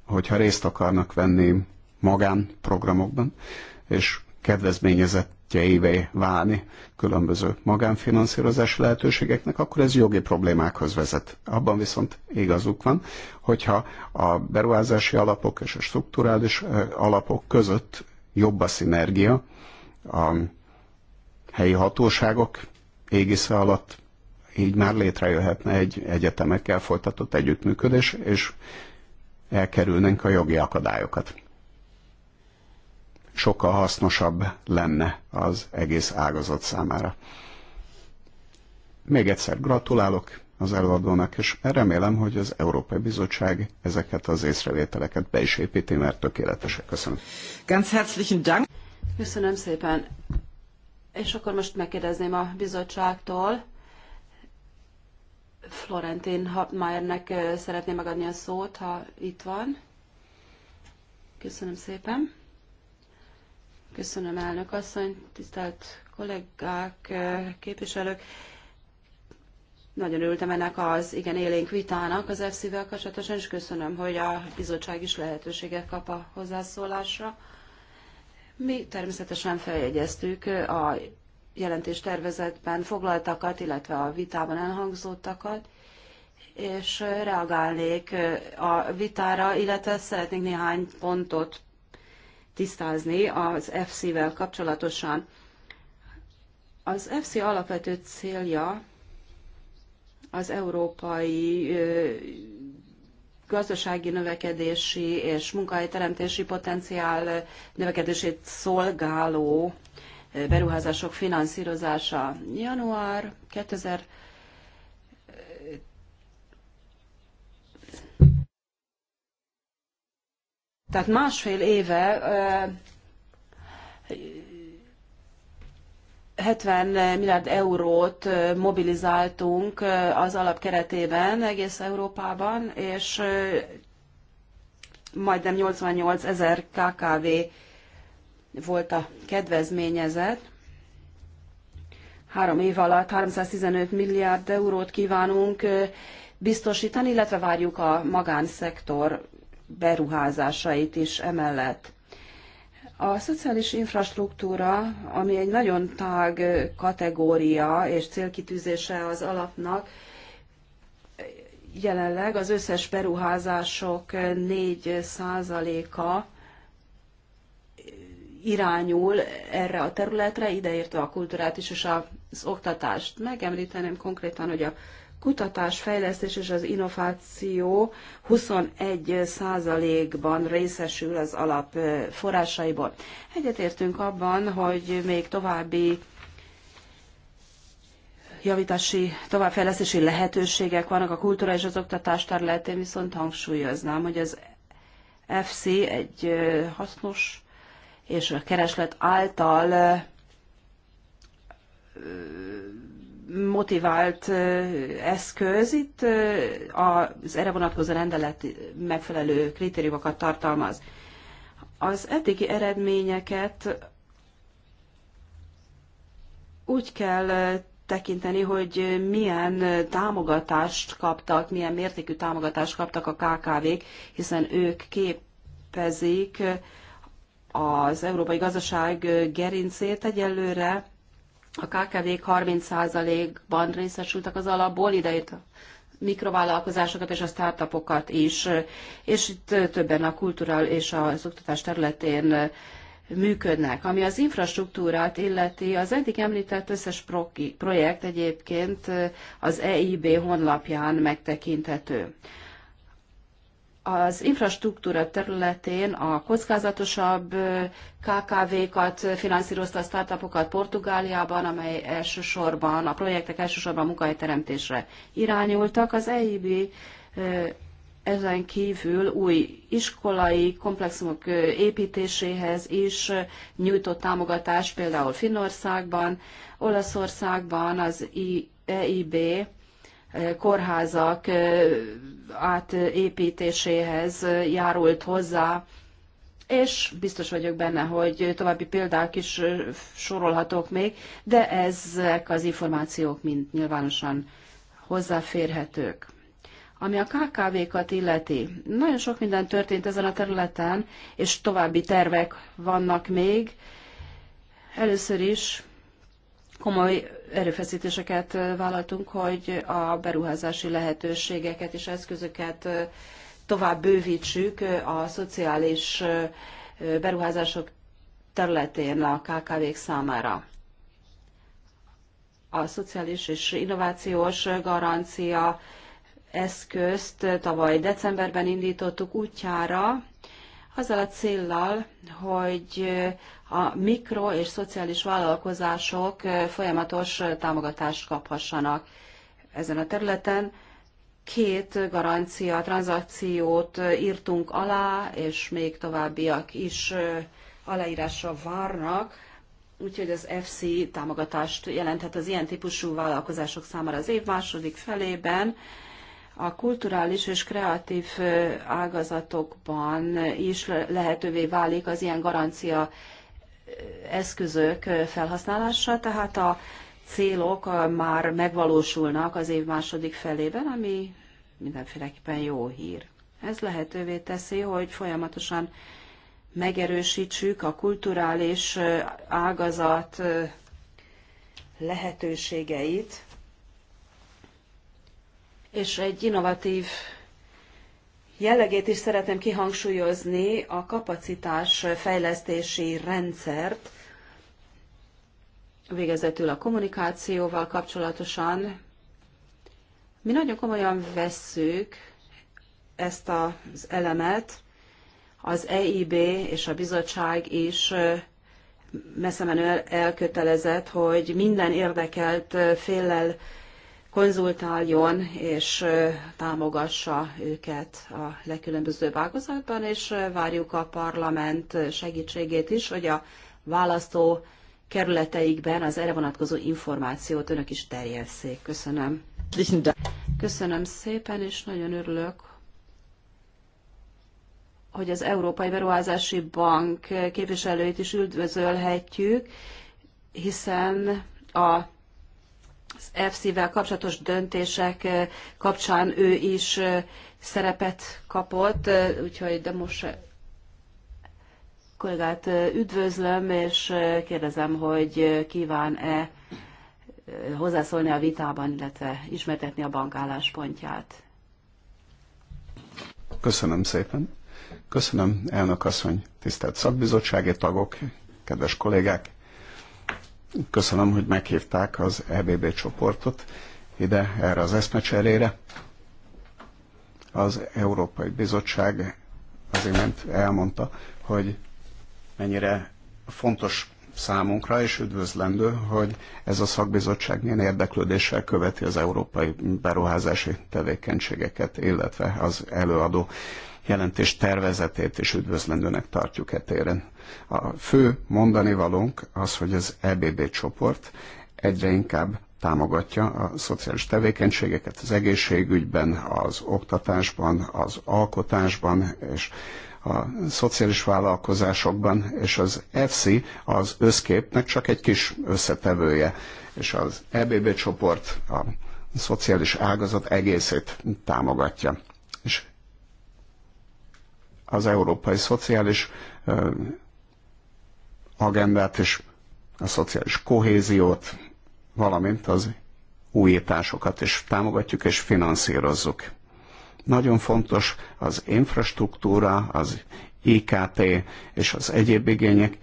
Hogyha részt akarnak venni magánprogramokban, és kedvezményezett projektjeivé válni különböző magánfinanszírozás lehetőségeknek, akkor ez jogi problémákhoz vezet. Abban viszont igazuk van, hogyha a beruházási alapok és a strukturális alapok között jobb a szinergia, a helyi hatóságok égisze alatt így már létrejöhetne egy egyetemekkel folytatott együttműködés, és elkerülnénk a jogi akadályokat sokkal hasznosabb lenne az egész ágazat számára. Még egyszer gratulálok az előadónak, és remélem, hogy az Európai Bizottság ezeket az észrevételeket be is építi, mert tökéletesek. Köszönöm. Ganz herzlichen Dank. Köszönöm szépen. És akkor most megkérdezném a bizottságtól. Florentin Hapmeyernek eh, szeretném megadni a szót, ha itt van. Köszönöm szépen. Köszönöm, elnök asszony, tisztelt kollégák, eh, képviselők. Nagyon örültem ennek az igen élénk vitának az EFSZ-vel kapcsolatosan, és köszönöm, hogy a bizottság is lehetőséget kap a hozzászólásra. Mi természetesen feljegyeztük eh, a jelentéstervezetben foglaltakat, illetve a vitában elhangzottakat, és eh, reagálnék a vitára, illetve szeretnék néhány pontot tisztázni az FC-vel kapcsolatosan. Az FC alapvető célja az európai gazdasági növekedési és munkahelyteremtési potenciál növekedését szolgáló beruházások finanszírozása. Január 2000 Tehát másfél éve 70 milliárd eurót mobilizáltunk az alap keretében egész Európában, és majdnem 88 ezer KKV volt a kedvezményezett. Három év alatt 315 milliárd eurót kívánunk biztosítani, illetve várjuk a magánszektor beruházásait is emellett. A szociális infrastruktúra, ami egy nagyon tág kategória és célkitűzése az alapnak, jelenleg az összes beruházások 4%-a irányul erre a területre, ideértve a kultúrát is és az oktatást. Megemlíteném konkrétan, hogy a kutatás, fejlesztés és az innováció 21%-ban részesül az alap forrásaiból. Egyetértünk abban, hogy még további javítási, továbbfejlesztési lehetőségek vannak a kultúra és az oktatás területén, viszont hangsúlyoznám, hogy az FC egy hasznos és a kereslet által motivált eszköz. Itt az erre vonatkozó rendelet megfelelő kritériumokat tartalmaz. Az eddigi eredményeket úgy kell tekinteni, hogy milyen támogatást kaptak, milyen mértékű támogatást kaptak a KKV-k, hiszen ők képezik az európai gazdaság gerincét egyelőre a KKV-k 30%-ban részesültek az alapból, idejét a mikrovállalkozásokat és a startupokat is, és itt többen a kultúra és az oktatás területén működnek. Ami az infrastruktúrát illeti, az eddig említett összes projekt egyébként az EIB honlapján megtekinthető az infrastruktúra területén a kockázatosabb KKV-kat finanszírozta a startupokat Portugáliában, amely elsősorban, a projektek elsősorban munkahelyteremtésre irányultak. Az EIB ezen kívül új iskolai komplexumok építéséhez is nyújtott támogatást, például Finnországban, Olaszországban az EIB kórházak átépítéséhez járult hozzá, és biztos vagyok benne, hogy további példák is sorolhatók még, de ezek az információk mind nyilvánosan hozzáférhetők. Ami a KKV-kat illeti, nagyon sok minden történt ezen a területen, és további tervek vannak még. Először is komoly erőfeszítéseket vállaltunk, hogy a beruházási lehetőségeket és eszközöket tovább bővítsük a szociális beruházások területén a KKV-k számára. A szociális és innovációs garancia eszközt tavaly decemberben indítottuk útjára, azzal a céllal, hogy a mikro és szociális vállalkozások folyamatos támogatást kaphassanak ezen a területen. Két garancia tranzakciót írtunk alá, és még továbbiak is aláírásra várnak, úgyhogy az FC támogatást jelenthet az ilyen típusú vállalkozások számára az év második felében a kulturális és kreatív ágazatokban is lehetővé válik az ilyen garancia eszközök felhasználása, tehát a célok már megvalósulnak az év második felében, ami mindenféleképpen jó hír. Ez lehetővé teszi, hogy folyamatosan megerősítsük a kulturális ágazat lehetőségeit, és egy innovatív jellegét is szeretném kihangsúlyozni a kapacitás fejlesztési rendszert, végezetül a kommunikációval kapcsolatosan. Mi nagyon komolyan vesszük ezt az elemet, az EIB és a bizottság is messze elkötelezett, hogy minden érdekelt féllel konzultáljon és támogassa őket a legkülönbözőbb ágazatban, és várjuk a parlament segítségét is, hogy a választó kerületeikben az erre vonatkozó információt önök is terjesszék. Köszönöm. Köszönöm szépen, és nagyon örülök, hogy az Európai Beruházási Bank képviselőit is üdvözölhetjük, hiszen a EFSZ-vel kapcsolatos döntések kapcsán ő is szerepet kapott, úgyhogy de most kollégát üdvözlöm, és kérdezem, hogy kíván-e hozzászólni a vitában, illetve ismertetni a bank álláspontját. Köszönöm szépen. Köszönöm, elnök asszony, tisztelt szakbizottsági tagok, kedves kollégák köszönöm, hogy meghívták az EBB csoportot ide erre az eszmecserére. Az Európai Bizottság az imént elmondta, hogy mennyire fontos számunkra, és üdvözlendő, hogy ez a szakbizottság milyen érdeklődéssel követi az európai beruházási tevékenységeket, illetve az előadó jelentés tervezetét is üdvözlendőnek tartjuk e téren. A fő mondani valónk az, hogy az EBB csoport egyre inkább támogatja a szociális tevékenységeket az egészségügyben, az oktatásban, az alkotásban és a szociális vállalkozásokban, és az EFSI az összképnek csak egy kis összetevője, és az EBB csoport a szociális ágazat egészét támogatja az európai szociális agendát és a szociális kohéziót, valamint az újításokat is támogatjuk és finanszírozzuk. Nagyon fontos az infrastruktúra, az IKT és az egyéb igények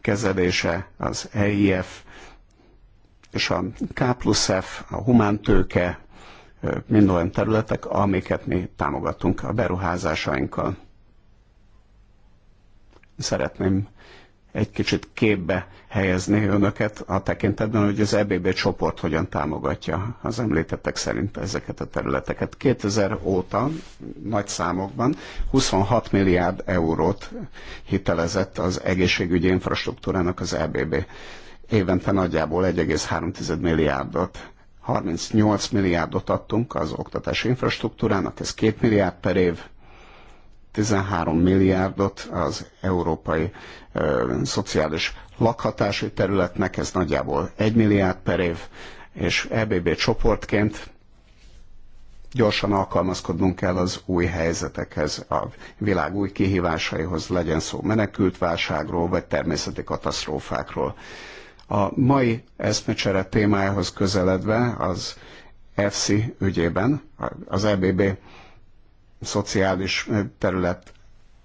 kezelése, az EIF és a K plusz F, a humántőke mind olyan területek, amiket mi támogatunk a beruházásainkkal. Szeretném egy kicsit képbe helyezni önöket a tekintetben, hogy az EBB csoport hogyan támogatja az említettek szerint ezeket a területeket. 2000 óta nagy számokban 26 milliárd eurót hitelezett az egészségügyi infrastruktúrának az EBB. Évente nagyjából 1,3 milliárdot 38 milliárdot adtunk az oktatási infrastruktúrának, ez 2 milliárd per év, 13 milliárdot az európai ö, szociális lakhatási területnek, ez nagyjából 1 milliárd per év, és EBB csoportként gyorsan alkalmazkodnunk kell az új helyzetekhez, a világ új kihívásaihoz, legyen szó menekültválságról, vagy természeti katasztrófákról. A mai eszmecsere témájához közeledve az FC ügyében az EBB szociális terület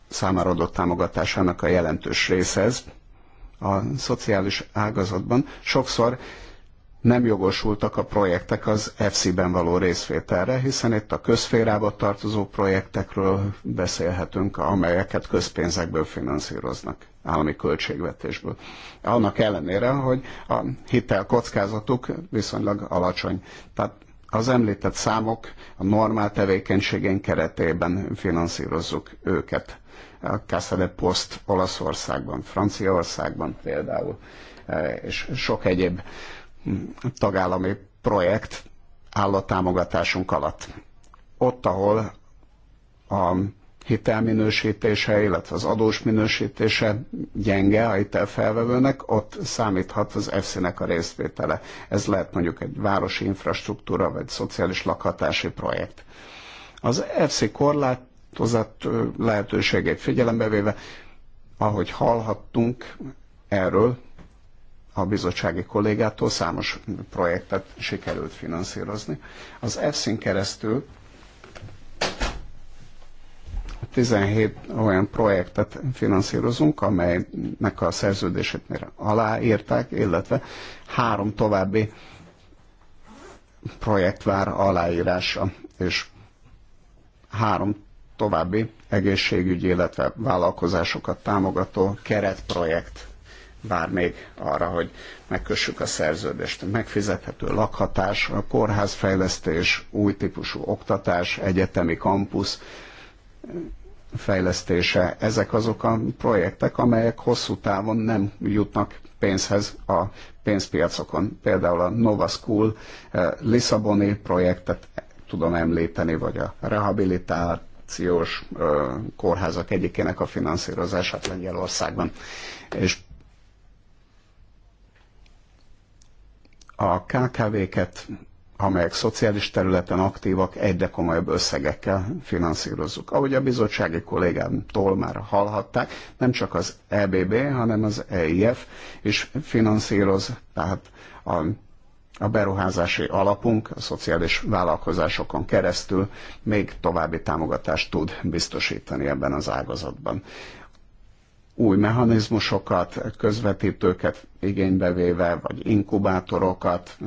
számára adott támogatásának a jelentős része A szociális ágazatban sokszor nem jogosultak a projektek az FC-ben való részvételre, hiszen itt a közférába tartozó projektekről beszélhetünk, amelyeket közpénzekből finanszíroznak állami költségvetésből. Annak ellenére, hogy a hitel kockázatuk viszonylag alacsony. Tehát az említett számok a normál tevékenységen keretében finanszírozzuk őket. A Casa Post Olaszországban, Franciaországban például, eh, és sok egyéb tagállami projekt áll a támogatásunk alatt. Ott, ahol a hitelminősítése, illetve az adós minősítése gyenge a hitelfelvevőnek, ott számíthat az EFSZ-nek a részvétele. Ez lehet mondjuk egy városi infrastruktúra, vagy szociális lakhatási projekt. Az EFSZ korlátozat lehetőségét figyelembe véve, ahogy hallhattunk erről, a bizottsági kollégától számos projektet sikerült finanszírozni. Az EFSZ-n keresztül 17 olyan projektet finanszírozunk, amelynek a szerződését mire aláírták, illetve három további projekt vár aláírása, és három további egészségügyi, illetve vállalkozásokat támogató keretprojekt vár még arra, hogy megkössük a szerződést. Megfizethető lakhatás, a kórházfejlesztés, új típusú oktatás, egyetemi kampusz, fejlesztése. Ezek azok a projektek, amelyek hosszú távon nem jutnak pénzhez a pénzpiacokon. Például a Nova School eh, Lisszaboni projektet tudom említeni, vagy a rehabilitációs eh, kórházak egyikének a finanszírozását Lengyelországban. És a KKV-ket amelyek szociális területen aktívak, egyre komolyabb összegekkel finanszírozzuk. Ahogy a bizottsági kollégámtól már hallhatták, nem csak az EBB, hanem az EIF is finanszíroz, tehát a, a beruházási alapunk a szociális vállalkozásokon keresztül még további támogatást tud biztosítani ebben az ágazatban. Új mechanizmusokat, közvetítőket igénybe véve, vagy inkubátorokat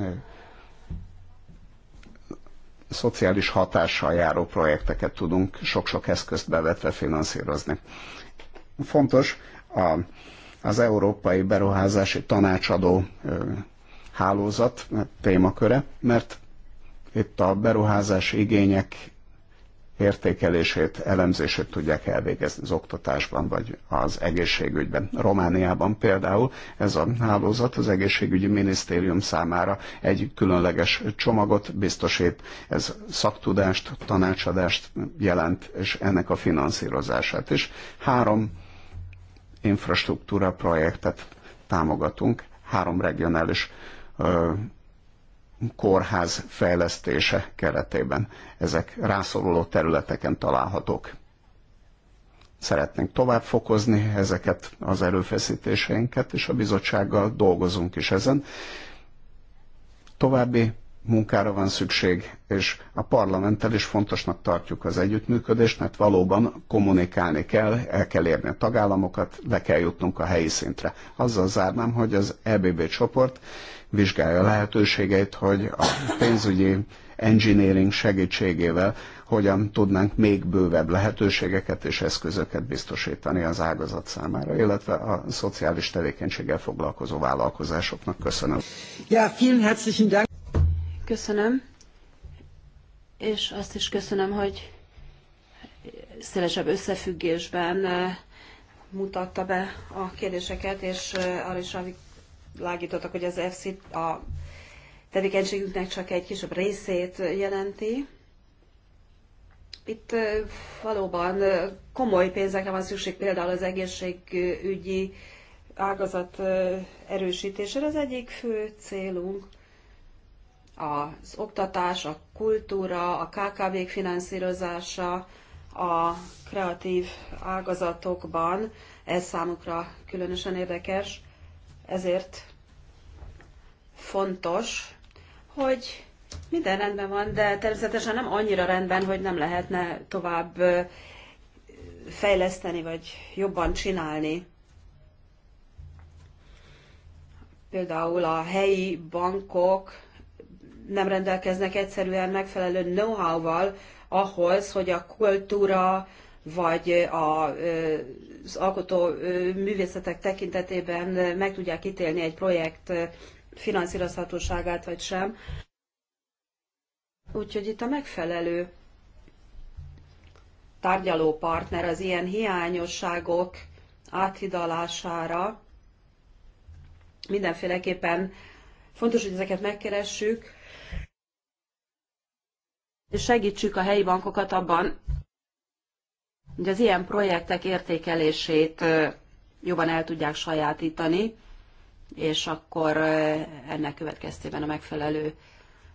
szociális hatással járó projekteket tudunk sok-sok eszközt bevetve finanszírozni. Fontos a, az Európai Beruházási Tanácsadó hálózat témaköre, mert itt a beruházás igények értékelését, elemzését tudják elvégezni az oktatásban vagy az egészségügyben. Romániában például ez a hálózat az egészségügyi minisztérium számára egy különleges csomagot biztosít, ez szaktudást, tanácsadást jelent, és ennek a finanszírozását is. Három infrastruktúra projektet támogatunk, három regionális kórház fejlesztése keretében. Ezek rászoruló területeken találhatók. Szeretnénk tovább fokozni ezeket az erőfeszítéseinket, és a bizottsággal dolgozunk is ezen. További munkára van szükség, és a parlamenttel is fontosnak tartjuk az együttműködést, mert valóban kommunikálni kell, el kell érni a tagállamokat, le kell jutnunk a helyi szintre. Azzal zárnám, hogy az EBB csoport vizsgálja lehetőségeit, hogy a pénzügyi engineering segítségével hogyan tudnánk még bővebb lehetőségeket és eszközöket biztosítani az ágazat számára, illetve a szociális tevékenységgel foglalkozó vállalkozásoknak. Köszönöm. Ja, vielen herzlichen Dank. Köszönöm. És azt is köszönöm, hogy szélesebb összefüggésben eh, mutatta be a kérdéseket, és eh, arra is világítottak, hogy az FC a tevékenységünknek csak egy kisebb részét jelenti. Itt valóban komoly pénzekre van szükség, például az egészségügyi ágazat erősítésére. Az egyik fő célunk az oktatás, a kultúra, a KKV-k finanszírozása, a kreatív ágazatokban. Ez számukra különösen érdekes. Ezért fontos, hogy minden rendben van, de természetesen nem annyira rendben, hogy nem lehetne tovább fejleszteni, vagy jobban csinálni. Például a helyi bankok nem rendelkeznek egyszerűen megfelelő know-how-val ahhoz, hogy a kultúra, vagy az alkotó művészetek tekintetében meg tudják ítélni egy projekt finanszírozhatóságát vagy sem. Úgyhogy itt a megfelelő tárgyaló partner az ilyen hiányosságok áthidalására mindenféleképpen fontos, hogy ezeket megkeressük, és segítsük a helyi bankokat abban, hogy az ilyen projektek értékelését jobban el tudják sajátítani, és akkor ennek következtében a megfelelő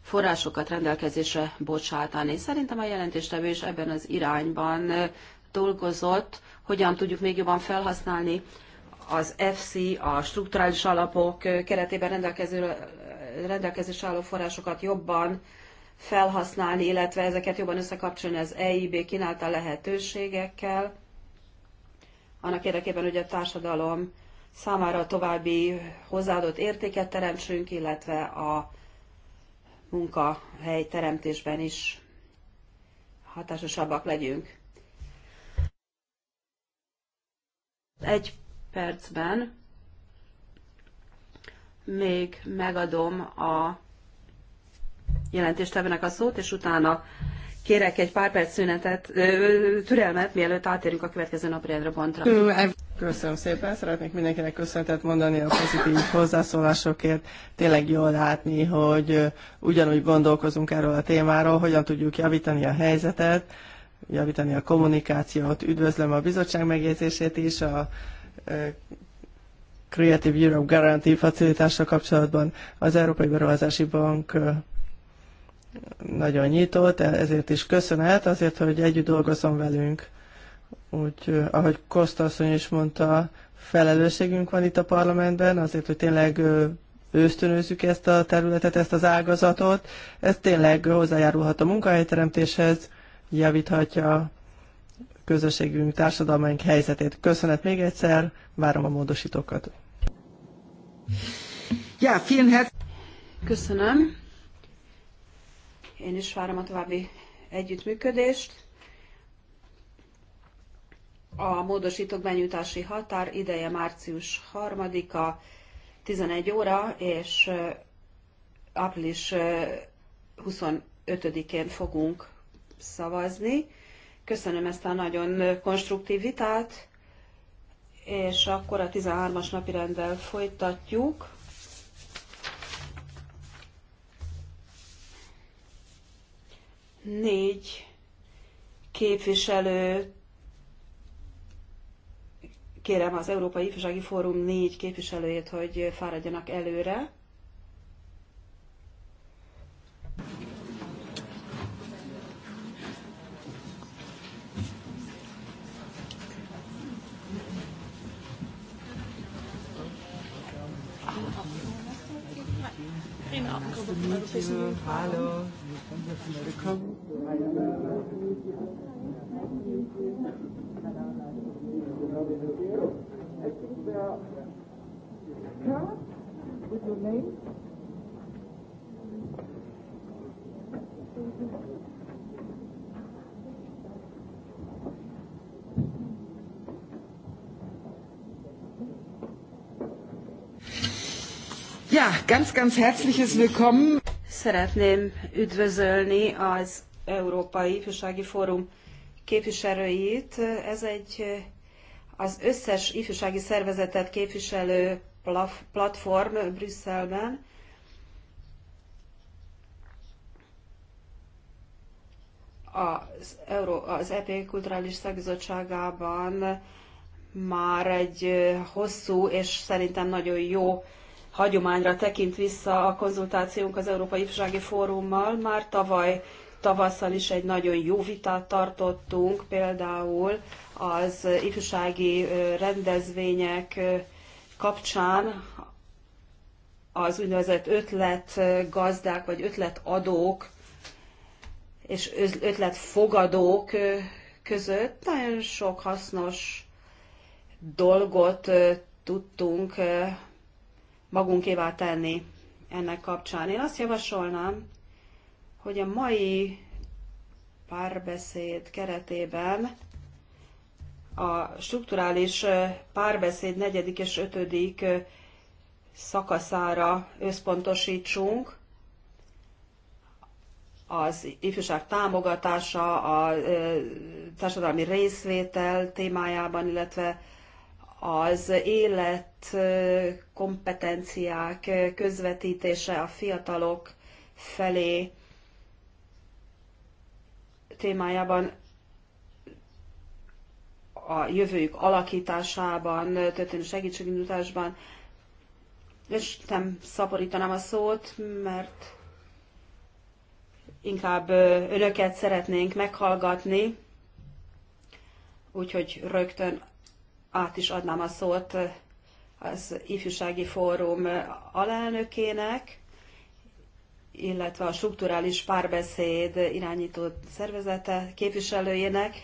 forrásokat rendelkezésre bocsátani. Szerintem a jelentéstevő is ebben az irányban dolgozott, hogyan tudjuk még jobban felhasználni az FC, a strukturális alapok keretében rendelkező, rendelkezésre álló forrásokat jobban felhasználni, illetve ezeket jobban összekapcsolni az EIB kínálta lehetőségekkel, annak érdekében, hogy a társadalom számára további hozzáadott értéket teremtsünk, illetve a munkahely teremtésben is hatásosabbak legyünk. Egy percben még megadom a jelentéstevőnek a szót, és utána kérek egy pár perc szünetet, türelmet, mielőtt átérünk a következő napirendre pontra. Köszönöm szépen, szeretnék mindenkinek köszönetet mondani a pozitív hozzászólásokért. Tényleg jól látni, hogy ugyanúgy gondolkozunk erről a témáról, hogyan tudjuk javítani a helyzetet, javítani a kommunikációt. Üdvözlöm a bizottság megjegyzését is, a Creative Europe Guarantee facilitással kapcsolatban az Európai Beruházási Bank nagyon nyitott, ezért is köszönet, azért, hogy együtt dolgozom velünk. Úgy, ahogy Koszta asszony is mondta, felelősségünk van itt a parlamentben, azért, hogy tényleg ösztönözzük ezt a területet, ezt az ágazatot. Ez tényleg hozzájárulhat a munkahelyteremtéshez, javíthatja a közösségünk, társadalmaink helyzetét. Köszönet még egyszer, várom a módosítókat. Ja, vielen Köszönöm. Én is várom a további együttműködést. A módosított benyújtási határ ideje március 3-a 11 óra, és április 25-én fogunk szavazni. Köszönöm ezt a nagyon konstruktív vitát, és akkor a 13-as napi rendel folytatjuk. négy képviselő, kérem az Európai Ifjúsági Fórum négy képviselőjét, hogy fáradjanak előre. Hallo. Ja, ganz, ganz herzliches Willkommen szeretném üdvözölni az Európai Ifjúsági Fórum képviselőit. Ez egy az összes ifjúsági szervezetet képviselő platform Brüsszelben. Az, Euró, az EP Kulturális Szakbizottságában már egy hosszú és szerintem nagyon jó hagyományra tekint vissza a konzultációnk az Európai Ifjúsági Fórummal. Már tavaly tavasszal is egy nagyon jó vitát tartottunk, például az ifjúsági rendezvények kapcsán az úgynevezett ötletgazdák vagy ötletadók és ötletfogadók között nagyon sok hasznos dolgot tudtunk magunkévá tenni ennek kapcsán. Én azt javasolnám, hogy a mai párbeszéd keretében a strukturális párbeszéd negyedik és ötödik szakaszára összpontosítsunk, az ifjúság támogatása, a társadalmi részvétel témájában, illetve az élet kompetenciák közvetítése a fiatalok felé témájában a jövőjük alakításában, történő segítségnyújtásban, és nem szaporítanám a szót, mert inkább önöket szeretnénk meghallgatni, úgyhogy rögtön át is adnám a szót az ifjúsági fórum alelnökének, illetve a strukturális párbeszéd irányító szervezete képviselőjének,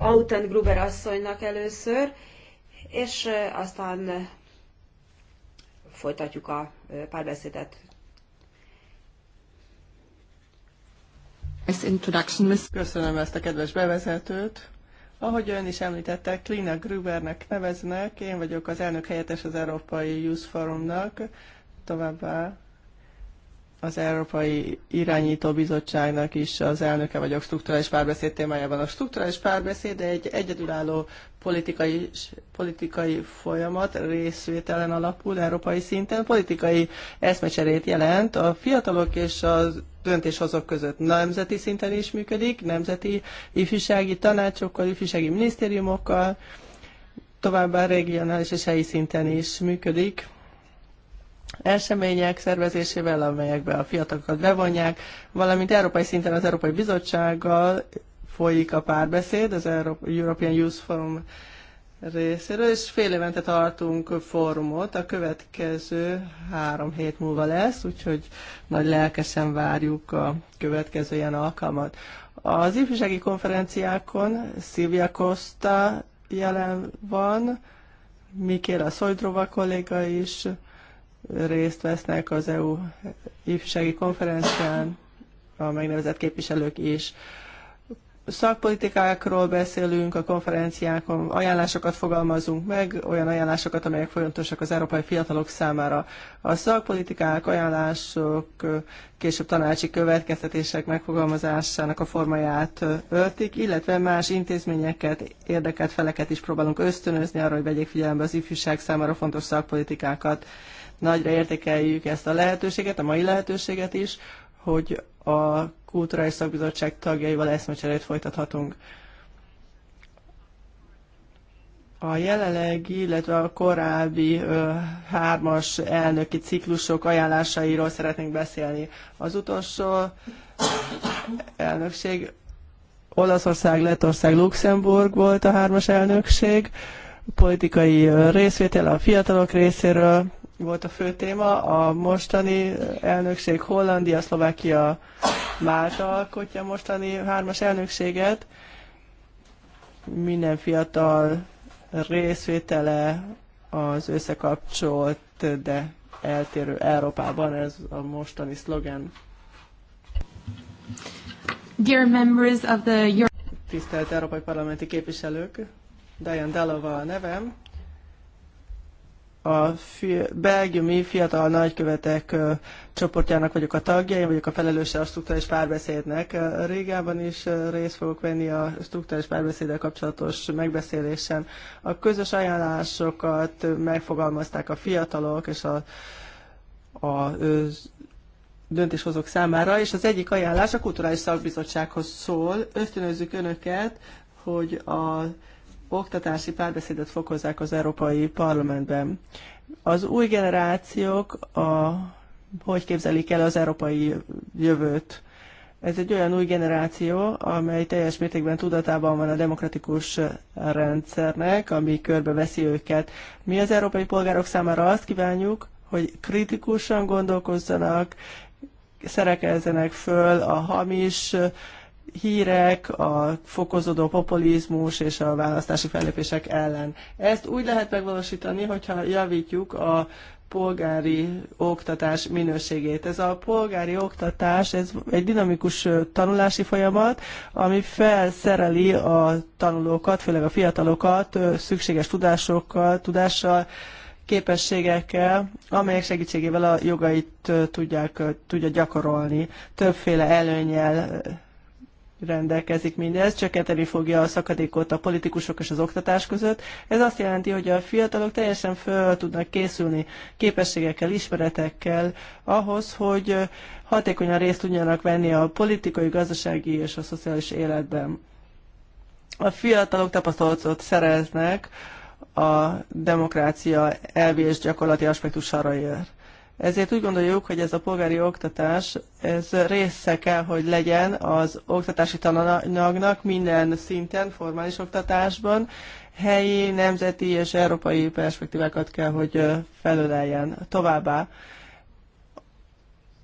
Auten Gruber asszonynak először, és aztán folytatjuk a párbeszédet. Köszönöm ezt a kedves bevezetőt. Ahogy ön is említette, Klina Grubernek neveznek, én vagyok az elnök helyettes az Európai Youth Forumnak, továbbá az Európai Irányító Bizottságnak is az elnöke vagyok strukturális párbeszéd témájában. A strukturális párbeszéd egy egyedülálló politikai, politikai folyamat részvételen alapul európai szinten, politikai eszmecserét jelent a fiatalok és a döntéshozók között nemzeti szinten is működik, nemzeti ifjúsági tanácsokkal, ifjúsági minisztériumokkal, továbbá regionális és helyi szinten is működik események szervezésével, amelyekbe a fiatalokat bevonják, valamint európai szinten az Európai Bizottsággal folyik a párbeszéd az European Youth Forum részéről, és fél évente tartunk fórumot, a következő három hét múlva lesz, úgyhogy nagy lelkesen várjuk a következő ilyen alkalmat. Az ifjúsági konferenciákon Szilvia Costa jelen van, Mikéla Szojdrova kolléga is részt vesznek az EU ifjúsági konferencián, a megnevezett képviselők is szakpolitikákról beszélünk, a konferenciákon ajánlásokat fogalmazunk meg, olyan ajánlásokat, amelyek fontosak az európai fiatalok számára. A szakpolitikák, ajánlások, később tanácsi következtetések megfogalmazásának a formáját öltik, illetve más intézményeket, érdekelt feleket is próbálunk ösztönözni arra, hogy vegyék figyelembe az ifjúság számára fontos szakpolitikákat. Nagyra értékeljük ezt a lehetőséget, a mai lehetőséget is, hogy a Kulturális Szakbizottság tagjaival eszmecserét folytathatunk. A jelenlegi, illetve a korábbi ö, hármas elnöki ciklusok ajánlásairól szeretnénk beszélni. Az utolsó elnökség Olaszország, Lettország, Luxemburg volt a hármas elnökség. Politikai részvétel a fiatalok részéről volt a fő téma. A mostani elnökség Hollandia, Szlovákia, Málta alkotja mostani hármas elnökséget. Minden fiatal részvétele az összekapcsolt, de eltérő Európában, ez a mostani szlogen. Dear members of the Tisztelt Európai Parlamenti Képviselők, Diane Dalova a nevem, a fi- belgiumi fiatal nagykövetek csoportjának vagyok a tagja, én vagyok a felelőse a struktúrális párbeszédnek. Régában is részt fogok venni a struktúrális párbeszéddel kapcsolatos megbeszélésen. A közös ajánlásokat megfogalmazták a fiatalok és a, a döntéshozók számára, és az egyik ajánlás a Kulturális Szakbizottsághoz szól. Ösztönözzük Önöket, hogy a oktatási párbeszédet fokozzák az Európai Parlamentben. Az új generációk a, hogy képzelik el az európai jövőt? Ez egy olyan új generáció, amely teljes mértékben tudatában van a demokratikus rendszernek, ami körbeveszi őket. Mi az európai polgárok számára azt kívánjuk, hogy kritikusan gondolkozzanak, szerekezzenek föl a hamis hírek, a fokozódó populizmus és a választási fellépések ellen. Ezt úgy lehet megvalósítani, hogyha javítjuk a polgári oktatás minőségét. Ez a polgári oktatás, ez egy dinamikus tanulási folyamat, ami felszereli a tanulókat, főleg a fiatalokat szükséges tudásokkal, tudással, képességekkel, amelyek segítségével a jogait tudják, tudja gyakorolni. Többféle előnyel rendelkezik mindez, csökkenteni fogja a szakadékot a politikusok és az oktatás között. Ez azt jelenti, hogy a fiatalok teljesen föl tudnak készülni képességekkel, ismeretekkel ahhoz, hogy hatékonyan részt tudjanak venni a politikai, gazdasági és a szociális életben. A fiatalok tapasztalatot szereznek a demokrácia elvi és gyakorlati aspektusára ér. Ezért úgy gondoljuk, hogy ez a polgári oktatás, ez része kell, hogy legyen az oktatási tananyagnak minden szinten, formális oktatásban, helyi, nemzeti és európai perspektívákat kell, hogy felöleljen. Továbbá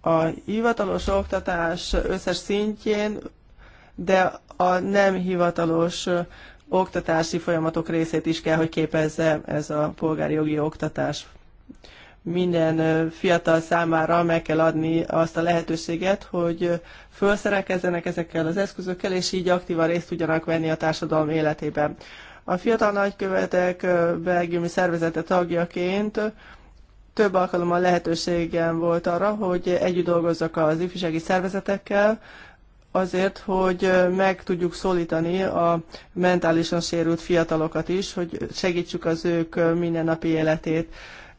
a hivatalos oktatás összes szintjén, de a nem hivatalos oktatási folyamatok részét is kell, hogy képezze ez a polgári jogi oktatás minden fiatal számára meg kell adni azt a lehetőséget, hogy felszerelkezzenek ezekkel az eszközökkel, és így aktívan részt tudjanak venni a társadalom életében. A fiatal nagykövetek belgiumi szervezete tagjaként több alkalommal lehetőségem volt arra, hogy együtt dolgozzak az ifjúsági szervezetekkel, azért, hogy meg tudjuk szólítani a mentálisan sérült fiatalokat is, hogy segítsük az ők mindennapi életét.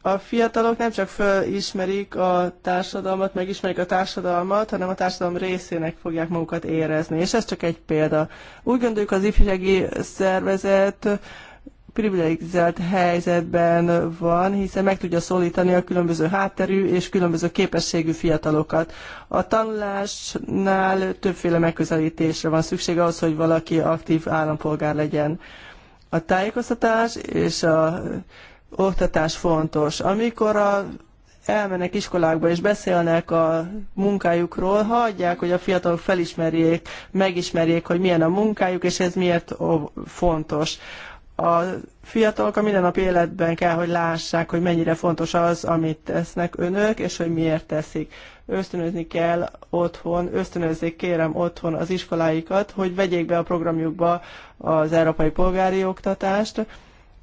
A fiatalok nem csak fölismerik a társadalmat, megismerik a társadalmat, hanem a társadalom részének fogják magukat érezni. És ez csak egy példa. Úgy gondoljuk, az ifjúsági szervezet privilegizált helyzetben van, hiszen meg tudja szólítani a különböző hátterű és különböző képességű fiatalokat. A tanulásnál többféle megközelítésre van szükség ahhoz, hogy valaki aktív állampolgár legyen. A tájékoztatás és a oktatás fontos. Amikor a elmennek iskolákba és beszélnek a munkájukról, hagyják, hogy a fiatalok felismerjék, megismerjék, hogy milyen a munkájuk, és ez miért fontos. A fiatalok a mindennapi életben kell, hogy lássák, hogy mennyire fontos az, amit tesznek önök, és hogy miért teszik. Ösztönözni kell otthon, ösztönözzék kérem otthon az iskoláikat, hogy vegyék be a programjukba az európai polgári oktatást,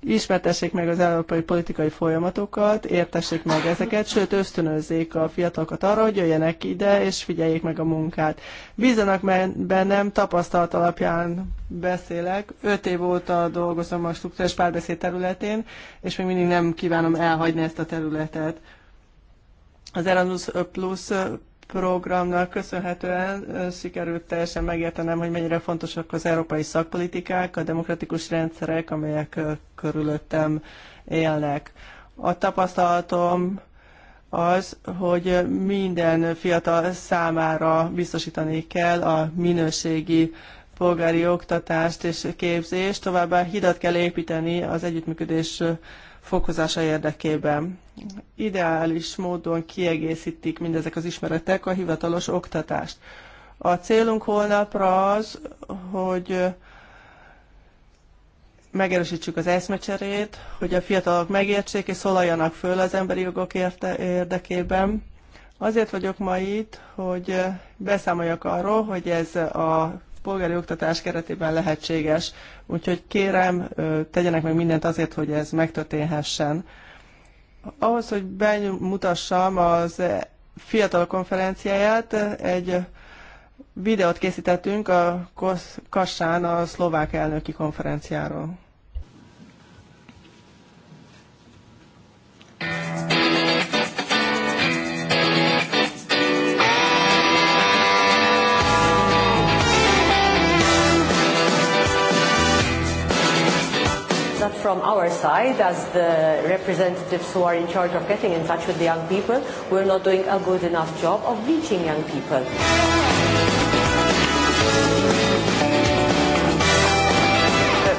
ismertessék meg az európai politikai folyamatokat, értessék meg ezeket, sőt ösztönözzék a fiatalokat arra, hogy jöjjenek ide és figyeljék meg a munkát. Bízanak bennem, tapasztalat alapján beszélek. Öt év óta dolgozom a struktúrás párbeszéd területén, és még mindig nem kívánom elhagyni ezt a területet. Az Erasmus Plus programnak köszönhetően sikerült teljesen megértenem, hogy mennyire fontosak az európai szakpolitikák, a demokratikus rendszerek, amelyek körülöttem élnek. A tapasztalatom az, hogy minden fiatal számára biztosítani kell a minőségi polgári oktatást és képzést, továbbá hidat kell építeni az együttműködés fokozása érdekében. Ideális módon kiegészítik mindezek az ismeretek a hivatalos oktatást. A célunk holnapra az, hogy megerősítsük az eszmecserét, hogy a fiatalok megértsék és szólaljanak föl az emberi jogok érte- érdekében. Azért vagyok ma itt, hogy beszámoljak arról, hogy ez a polgári oktatás keretében lehetséges. Úgyhogy kérem, tegyenek meg mindent azért, hogy ez megtörténhessen. Ahhoz, hogy bemutassam az e fiatal konferenciáját, egy videót készítettünk a Kassán a szlovák elnöki konferenciáról. from our side, as the representatives who are in charge of getting in touch with the young people, we're not doing a good enough job of reaching young people.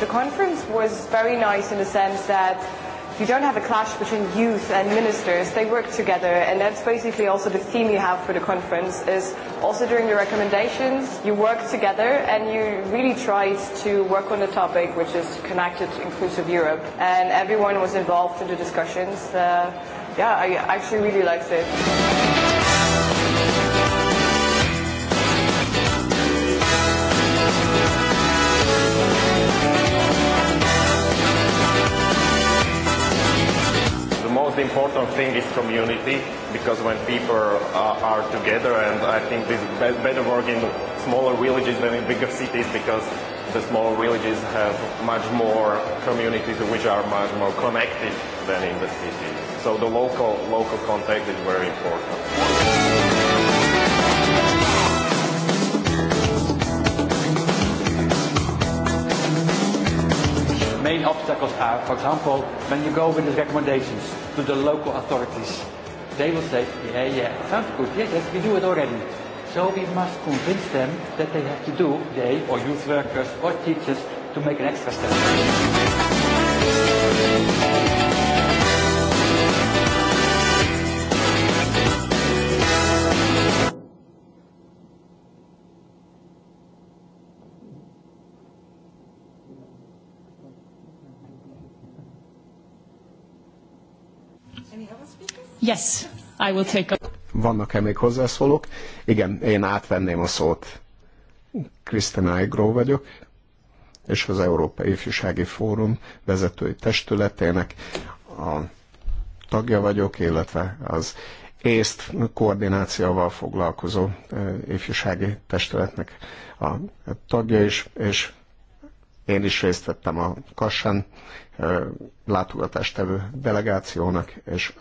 The conference was very nice in the sense that you don't have a clash between youth and ministers. They work together, and that's basically also the theme you have for the conference. Is also during the recommendations, you work together and you really try to work on the topic, which is connected, inclusive Europe. And everyone was involved in the discussions. Uh, yeah, I actually really liked it. most important thing is community, because when people uh, are together, and I think this be- better work in smaller villages than in bigger cities, because the small villages have much more communities which are much more connected than in the city. So the local local contact is very important. main obstacles are, for example, when you go with the recommendations, to the local authorities. They will say, yeah, yeah, sounds good, yes, yes, we do it already. So we must convince them that they have to do, they or youth workers or teachers, to make an extra step. Yes, I will take a... Vannak-e még hozzászólók? Igen, én átvenném a szót. Krisztina Aigró vagyok, és az Európai Ifjúsági Fórum vezetői testületének a tagja vagyok, illetve az észt koordinációval foglalkozó ifjúsági testületnek a tagja is, és én is részt vettem a Kassán tevő delegációnak, és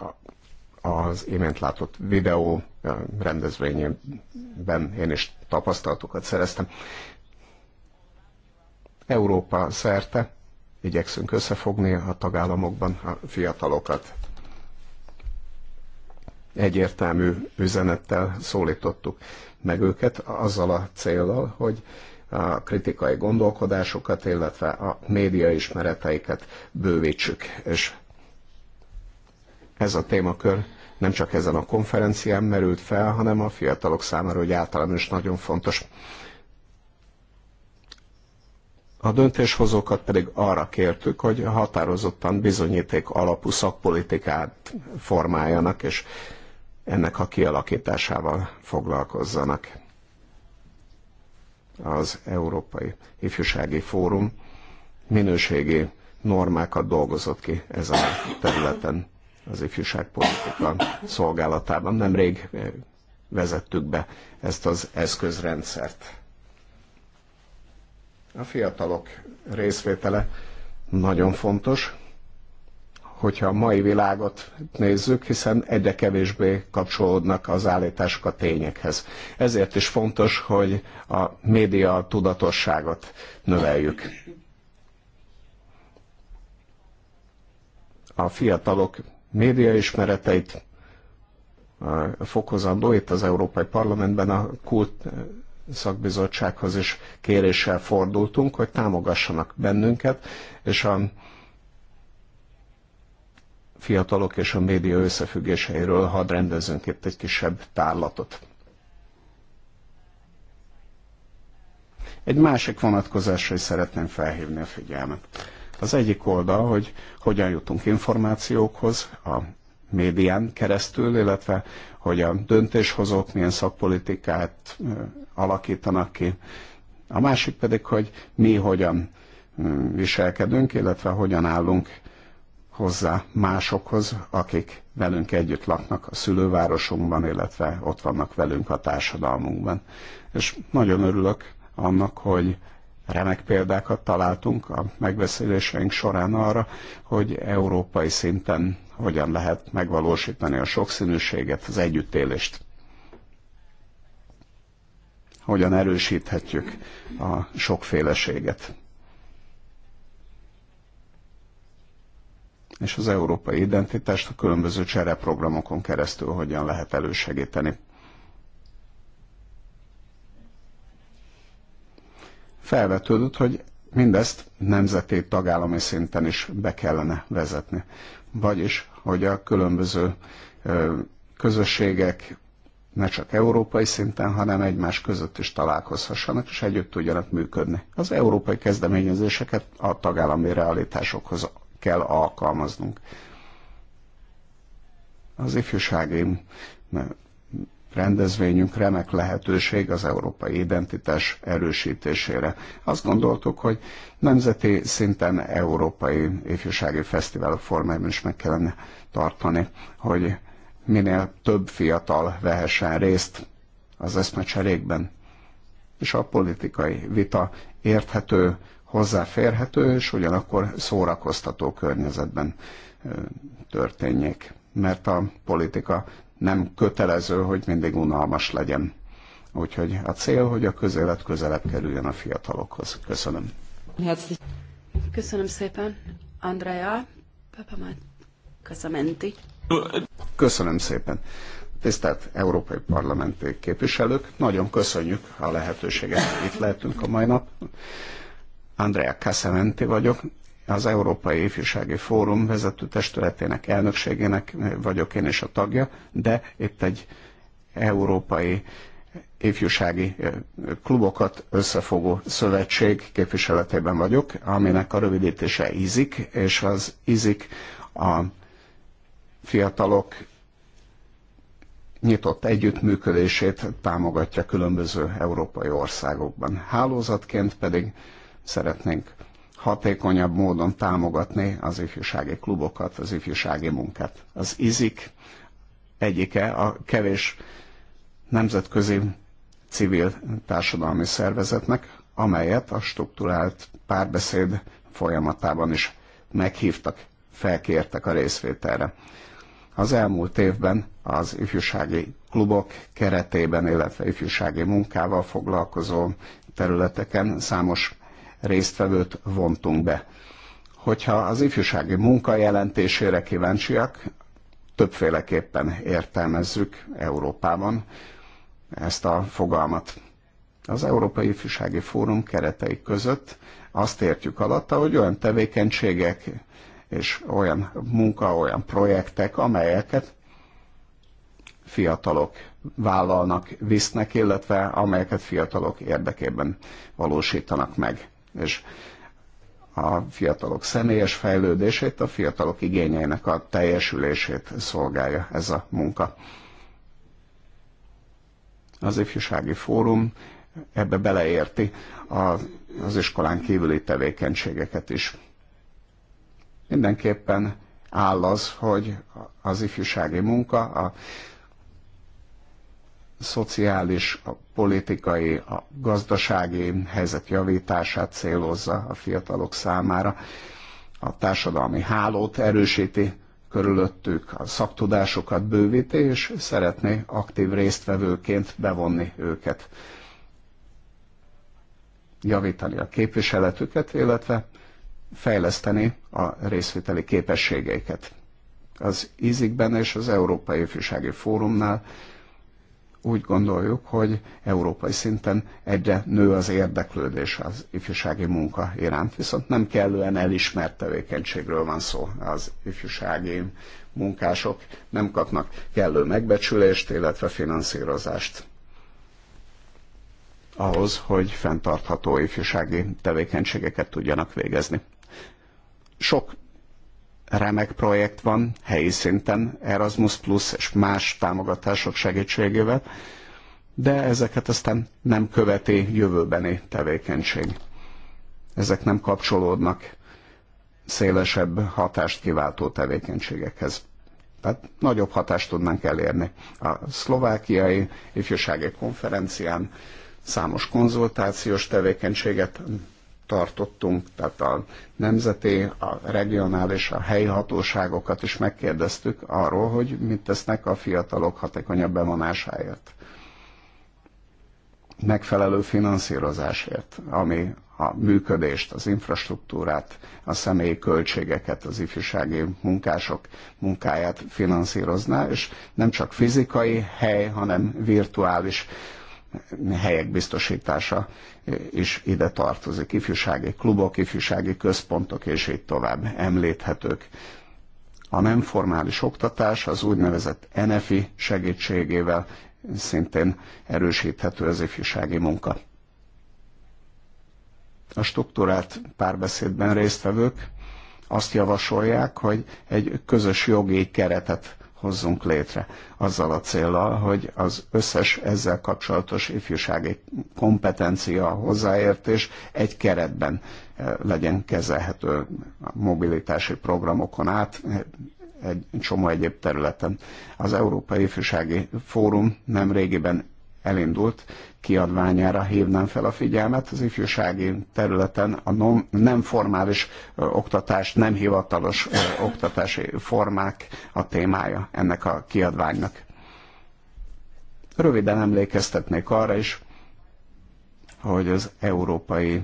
az imént látott videó rendezvényében én is tapasztalatokat szereztem. Európa szerte igyekszünk összefogni a tagállamokban a fiatalokat. Egyértelmű üzenettel szólítottuk meg őket azzal a célral, hogy a kritikai gondolkodásokat illetve a média ismereteiket bővítsük, és ez a témakör nem csak ezen a konferencián merült fel, hanem a fiatalok számára, hogy általában is nagyon fontos. A döntéshozókat pedig arra kértük, hogy határozottan bizonyíték alapú szakpolitikát formáljanak, és ennek a kialakításával foglalkozzanak. Az Európai Ifjúsági Fórum minőségi normákat dolgozott ki ezen a területen az ifjúságpolitika szolgálatában. Nemrég eh, vezettük be ezt az eszközrendszert. A fiatalok részvétele nagyon fontos, hogyha a mai világot nézzük, hiszen egyre kevésbé kapcsolódnak az állítások a tényekhez. Ezért is fontos, hogy a média tudatosságot növeljük. A fiatalok média ismereteit fokozandó. Itt az Európai Parlamentben a kult eh, szakbizottsághoz is kéréssel fordultunk, hogy támogassanak bennünket, és a fiatalok és a média összefüggéseiről hadd rendezünk itt egy kisebb tárlatot. Egy másik vonatkozásra is szeretném felhívni a figyelmet. Az egyik oldal, hogy hogyan jutunk információkhoz a médián keresztül, illetve hogy a döntéshozók milyen szakpolitikát alakítanak ki. A másik pedig, hogy mi hogyan viselkedünk, illetve hogyan állunk hozzá másokhoz, akik velünk együtt laknak a szülővárosunkban, illetve ott vannak velünk a társadalmunkban. És nagyon örülök annak, hogy remek példákat találtunk a megbeszéléseink során arra, hogy európai szinten hogyan lehet megvalósítani a sokszínűséget, az együttélést. Hogyan erősíthetjük a sokféleséget. És az európai identitást a különböző csereprogramokon keresztül hogyan lehet elősegíteni. felvetődött, hogy mindezt nemzeti tagállami szinten is be kellene vezetni. Vagyis, hogy a különböző közösségek ne csak európai szinten, hanem egymás között is találkozhassanak, és együtt tudjanak működni. Az európai kezdeményezéseket a tagállami realitásokhoz kell alkalmaznunk. Az ifjúsági rendezvényünk remek lehetőség az európai identitás erősítésére. Azt gondoltuk, hogy nemzeti szinten európai ifjúsági fesztiválok formájában is meg kellene tartani, hogy minél több fiatal vehessen részt az eszmecserékben. És a politikai vita érthető, hozzáférhető és ugyanakkor szórakoztató környezetben történjék. Mert a politika nem kötelező, hogy mindig unalmas legyen. Úgyhogy a cél, hogy a közélet közelebb kerüljön a fiatalokhoz. Köszönöm. Köszönöm szépen, Andrea. Köszönöm szépen. Tisztelt Európai Parlamenti képviselők, nagyon köszönjük a lehetőséget, hogy itt lehetünk a mai nap. Andrea Casamenti vagyok, az Európai Ifjúsági Fórum vezető testületének elnökségének vagyok én is a tagja, de itt egy európai ifjúsági klubokat összefogó szövetség képviseletében vagyok, aminek a rövidítése IZIK, és az IZIK a fiatalok nyitott együttműködését támogatja különböző európai országokban. Hálózatként pedig szeretnénk hatékonyabb módon támogatni az ifjúsági klubokat, az ifjúsági munkát. Az IZIK egyike a kevés nemzetközi civil társadalmi szervezetnek, amelyet a strukturált párbeszéd folyamatában is meghívtak, felkértek a részvételre. Az elmúlt évben az ifjúsági klubok keretében, illetve ifjúsági munkával foglalkozó területeken számos résztvevőt vontunk be. Hogyha az ifjúsági munka jelentésére kíváncsiak, többféleképpen értelmezzük Európában ezt a fogalmat. Az Európai Ifjúsági Fórum keretei között azt értjük alatta, hogy olyan tevékenységek és olyan munka, olyan projektek, amelyeket fiatalok vállalnak, visznek, illetve amelyeket fiatalok érdekében valósítanak meg és a fiatalok személyes fejlődését, a fiatalok igényeinek a teljesülését szolgálja ez a munka. Az ifjúsági fórum ebbe beleérti az iskolán kívüli tevékenységeket is. Mindenképpen áll az, hogy az ifjúsági munka a szociális, a politikai, a gazdasági helyzet javítását célozza a fiatalok számára, a társadalmi hálót erősíti körülöttük, a szaktudásokat bővíti, és szeretné aktív résztvevőként bevonni őket, javítani a képviseletüket, illetve fejleszteni a részvételi képességeiket. Az ízikben és az Európai Ifjúsági Fórumnál úgy gondoljuk, hogy európai szinten egyre nő az érdeklődés az ifjúsági munka iránt, viszont nem kellően elismert tevékenységről van szó. Az ifjúsági munkások nem kapnak kellő megbecsülést, illetve finanszírozást ahhoz, hogy fenntartható ifjúsági tevékenységeket tudjanak végezni. Sok remek projekt van helyi szinten, Erasmus Plus és más támogatások segítségével, de ezeket aztán nem követi jövőbeni tevékenység. Ezek nem kapcsolódnak szélesebb hatást kiváltó tevékenységekhez. Tehát nagyobb hatást tudnánk elérni. A szlovákiai ifjúsági konferencián számos konzultációs tevékenységet tartottunk, tehát a nemzeti, a regionális, a helyi hatóságokat is megkérdeztük arról, hogy mit tesznek a fiatalok hatékonyabb bevonásáért. Megfelelő finanszírozásért, ami a működést, az infrastruktúrát, a személyi költségeket, az ifjúsági munkások munkáját finanszírozná, és nem csak fizikai hely, hanem virtuális helyek biztosítása is ide tartozik. Ifjúsági klubok, ifjúsági központok, és így tovább említhetők. A nem formális oktatás az úgynevezett NFI segítségével szintén erősíthető az ifjúsági munka. A struktúrált párbeszédben résztvevők azt javasolják, hogy egy közös jogi keretet hozzunk létre azzal a célral, hogy az összes ezzel kapcsolatos ifjúsági kompetencia, hozzáértés egy keretben eh, legyen kezelhető a mobilitási programokon át, eh, egy csomó egyéb területen. Az Európai Ifjúsági Fórum nem régiben elindult, kiadványára hívnám fel a figyelmet. Az ifjúsági területen a non, nem formális oktatás, nem hivatalos oktatási formák a témája ennek a kiadványnak. Röviden emlékeztetnék arra is, hogy az európai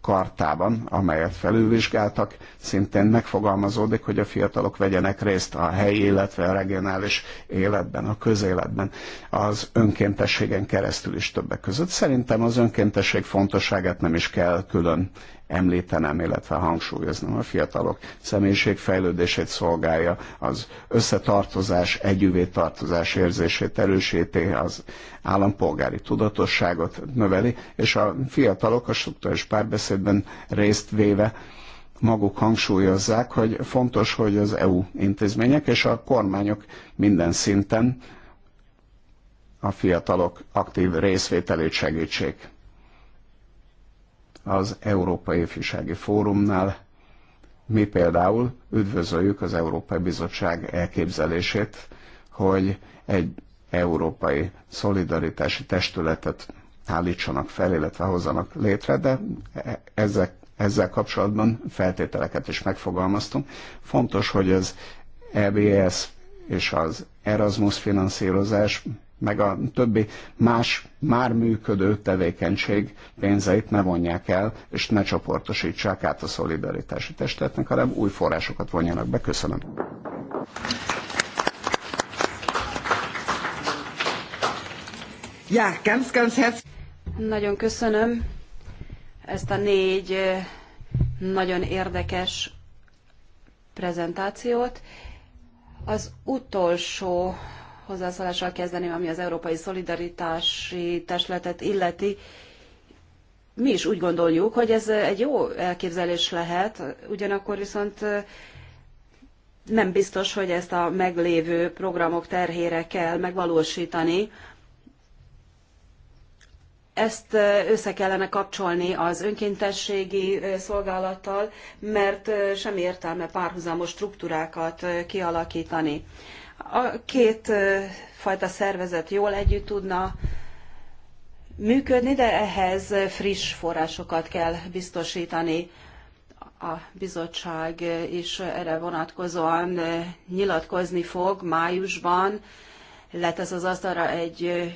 kartában, amelyet felülvizsgáltak, szintén megfogalmazódik, hogy a fiatalok vegyenek részt a helyi, illetve a regionális életben, a közéletben, az önkéntességen keresztül is többek között. Szerintem az önkéntesség fontosságát nem is kell külön említenem, illetve hangsúlyoznom, a fiatalok személyiségfejlődését szolgálja, az összetartozás, együvé tartozás érzését erősíti, az állampolgári tudatosságot növeli, és a fiatalok a struktúrás párbeszédben részt véve maguk hangsúlyozzák, hogy fontos, hogy az EU intézmények és a kormányok minden szinten a fiatalok aktív részvételét segítsék az Európai Ifjúsági Fórumnál mi például üdvözöljük az Európai Bizottság elképzelését, hogy egy európai szolidaritási testületet állítsanak fel, illetve hozzanak létre, de ezek, ezzel kapcsolatban feltételeket is megfogalmaztunk. Fontos, hogy az EBS és az Erasmus finanszírozás meg a többi más már működő tevékenység pénzeit ne vonják el, és ne csoportosítsák át a szolidaritási testületnek, hanem új forrásokat vonjanak be. Köszönöm. Ja, ganz, ganz Nagyon köszönöm ezt a négy nagyon érdekes prezentációt. Az utolsó hozzászólással kezdeném, ami az Európai Szolidaritási Testületet illeti. Mi is úgy gondoljuk, hogy ez egy jó elképzelés lehet, ugyanakkor viszont nem biztos, hogy ezt a meglévő programok terhére kell megvalósítani. Ezt össze kellene kapcsolni az önkéntességi szolgálattal, mert semmi értelme párhuzamos struktúrákat kialakítani. A két fajta szervezet jól együtt tudna működni, de ehhez friss forrásokat kell biztosítani. A bizottság is erre vonatkozóan nyilatkozni fog májusban. Letesz az asztalra egy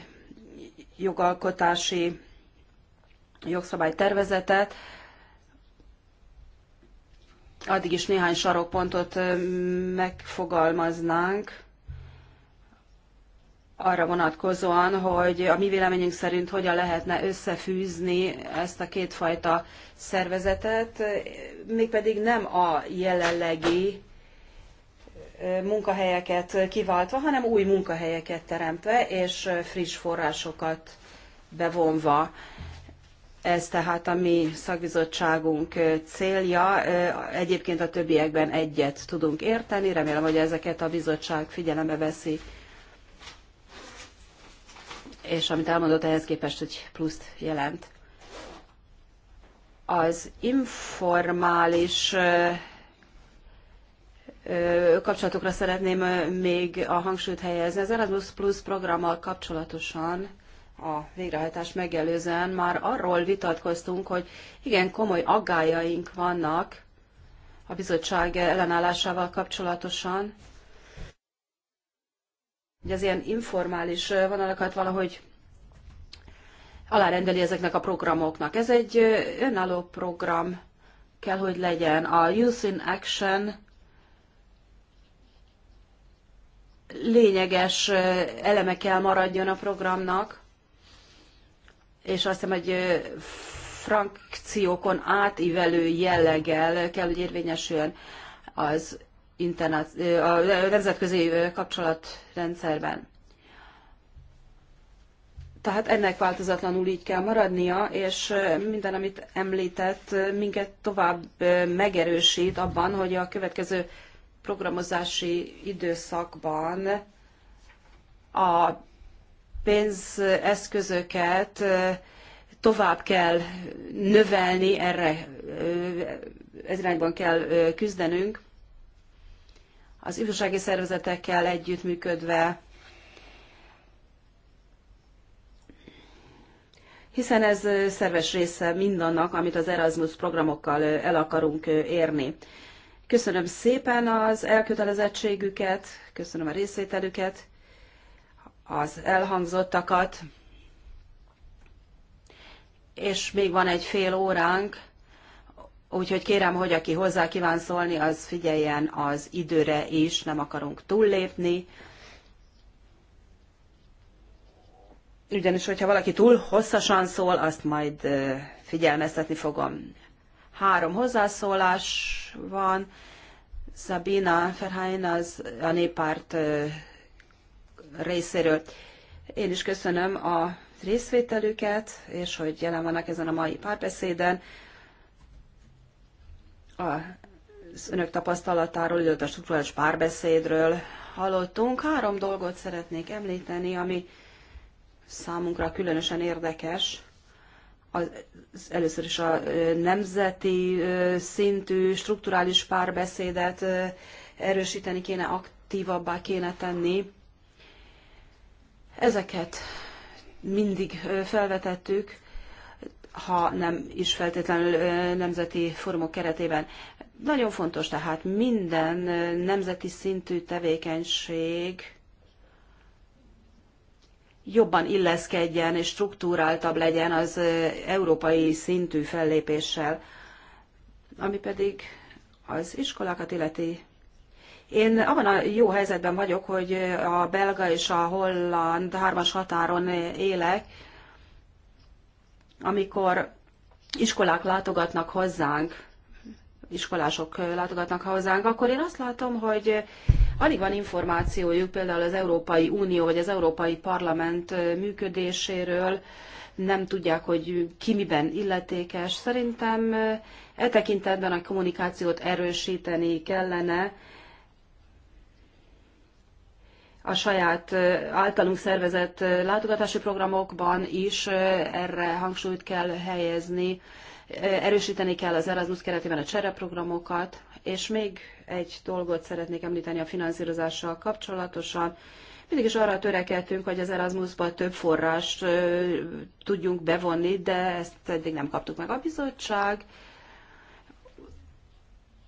jogalkotási jogszabálytervezetet. Addig is néhány sarokpontot megfogalmaznánk arra vonatkozóan, hogy a mi véleményünk szerint hogyan lehetne összefűzni ezt a kétfajta szervezetet, mégpedig nem a jelenlegi munkahelyeket kiváltva, hanem új munkahelyeket teremtve és friss forrásokat bevonva. Ez tehát a mi szakbizottságunk célja. Egyébként a többiekben egyet tudunk érteni. Remélem, hogy ezeket a bizottság figyelembe veszi és amit elmondott ehhez képest, hogy pluszt jelent. Az informális kapcsolatokra szeretném még a hangsúlyt helyezni. Az Erasmus Plus programmal kapcsolatosan a végrehajtás megelőzően már arról vitatkoztunk, hogy igen komoly aggájaink vannak a bizottság ellenállásával kapcsolatosan, hogy az ilyen informális vonalakat valahogy alárendeli ezeknek a programoknak. Ez egy önálló program kell, hogy legyen. A Youth in Action lényeges eleme kell maradjon a programnak, és azt hiszem, hogy frankciókon átívelő jelleggel kell, hogy érvényesüljön az a nemzetközi kapcsolatrendszerben. Tehát ennek változatlanul így kell maradnia, és minden, amit említett, minket tovább megerősít abban, hogy a következő programozási időszakban a pénzeszközöket tovább kell növelni, erre ez kell küzdenünk az ifjúsági szervezetekkel együttműködve, hiszen ez szerves része mindannak, amit az Erasmus programokkal el akarunk érni. Köszönöm szépen az elkötelezettségüket, köszönöm a részvételüket, az elhangzottakat, és még van egy fél óránk, Úgyhogy kérem, hogy aki hozzá kíván szólni, az figyeljen az időre is, nem akarunk túllépni. Ugyanis, hogyha valaki túl hosszasan szól, azt majd figyelmeztetni fogom. Három hozzászólás van. Sabina Ferhain az a néppárt részéről. Én is köszönöm a részvételüket, és hogy jelen vannak ezen a mai párbeszéden az önök tapasztalatáról, illetve a struktúrális párbeszédről hallottunk. Három dolgot szeretnék említeni, ami számunkra különösen érdekes. Az, először is a nemzeti szintű strukturális párbeszédet erősíteni kéne, aktívabbá kéne tenni. Ezeket mindig felvetettük, ha nem is feltétlenül nemzeti fórumok keretében. Nagyon fontos tehát minden nemzeti szintű tevékenység jobban illeszkedjen és struktúráltabb legyen az európai szintű fellépéssel, ami pedig az iskolákat illeti. Én abban a jó helyzetben vagyok, hogy a belga és a holland hármas határon élek, amikor iskolák látogatnak hozzánk, iskolások látogatnak hozzánk, akkor én azt látom, hogy alig van információjuk például az Európai Unió vagy az Európai Parlament működéséről, nem tudják, hogy ki miben illetékes. Szerintem e tekintetben a kommunikációt erősíteni kellene, a saját általunk szervezett látogatási programokban is erre hangsúlyt kell helyezni, erősíteni kell az Erasmus keretében a csereprogramokat, és még egy dolgot szeretnék említeni a finanszírozással kapcsolatosan. Mindig is arra törekedtünk, hogy az Erasmusba több forrást tudjunk bevonni, de ezt eddig nem kaptuk meg a bizottság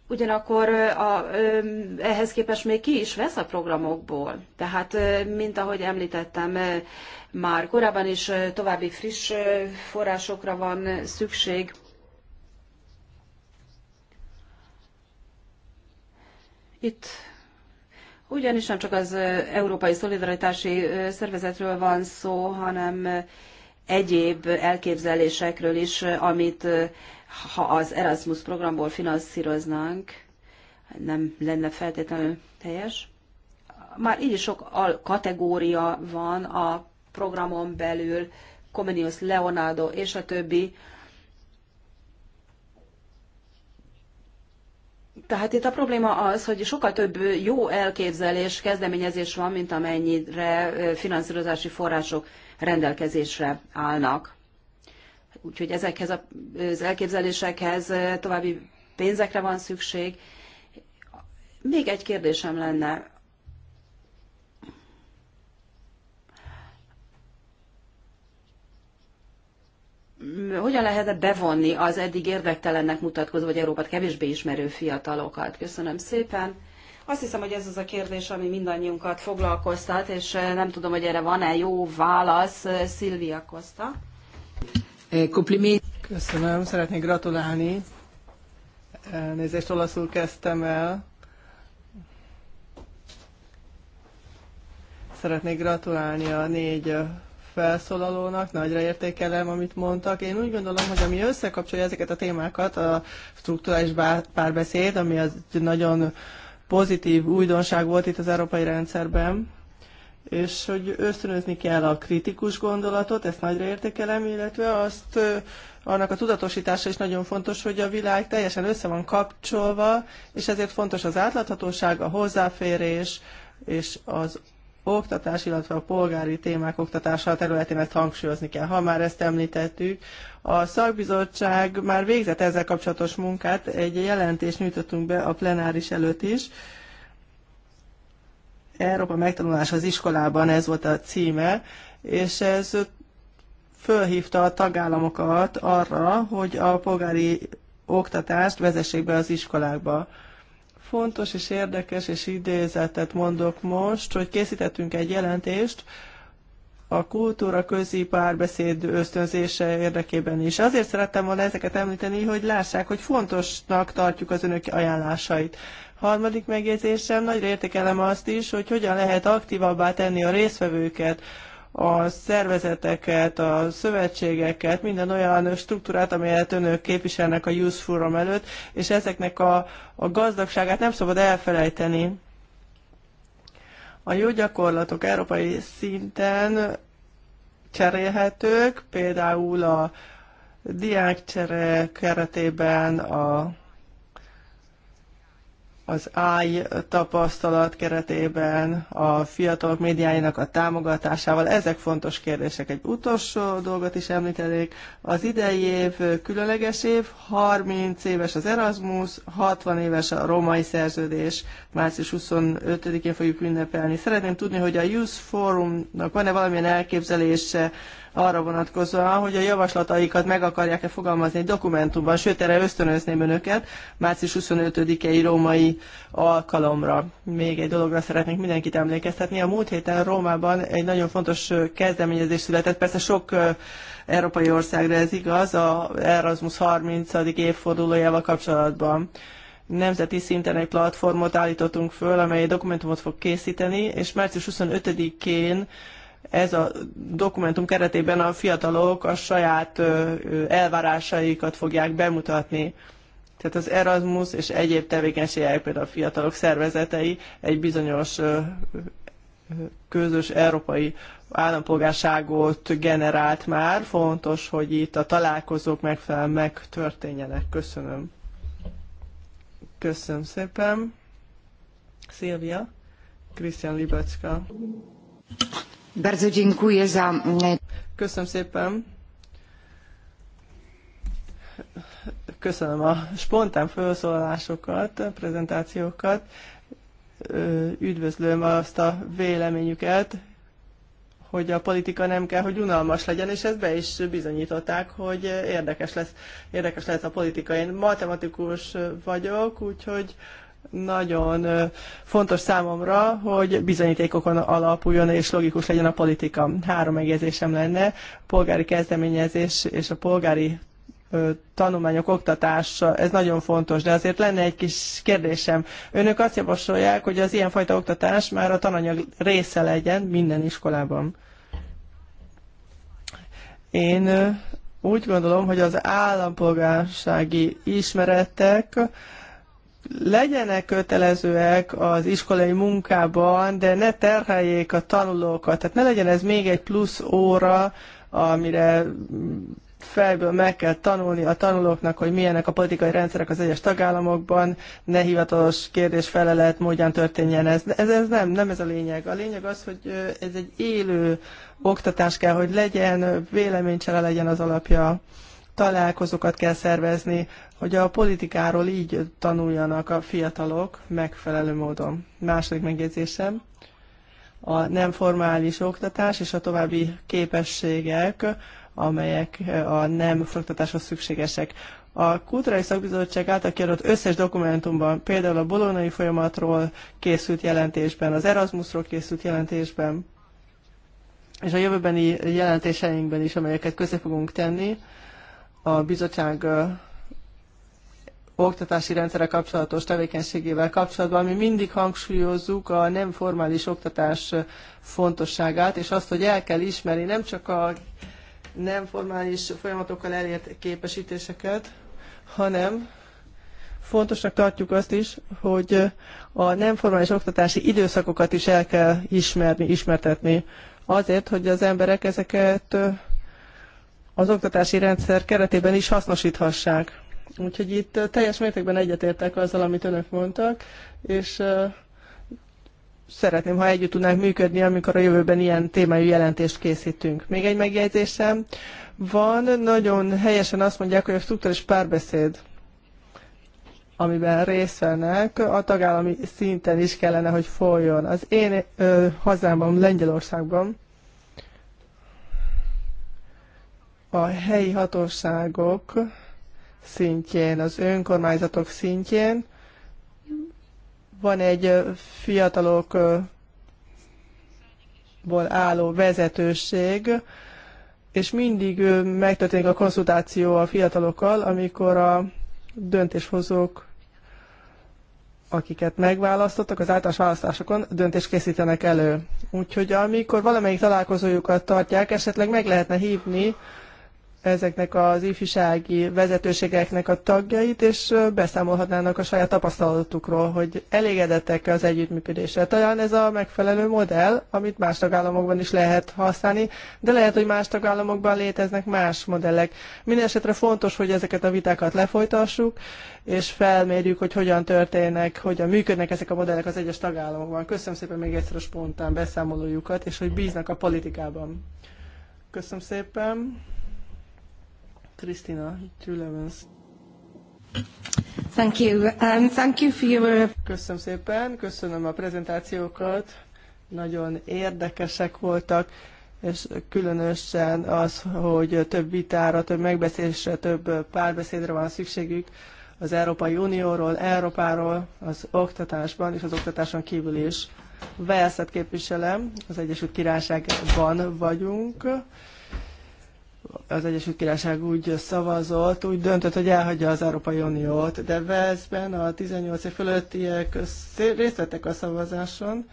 ugyanakkor a, ehhez képest még ki is vesz a programokból. Tehát, mint ahogy említettem, már korábban is további friss forrásokra van szükség. Itt ugyanis nem csak az Európai Szolidaritási Szervezetről van szó, hanem egyéb elképzelésekről is, amit ha az Erasmus programból finanszíroznánk, nem lenne feltétlenül teljes. Már így is sok kategória van a programon belül, Comenius, Leonardo és a többi. Tehát itt a probléma az, hogy sokkal több jó elképzelés, kezdeményezés van, mint amennyire finanszírozási források rendelkezésre állnak. Úgyhogy ezekhez az elképzelésekhez további pénzekre van szükség. Még egy kérdésem lenne. Hogyan lehetne bevonni az eddig érdektelennek mutatkozó, vagy Európát kevésbé ismerő fiatalokat? Köszönöm szépen. Azt hiszem, hogy ez az a kérdés, ami mindannyiunkat foglalkoztat, és nem tudom, hogy erre van-e jó válasz. Szilvia kosta. Eh, Köszönöm, szeretnék gratulálni. Elnézést, olaszul kezdtem el. Szeretnék gratulálni a négy felszólalónak, nagyra értékelem, amit mondtak. Én úgy gondolom, hogy ami összekapcsolja ezeket a témákat, a strukturális párbeszéd, ami az nagyon pozitív újdonság volt itt az európai rendszerben, és hogy ösztönözni kell a kritikus gondolatot, ezt nagyra értékelem, illetve azt annak a tudatosítása is nagyon fontos, hogy a világ teljesen össze van kapcsolva, és ezért fontos az átláthatóság, a hozzáférés és az oktatás, illetve a polgári témák oktatása a területén ezt hangsúlyozni kell. Ha már ezt említettük, a szakbizottság már végzett ezzel kapcsolatos munkát, egy jelentést nyújtottunk be a plenáris előtt is, Európa megtanulása az iskolában, ez volt a címe, és ez fölhívta a tagállamokat arra, hogy a polgári oktatást vezessék be az iskolákba. Fontos és érdekes és idézetet mondok most, hogy készítettünk egy jelentést a kultúra közi párbeszéd ösztönzése érdekében is. Azért szerettem volna ezeket említeni, hogy lássák, hogy fontosnak tartjuk az önök ajánlásait. Harmadik megjegyzésem, nagyra értékelem azt is, hogy hogyan lehet aktívabbá tenni a részvevőket, a szervezeteket, a szövetségeket, minden olyan struktúrát, amelyet önök képviselnek a Youth Forum előtt, és ezeknek a, a gazdagságát nem szabad elfelejteni. A jó gyakorlatok európai szinten cserélhetők, például a diákcsere keretében a az AI tapasztalat keretében, a fiatalok médiáinak a támogatásával. Ezek fontos kérdések. Egy utolsó dolgot is említenék. Az idei év különleges év, 30 éves az Erasmus, 60 éves a romai szerződés, március 25-én fogjuk ünnepelni. Szeretném tudni, hogy a Youth Forumnak van-e valamilyen elképzelése arra vonatkozóan, hogy a javaslataikat meg akarják-e fogalmazni egy dokumentumban, sőt erre ösztönözném önöket március 25-i római alkalomra. Még egy dologra szeretnék mindenkit emlékeztetni. A múlt héten Rómában egy nagyon fontos kezdeményezés született, persze sok európai országra ez igaz, a Erasmus 30. évfordulójával kapcsolatban nemzeti szinten egy platformot állítottunk föl, amely dokumentumot fog készíteni, és március 25-én ez a dokumentum keretében a fiatalok a saját elvárásaikat fogják bemutatni. Tehát az Erasmus és egyéb tevékenységek, például a fiatalok szervezetei egy bizonyos közös európai állampolgárságot generált már. Fontos, hogy itt a találkozók megfelelően megtörténjenek. Köszönöm. Köszönöm szépen. Szilvia, Krisztián Libacka. E, Köszönöm szépen. Köszönöm a spontán felszólalásokat, prezentációkat. Üdvözlöm azt a véleményüket, hogy a politika nem kell, hogy unalmas legyen, és ezt be is bizonyították, hogy érdekes lesz, érdekes lesz a politika. Én matematikus vagyok, úgyhogy nagyon fontos számomra, hogy bizonyítékokon alapuljon és logikus legyen a politika. Három megjegyzésem lenne, a polgári kezdeményezés és a polgári tanulmányok oktatása, ez nagyon fontos, de azért lenne egy kis kérdésem. Önök azt javasolják, hogy az ilyenfajta oktatás már a tananyag része legyen minden iskolában. Én úgy gondolom, hogy az állampolgársági ismeretek legyenek kötelezőek az iskolai munkában, de ne terheljék a tanulókat. Tehát ne legyen ez még egy plusz óra, amire fejből meg kell tanulni a tanulóknak, hogy milyenek a politikai rendszerek az egyes tagállamokban, ne hivatalos kérdés felelet módján történjen ez. ez. Ez nem, nem ez a lényeg. A lényeg az, hogy ez egy élő oktatás kell, hogy legyen, véleménycsere legyen az alapja találkozókat kell szervezni, hogy a politikáról így tanuljanak a fiatalok megfelelő módon. Második megjegyzésem, a nem formális oktatás és a további képességek, amelyek eh, a nem oktatáshoz szükségesek. A Kulturális Szakbizottság által kiadott összes dokumentumban, például a bolonai folyamatról készült jelentésben, az Erasmusról készült jelentésben, és a jövőbeni jelentéseinkben is, amelyeket közé fogunk tenni, a bizottság oktatási rendszerre kapcsolatos tevékenységével kapcsolatban. Mi mindig hangsúlyozzuk a nem formális oktatás fontosságát, és azt, hogy el kell ismerni nem csak a nem formális folyamatokkal elért képesítéseket, hanem fontosnak tartjuk azt is, hogy a nem formális oktatási időszakokat is el kell ismerni, ismertetni. Azért, hogy az emberek ezeket az oktatási rendszer keretében is hasznosíthassák. Úgyhogy itt teljes mértékben egyetértek azzal, amit önök mondtak, és szeretném, ha együtt tudnánk működni, amikor a jövőben ilyen témájú jelentést készítünk. Még egy megjegyzésem van, nagyon helyesen azt mondják, hogy a struktúrális párbeszéd, amiben részt vennek, a tagállami szinten is kellene, hogy folyjon. Az én ö, hazámban, Lengyelországban a helyi hatóságok szintjén, az önkormányzatok szintjén van egy fiatalokból álló vezetőség, és mindig megtörténik a konzultáció a fiatalokkal, amikor a döntéshozók, akiket megválasztottak az általános választásokon, döntést készítenek elő. Úgyhogy amikor valamelyik találkozójukat tartják, esetleg meg lehetne hívni ezeknek az ifjúsági vezetőségeknek a tagjait, és beszámolhatnának a saját tapasztalatukról, hogy elégedettek az együttműködésre. Talán ez a megfelelő modell, amit más tagállamokban is lehet használni, de lehet, hogy más tagállamokban léteznek más modellek. Mindenesetre fontos, hogy ezeket a vitákat lefolytassuk, és felmérjük, hogy hogyan történnek, hogyan működnek ezek a modellek az egyes tagállamokban. Köszönöm szépen még egyszer a spontán beszámolójukat, és hogy bíznak a politikában. Köszönöm szépen. Krisztina Thank you. Um, thank you for your... Köszönöm szépen, köszönöm a prezentációkat, nagyon érdekesek voltak, és különösen az, hogy több vitára, több megbeszélésre, több párbeszédre van szükségük az Európai Unióról, Európáról, az oktatásban és az oktatáson kívül is. Velszet képviselem, az Egyesült Királyságban vagyunk, az Egyesült Királyság úgy szavazott, úgy döntött, hogy elhagyja az Európai Uniót, de Velszben a 18 év fölöttiek részt vettek a szavazáson,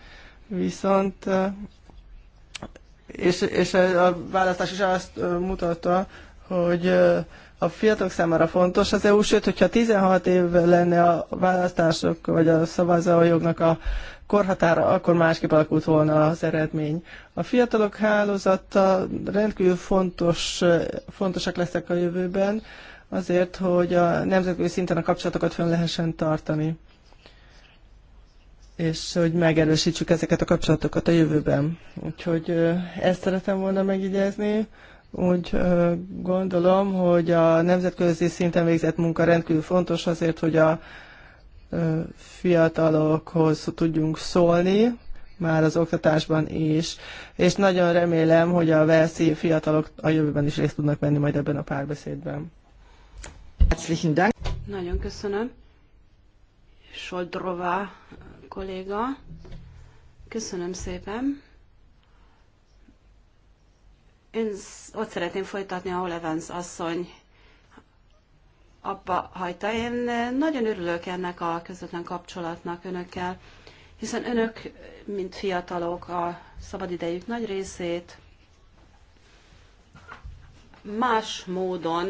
viszont eh, és, és a választás is azt eh, mutatta, hogy eh, a fiatalok számára fontos az EU, sőt, hogyha 16 év lenne a választások vagy a szavazójognak a korhatára, akkor másképp alakult volna az eredmény. A fiatalok hálózata rendkívül fontos, fontosak lesznek a jövőben, azért, hogy a nemzetközi szinten a kapcsolatokat fönn lehessen tartani, és hogy megerősítsük ezeket a kapcsolatokat a jövőben. Úgyhogy ezt szeretem volna megígézni. Úgy gondolom, hogy a nemzetközi szinten végzett munka rendkívül fontos azért, hogy a fiatalokhoz tudjunk szólni, már az oktatásban is, és nagyon remélem, hogy a verszi fiatalok a jövőben is részt tudnak venni majd ebben a párbeszédben. Nagyon köszönöm. Soldrová kolléga, köszönöm szépen. Én ott szeretném folytatni, ahol Evans asszony abba hagyta. Én eh, nagyon örülök ennek a közvetlen kapcsolatnak önökkel, hiszen önök, mint fiatalok, a szabadidejük nagy részét más módon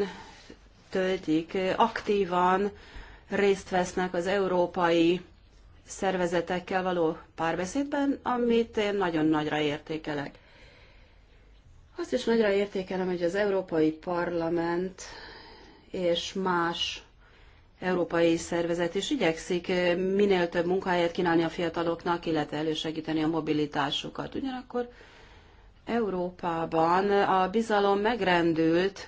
töltik, eh, aktívan részt vesznek az európai szervezetekkel való párbeszédben, amit én nagyon nagyra értékelek. Azt is nagyra értékelem, hogy az Európai Parlament és más európai szervezet is igyekszik eh, minél több munkahelyet kínálni a fiataloknak, illetve elősegíteni a mobilitásukat. Ugyanakkor Európában a bizalom megrendült,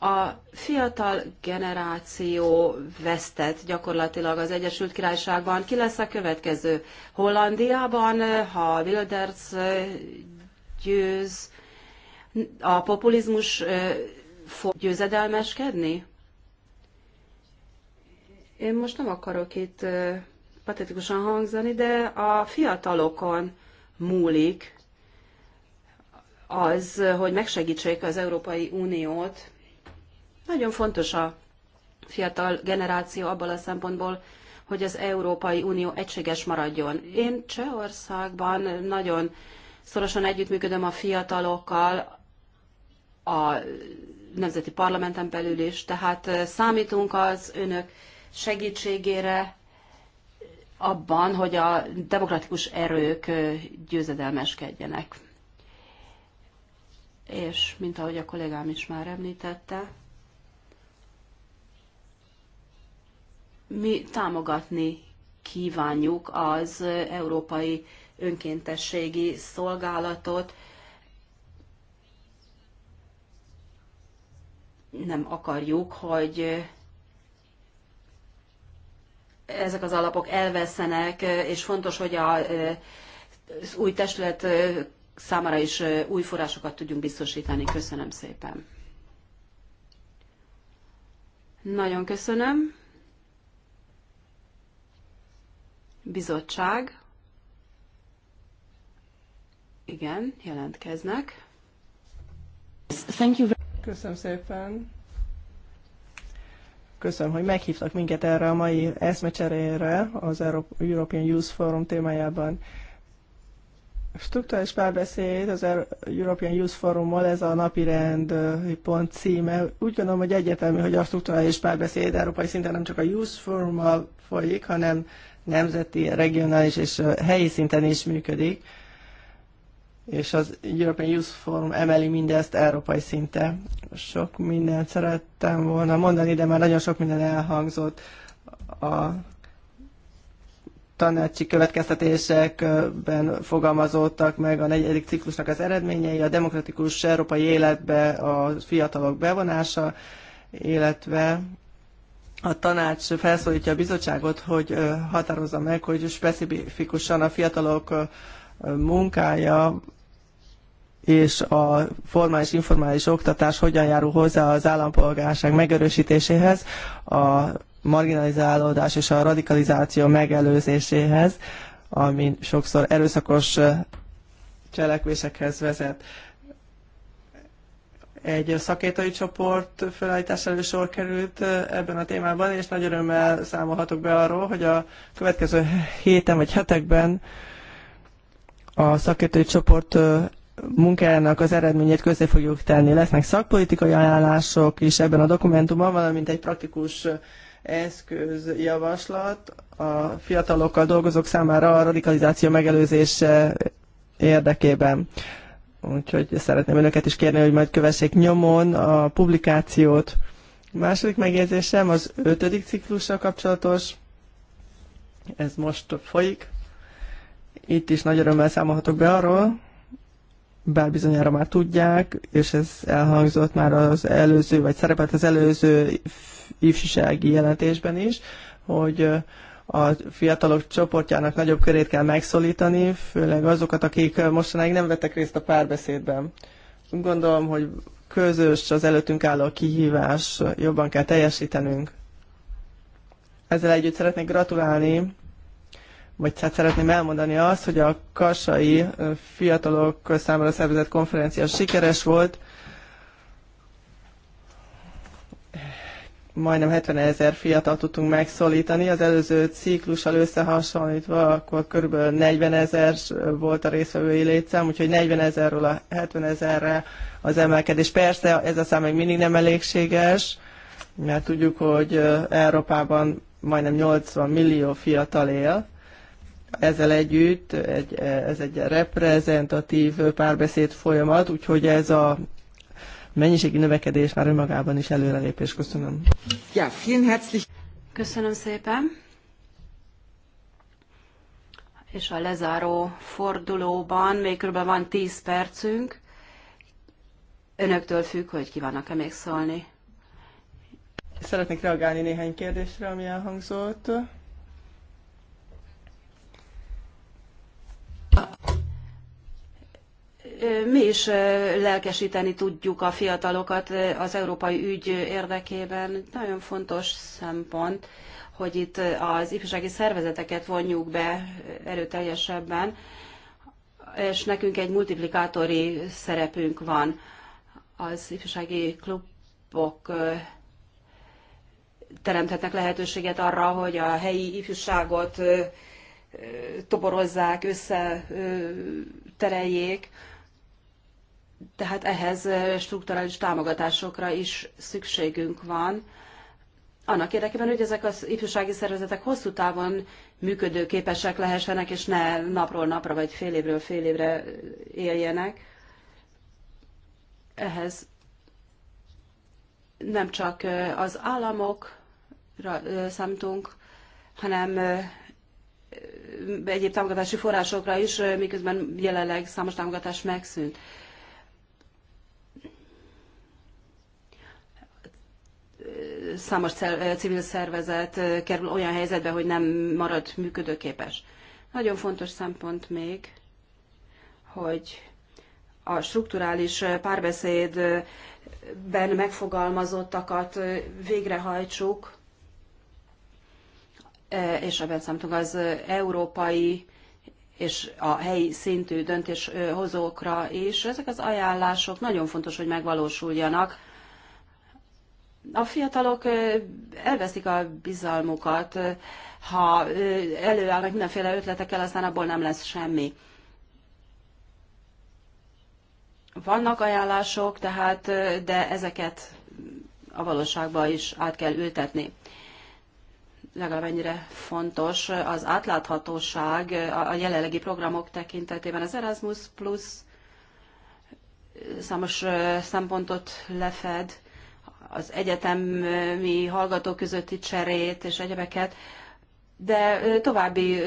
a fiatal generáció vesztett gyakorlatilag az Egyesült Királyságban. Ki lesz a következő? Hollandiában, eh, ha Wilders eh, győz, a populizmus fog győzedelmeskedni? Én most nem akarok itt patetikusan hangzani, de a fiatalokon múlik az, hogy megsegítsék az Európai Uniót. Nagyon fontos a fiatal generáció abban a szempontból, hogy az Európai Unió egységes maradjon. Én Csehországban nagyon szorosan együttműködöm a fiatalokkal, a nemzeti parlamenten belül is, tehát számítunk az önök segítségére abban, hogy a demokratikus erők győzedelmeskedjenek. És, mint ahogy a kollégám is már említette, mi támogatni kívánjuk az európai önkéntességi szolgálatot, nem akarjuk, hogy ezek az alapok elveszenek, és fontos, hogy a, az új testület számára is új forrásokat tudjunk biztosítani. Köszönöm szépen. Nagyon köszönöm. Bizottság. Igen, jelentkeznek. Thank you. Köszönöm szépen. Köszönöm, hogy meghívtak minket erre a mai eszmecserére az European Youth Forum témájában. Struktúrális párbeszéd az European Youth Forummal, ez a rend pont címe. Úgy gondolom, hogy egyetemű, hogy a struktúrális párbeszéd európai szinten nem csak a Youth Forummal folyik, hanem nemzeti, regionális és helyi szinten is működik és az European Youth Forum emeli mindezt európai szinte. Sok mindent szerettem volna mondani, de már nagyon sok minden elhangzott. A tanácsi következtetésekben fogalmazódtak meg a negyedik ciklusnak az eredményei, a demokratikus európai életbe a fiatalok bevonása, illetve a tanács felszólítja a bizottságot, hogy határozza meg, hogy specifikusan a fiatalok munkája és a formális informális oktatás hogyan járul hozzá az állampolgárság megerősítéséhez, a marginalizálódás és a radikalizáció megelőzéséhez, ami sokszor erőszakos cselekvésekhez vezet. Egy szakértői csoport felállítására sor került ebben a témában, és nagy örömmel számolhatok be arról, hogy a következő héten vagy hetekben a szakértői csoport munkájának az eredményét közé fogjuk tenni. Lesznek szakpolitikai ajánlások is ebben a dokumentumban, valamint egy praktikus eszközjavaslat a fiatalokkal dolgozók számára a radikalizáció megelőzése érdekében. Úgyhogy szeretném önöket is kérni, hogy majd kövessék nyomon a publikációt. A második megjegyzésem az ötödik ciklussal kapcsolatos. Ez most folyik. Itt is nagy örömmel számolhatok be arról, bár bizonyára már tudják, és ez elhangzott már az előző, vagy szerepelt az előző ifjúsági jelentésben is, hogy a fiatalok csoportjának nagyobb körét kell megszólítani, főleg azokat, akik mostanáig nem vettek részt a párbeszédben. Gondolom, hogy közös az előttünk álló kihívás, jobban kell teljesítenünk. Ezzel együtt szeretnék gratulálni vagy hát szeretném elmondani azt, hogy a kasai fiatalok számára szervezett konferencia sikeres volt. Majdnem 70 ezer fiatal tudtunk megszólítani. Az előző ciklussal összehasonlítva, akkor kb. 40 ezer volt a részvevői létszám, úgyhogy 40 ezerről a 70 ezerre az emelkedés. Persze ez a szám még mindig nem elégséges, mert tudjuk, hogy Európában majdnem 80 millió fiatal él, ezzel együtt egy, ez egy reprezentatív párbeszéd folyamat, úgyhogy ez a mennyiségi növekedés már önmagában is előrelépés. Köszönöm. Ja, vielen herzlich. Köszönöm szépen. És a lezáró fordulóban még kb. van 10 percünk. Önöktől függ, hogy kívánnak-e még szólni. Szeretnék reagálni néhány kérdésre, ami elhangzott. mi is lelkesíteni tudjuk a fiatalokat az európai ügy érdekében. Nagyon fontos szempont, hogy itt az ifjúsági szervezeteket vonjuk be erőteljesebben, és nekünk egy multiplikátori szerepünk van. Az ifjúsági klubok teremthetnek lehetőséget arra, hogy a helyi ifjúságot toborozzák, összetereljék, tehát ehhez strukturális támogatásokra is szükségünk van, annak érdekében, hogy ezek az ifjúsági szervezetek hosszú távon működőképesek lehessenek, és ne napról napra vagy fél évről fél évre éljenek. Ehhez nem csak az államokra számítunk, hanem egyéb támogatási forrásokra is, miközben jelenleg számos támogatás megszűnt. számos civil szervezet kerül olyan helyzetbe, hogy nem marad működőképes. Nagyon fontos szempont még, hogy a strukturális párbeszédben megfogalmazottakat végrehajtsuk, és ebben számítunk az európai és a helyi szintű döntéshozókra is. Ezek az ajánlások nagyon fontos, hogy megvalósuljanak, a fiatalok elveszik a bizalmukat, ha előállnak mindenféle ötletekkel, aztán abból nem lesz semmi. Vannak ajánlások, tehát, de ezeket a valóságba is át kell ültetni. Legalább ennyire fontos az átláthatóság a jelenlegi programok tekintetében. Az Erasmus Plus számos szempontot lefed, az egyetemi hallgatók közötti cserét és egyebeket, de további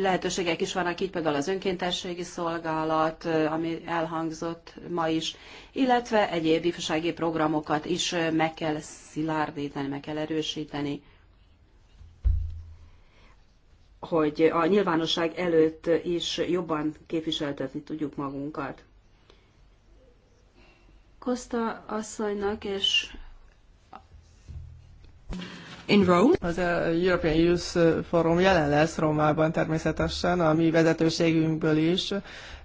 lehetőségek is vannak, így például az önkéntességi szolgálat, ami elhangzott ma is, illetve egyéb ifjúsági programokat is meg kell szilárdítani, meg kell erősíteni hogy a nyilvánosság előtt is jobban képviseltetni tudjuk magunkat. Kosta asszonynak és In Rome. Az European Youth Forum jelen lesz Rómában természetesen, a mi vezetőségünkből is,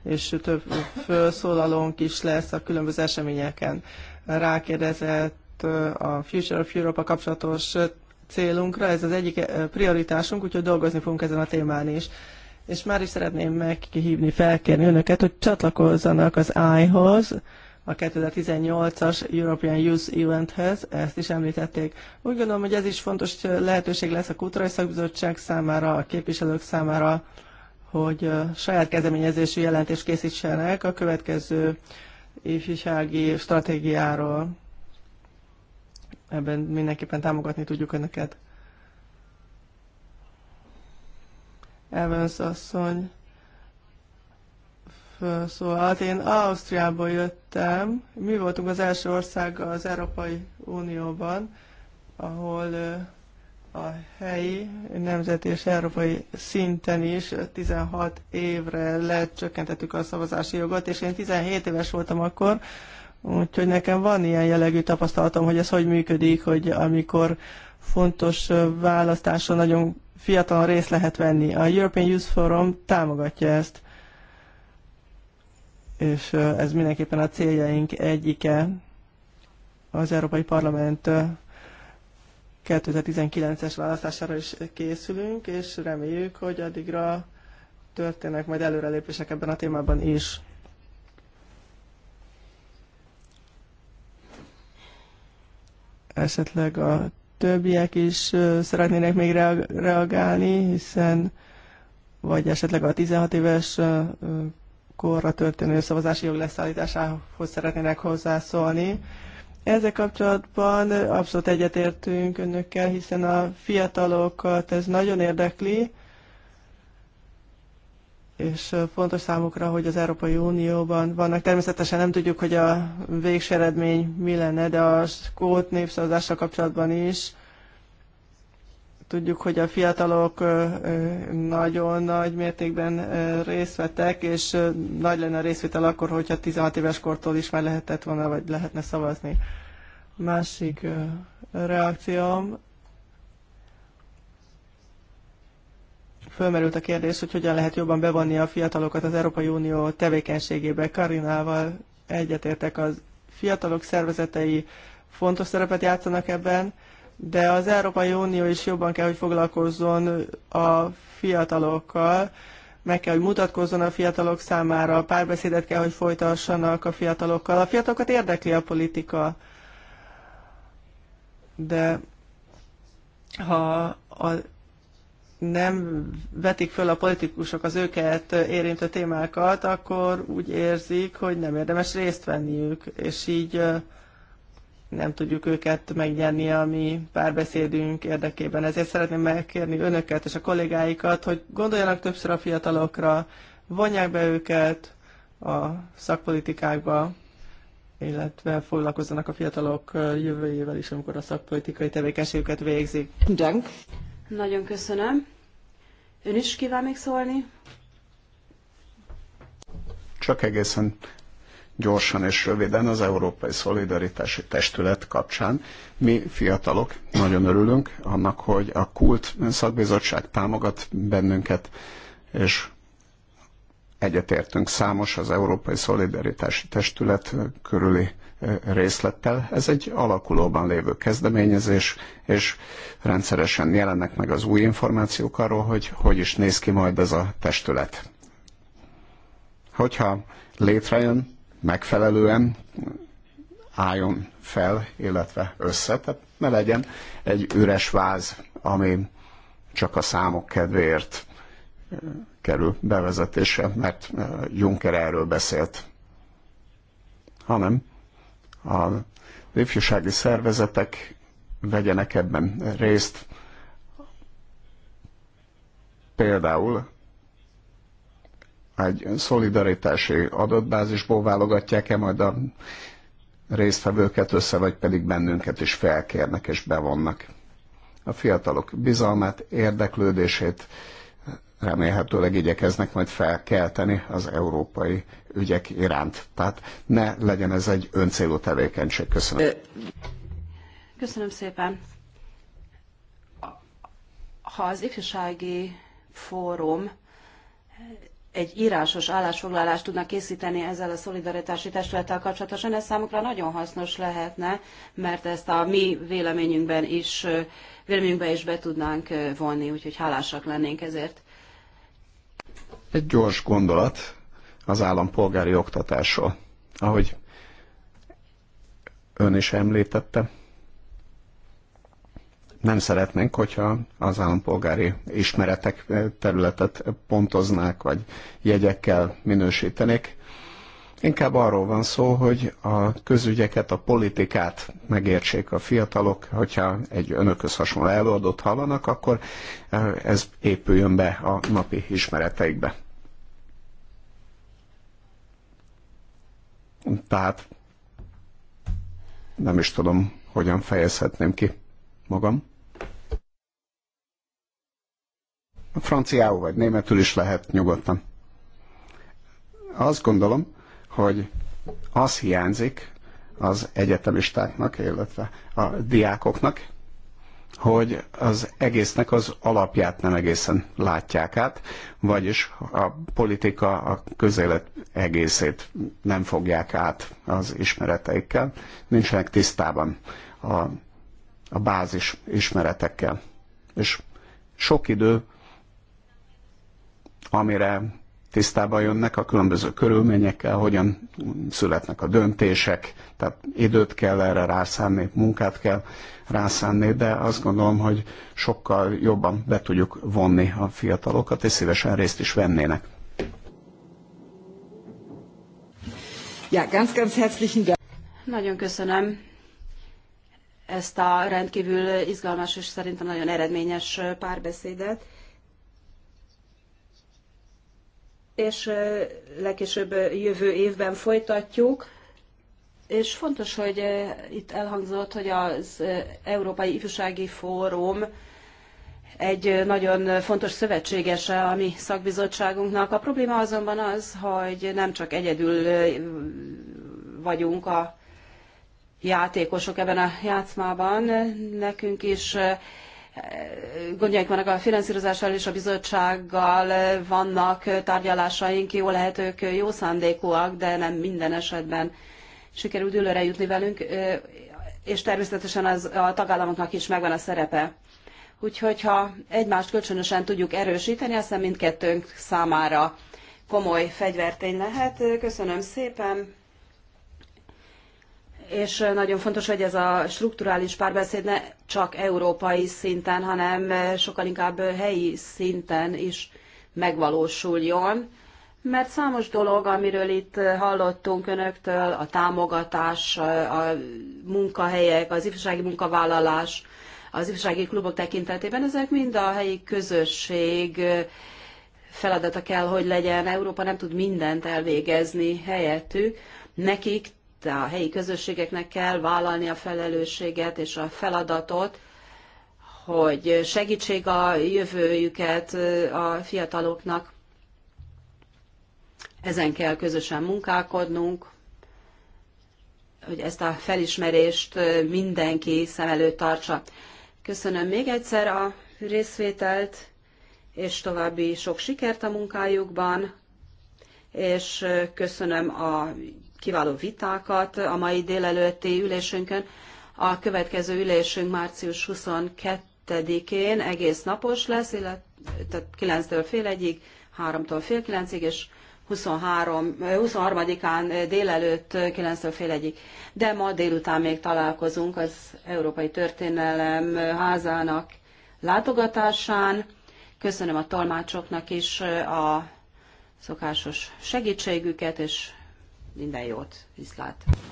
és több felszólalónk is lesz a különböző eseményeken. Rákérdezett a Future of Europe kapcsolatos célunkra, ez az egyik prioritásunk, úgyhogy dolgozni fogunk ezen a témán is. És már is szeretném meghívni, felkérni önöket, hogy csatlakozzanak az AI-hoz, a 2018-as European Youth Eventhez, ezt is említették. Úgy gondolom, hogy ez is fontos lehetőség lesz a Kultúrai Szakbizottság számára, a képviselők számára, hogy saját kezdeményezésű jelentést készítsenek a következő ifjúsági stratégiáról. Ebben mindenképpen támogatni tudjuk Önöket. Evans asszony felszólalt. Én Ausztriából jöttem, mi voltunk az első ország az Európai Unióban, ahol a helyi, nemzeti és európai szinten is 16 évre lecsökkentettük a szavazási jogot, és én 17 éves voltam akkor, úgyhogy nekem van ilyen jellegű tapasztalatom, hogy ez hogy működik, hogy amikor fontos választáson nagyon fiatalon részt lehet venni. A European Youth Forum támogatja ezt és ez mindenképpen a céljaink egyike. Az Európai Parlament 2019-es választására is készülünk, és reméljük, hogy addigra történnek majd előrelépések ebben a témában is. Esetleg a többiek is szeretnének még reagálni, hiszen vagy esetleg a 16 éves korra történő szavazási jog leszállításához szeretnének hozzászólni. Ezzel kapcsolatban abszolút egyetértünk önökkel, hiszen a fiatalokat ez nagyon érdekli, és fontos számukra, hogy az Európai Unióban vannak. Természetesen nem tudjuk, hogy a végső eredmény mi lenne, de a skót népszavazással kapcsolatban is Tudjuk, hogy a fiatalok nagyon nagy mértékben részt vettek, és nagy lenne a részvétel akkor, hogyha 16 éves kortól is már lehetett volna, vagy lehetne szavazni. Másik reakcióm. Fölmerült a kérdés, hogy hogyan lehet jobban bevonni a fiatalokat az Európai Unió tevékenységébe. Karinával egyetértek az fiatalok szervezetei fontos szerepet játszanak ebben, de az Európai Unió is jobban kell, hogy foglalkozzon a fiatalokkal, meg kell, hogy mutatkozzon a fiatalok számára, párbeszédet kell, hogy folytassanak a fiatalokkal. A fiatalokat érdekli a politika, de ha a, nem vetik föl a politikusok az őket érintő témákat, akkor úgy érzik, hogy nem érdemes részt venniük, és így nem tudjuk őket megnyerni a mi párbeszédünk érdekében. Ezért szeretném megkérni önöket és a kollégáikat, hogy gondoljanak többször a fiatalokra, vonják be őket a szakpolitikákba, illetve foglalkozzanak a fiatalok jövőjével is, amikor a szakpolitikai tevékenységüket végzik. Dank. Nagyon köszönöm. Ön is kíván még szólni? Csak egészen gyorsan és röviden az Európai Szolidaritási Testület kapcsán. Mi fiatalok nagyon örülünk annak, hogy a Kult szakbizottság támogat bennünket, és egyetértünk számos az Európai Szolidaritási Testület körüli részlettel. Ez egy alakulóban lévő kezdeményezés, és rendszeresen jelennek meg az új információk arról, hogy hogy is néz ki majd ez a testület. Hogyha létrejön, megfelelően álljon fel, illetve össze. Tehát ne legyen egy üres váz, ami csak a számok kedvéért kerül bevezetésre, mert Juncker erről beszélt, hanem a ifjúsági szervezetek vegyenek ebben részt. Például egy szolidaritási adatbázisból válogatják-e majd a résztvevőket össze, vagy pedig bennünket is felkérnek és bevonnak. A fiatalok bizalmát, érdeklődését remélhetőleg igyekeznek majd felkelteni az európai ügyek iránt. Tehát ne legyen ez egy öncélú tevékenység. Köszönöm. Köszönöm szépen. Ha az ifjúsági fórum egy írásos állásfoglalást tudnak készíteni ezzel a szolidaritási testülettel kapcsolatosan, ez számukra nagyon hasznos lehetne, mert ezt a mi véleményünkben is, véleményünkben is be tudnánk vonni, úgyhogy hálásak lennénk ezért. Egy gyors gondolat az állampolgári oktatásról. Ahogy ön is említette, nem szeretnénk, hogyha az állampolgári ismeretek eh, területet pontoznák, vagy jegyekkel minősítenék. Inkább arról van szó, hogy a közügyeket, a politikát megértsék a fiatalok, hogyha egy önökhöz hasonló előadót hallanak, akkor eh, ez épüljön be a napi ismereteikbe. Tehát nem is tudom, hogyan fejezhetném ki magam. franciául vagy németül is lehet nyugodtan. Azt gondolom, hogy az hiányzik az egyetemistáknak, illetve a diákoknak, hogy az egésznek az alapját nem egészen látják át, vagyis a politika, a közélet egészét nem fogják át az ismereteikkel, nincsenek tisztában a, a bázis ismeretekkel. És sok idő amire tisztában jönnek a különböző körülményekkel, hogyan születnek a döntések, tehát időt kell erre rászánni, munkát kell rászánni, de azt gondolom, hogy sokkal jobban be tudjuk vonni a fiatalokat, és szívesen részt is vennének. Ja, ganz, ganz herzlichen Dank. Nagyon köszönöm ezt a rendkívül izgalmas és szerintem nagyon eredményes párbeszédet. és legkésőbb jövő évben folytatjuk. És fontos, hogy itt elhangzott, hogy az Európai Ifjúsági Fórum egy nagyon fontos szövetségese a mi szakbizottságunknak. A probléma azonban az, hogy nem csak egyedül vagyunk a játékosok ebben a játszmában, nekünk is gondjaink vannak a finanszírozással és a bizottsággal, vannak tárgyalásaink, jó lehetők, jó szándékúak, de nem minden esetben sikerült ülőre jutni velünk, és természetesen az, a tagállamoknak is megvan a szerepe. Úgyhogy ha egymást kölcsönösen tudjuk erősíteni, aztán mindkettőnk számára komoly fegyvertény lehet. Köszönöm szépen! és nagyon fontos, hogy ez a strukturális párbeszéd ne csak európai szinten, hanem sokkal inkább helyi szinten is megvalósuljon, mert számos dolog, amiről itt hallottunk önöktől, a támogatás, a munkahelyek, az ifjúsági munkavállalás, az ifjúsági klubok tekintetében, ezek mind a helyi közösség feladata kell, hogy legyen. Európa nem tud mindent elvégezni helyettük. Nekik a helyi közösségeknek kell vállalni a felelősséget és a feladatot, hogy segítség a jövőjüket a fiataloknak. Ezen kell közösen munkálkodnunk, hogy ezt a felismerést mindenki szem előtt tartsa. Köszönöm még egyszer a részvételt, és további sok sikert a munkájukban, és köszönöm a kiváló vitákat a mai délelőtti ülésünkön. A következő ülésünk március 22-én egész napos lesz, illetve 9-től fél egyig, 3-tól fél 9-ig, és 23, 23-án délelőtt 9-től fél egyig. De ma délután még találkozunk az Európai Történelem házának látogatásán. Köszönöm a tolmácsoknak is a szokásos segítségüket, és minden jót, viszlát!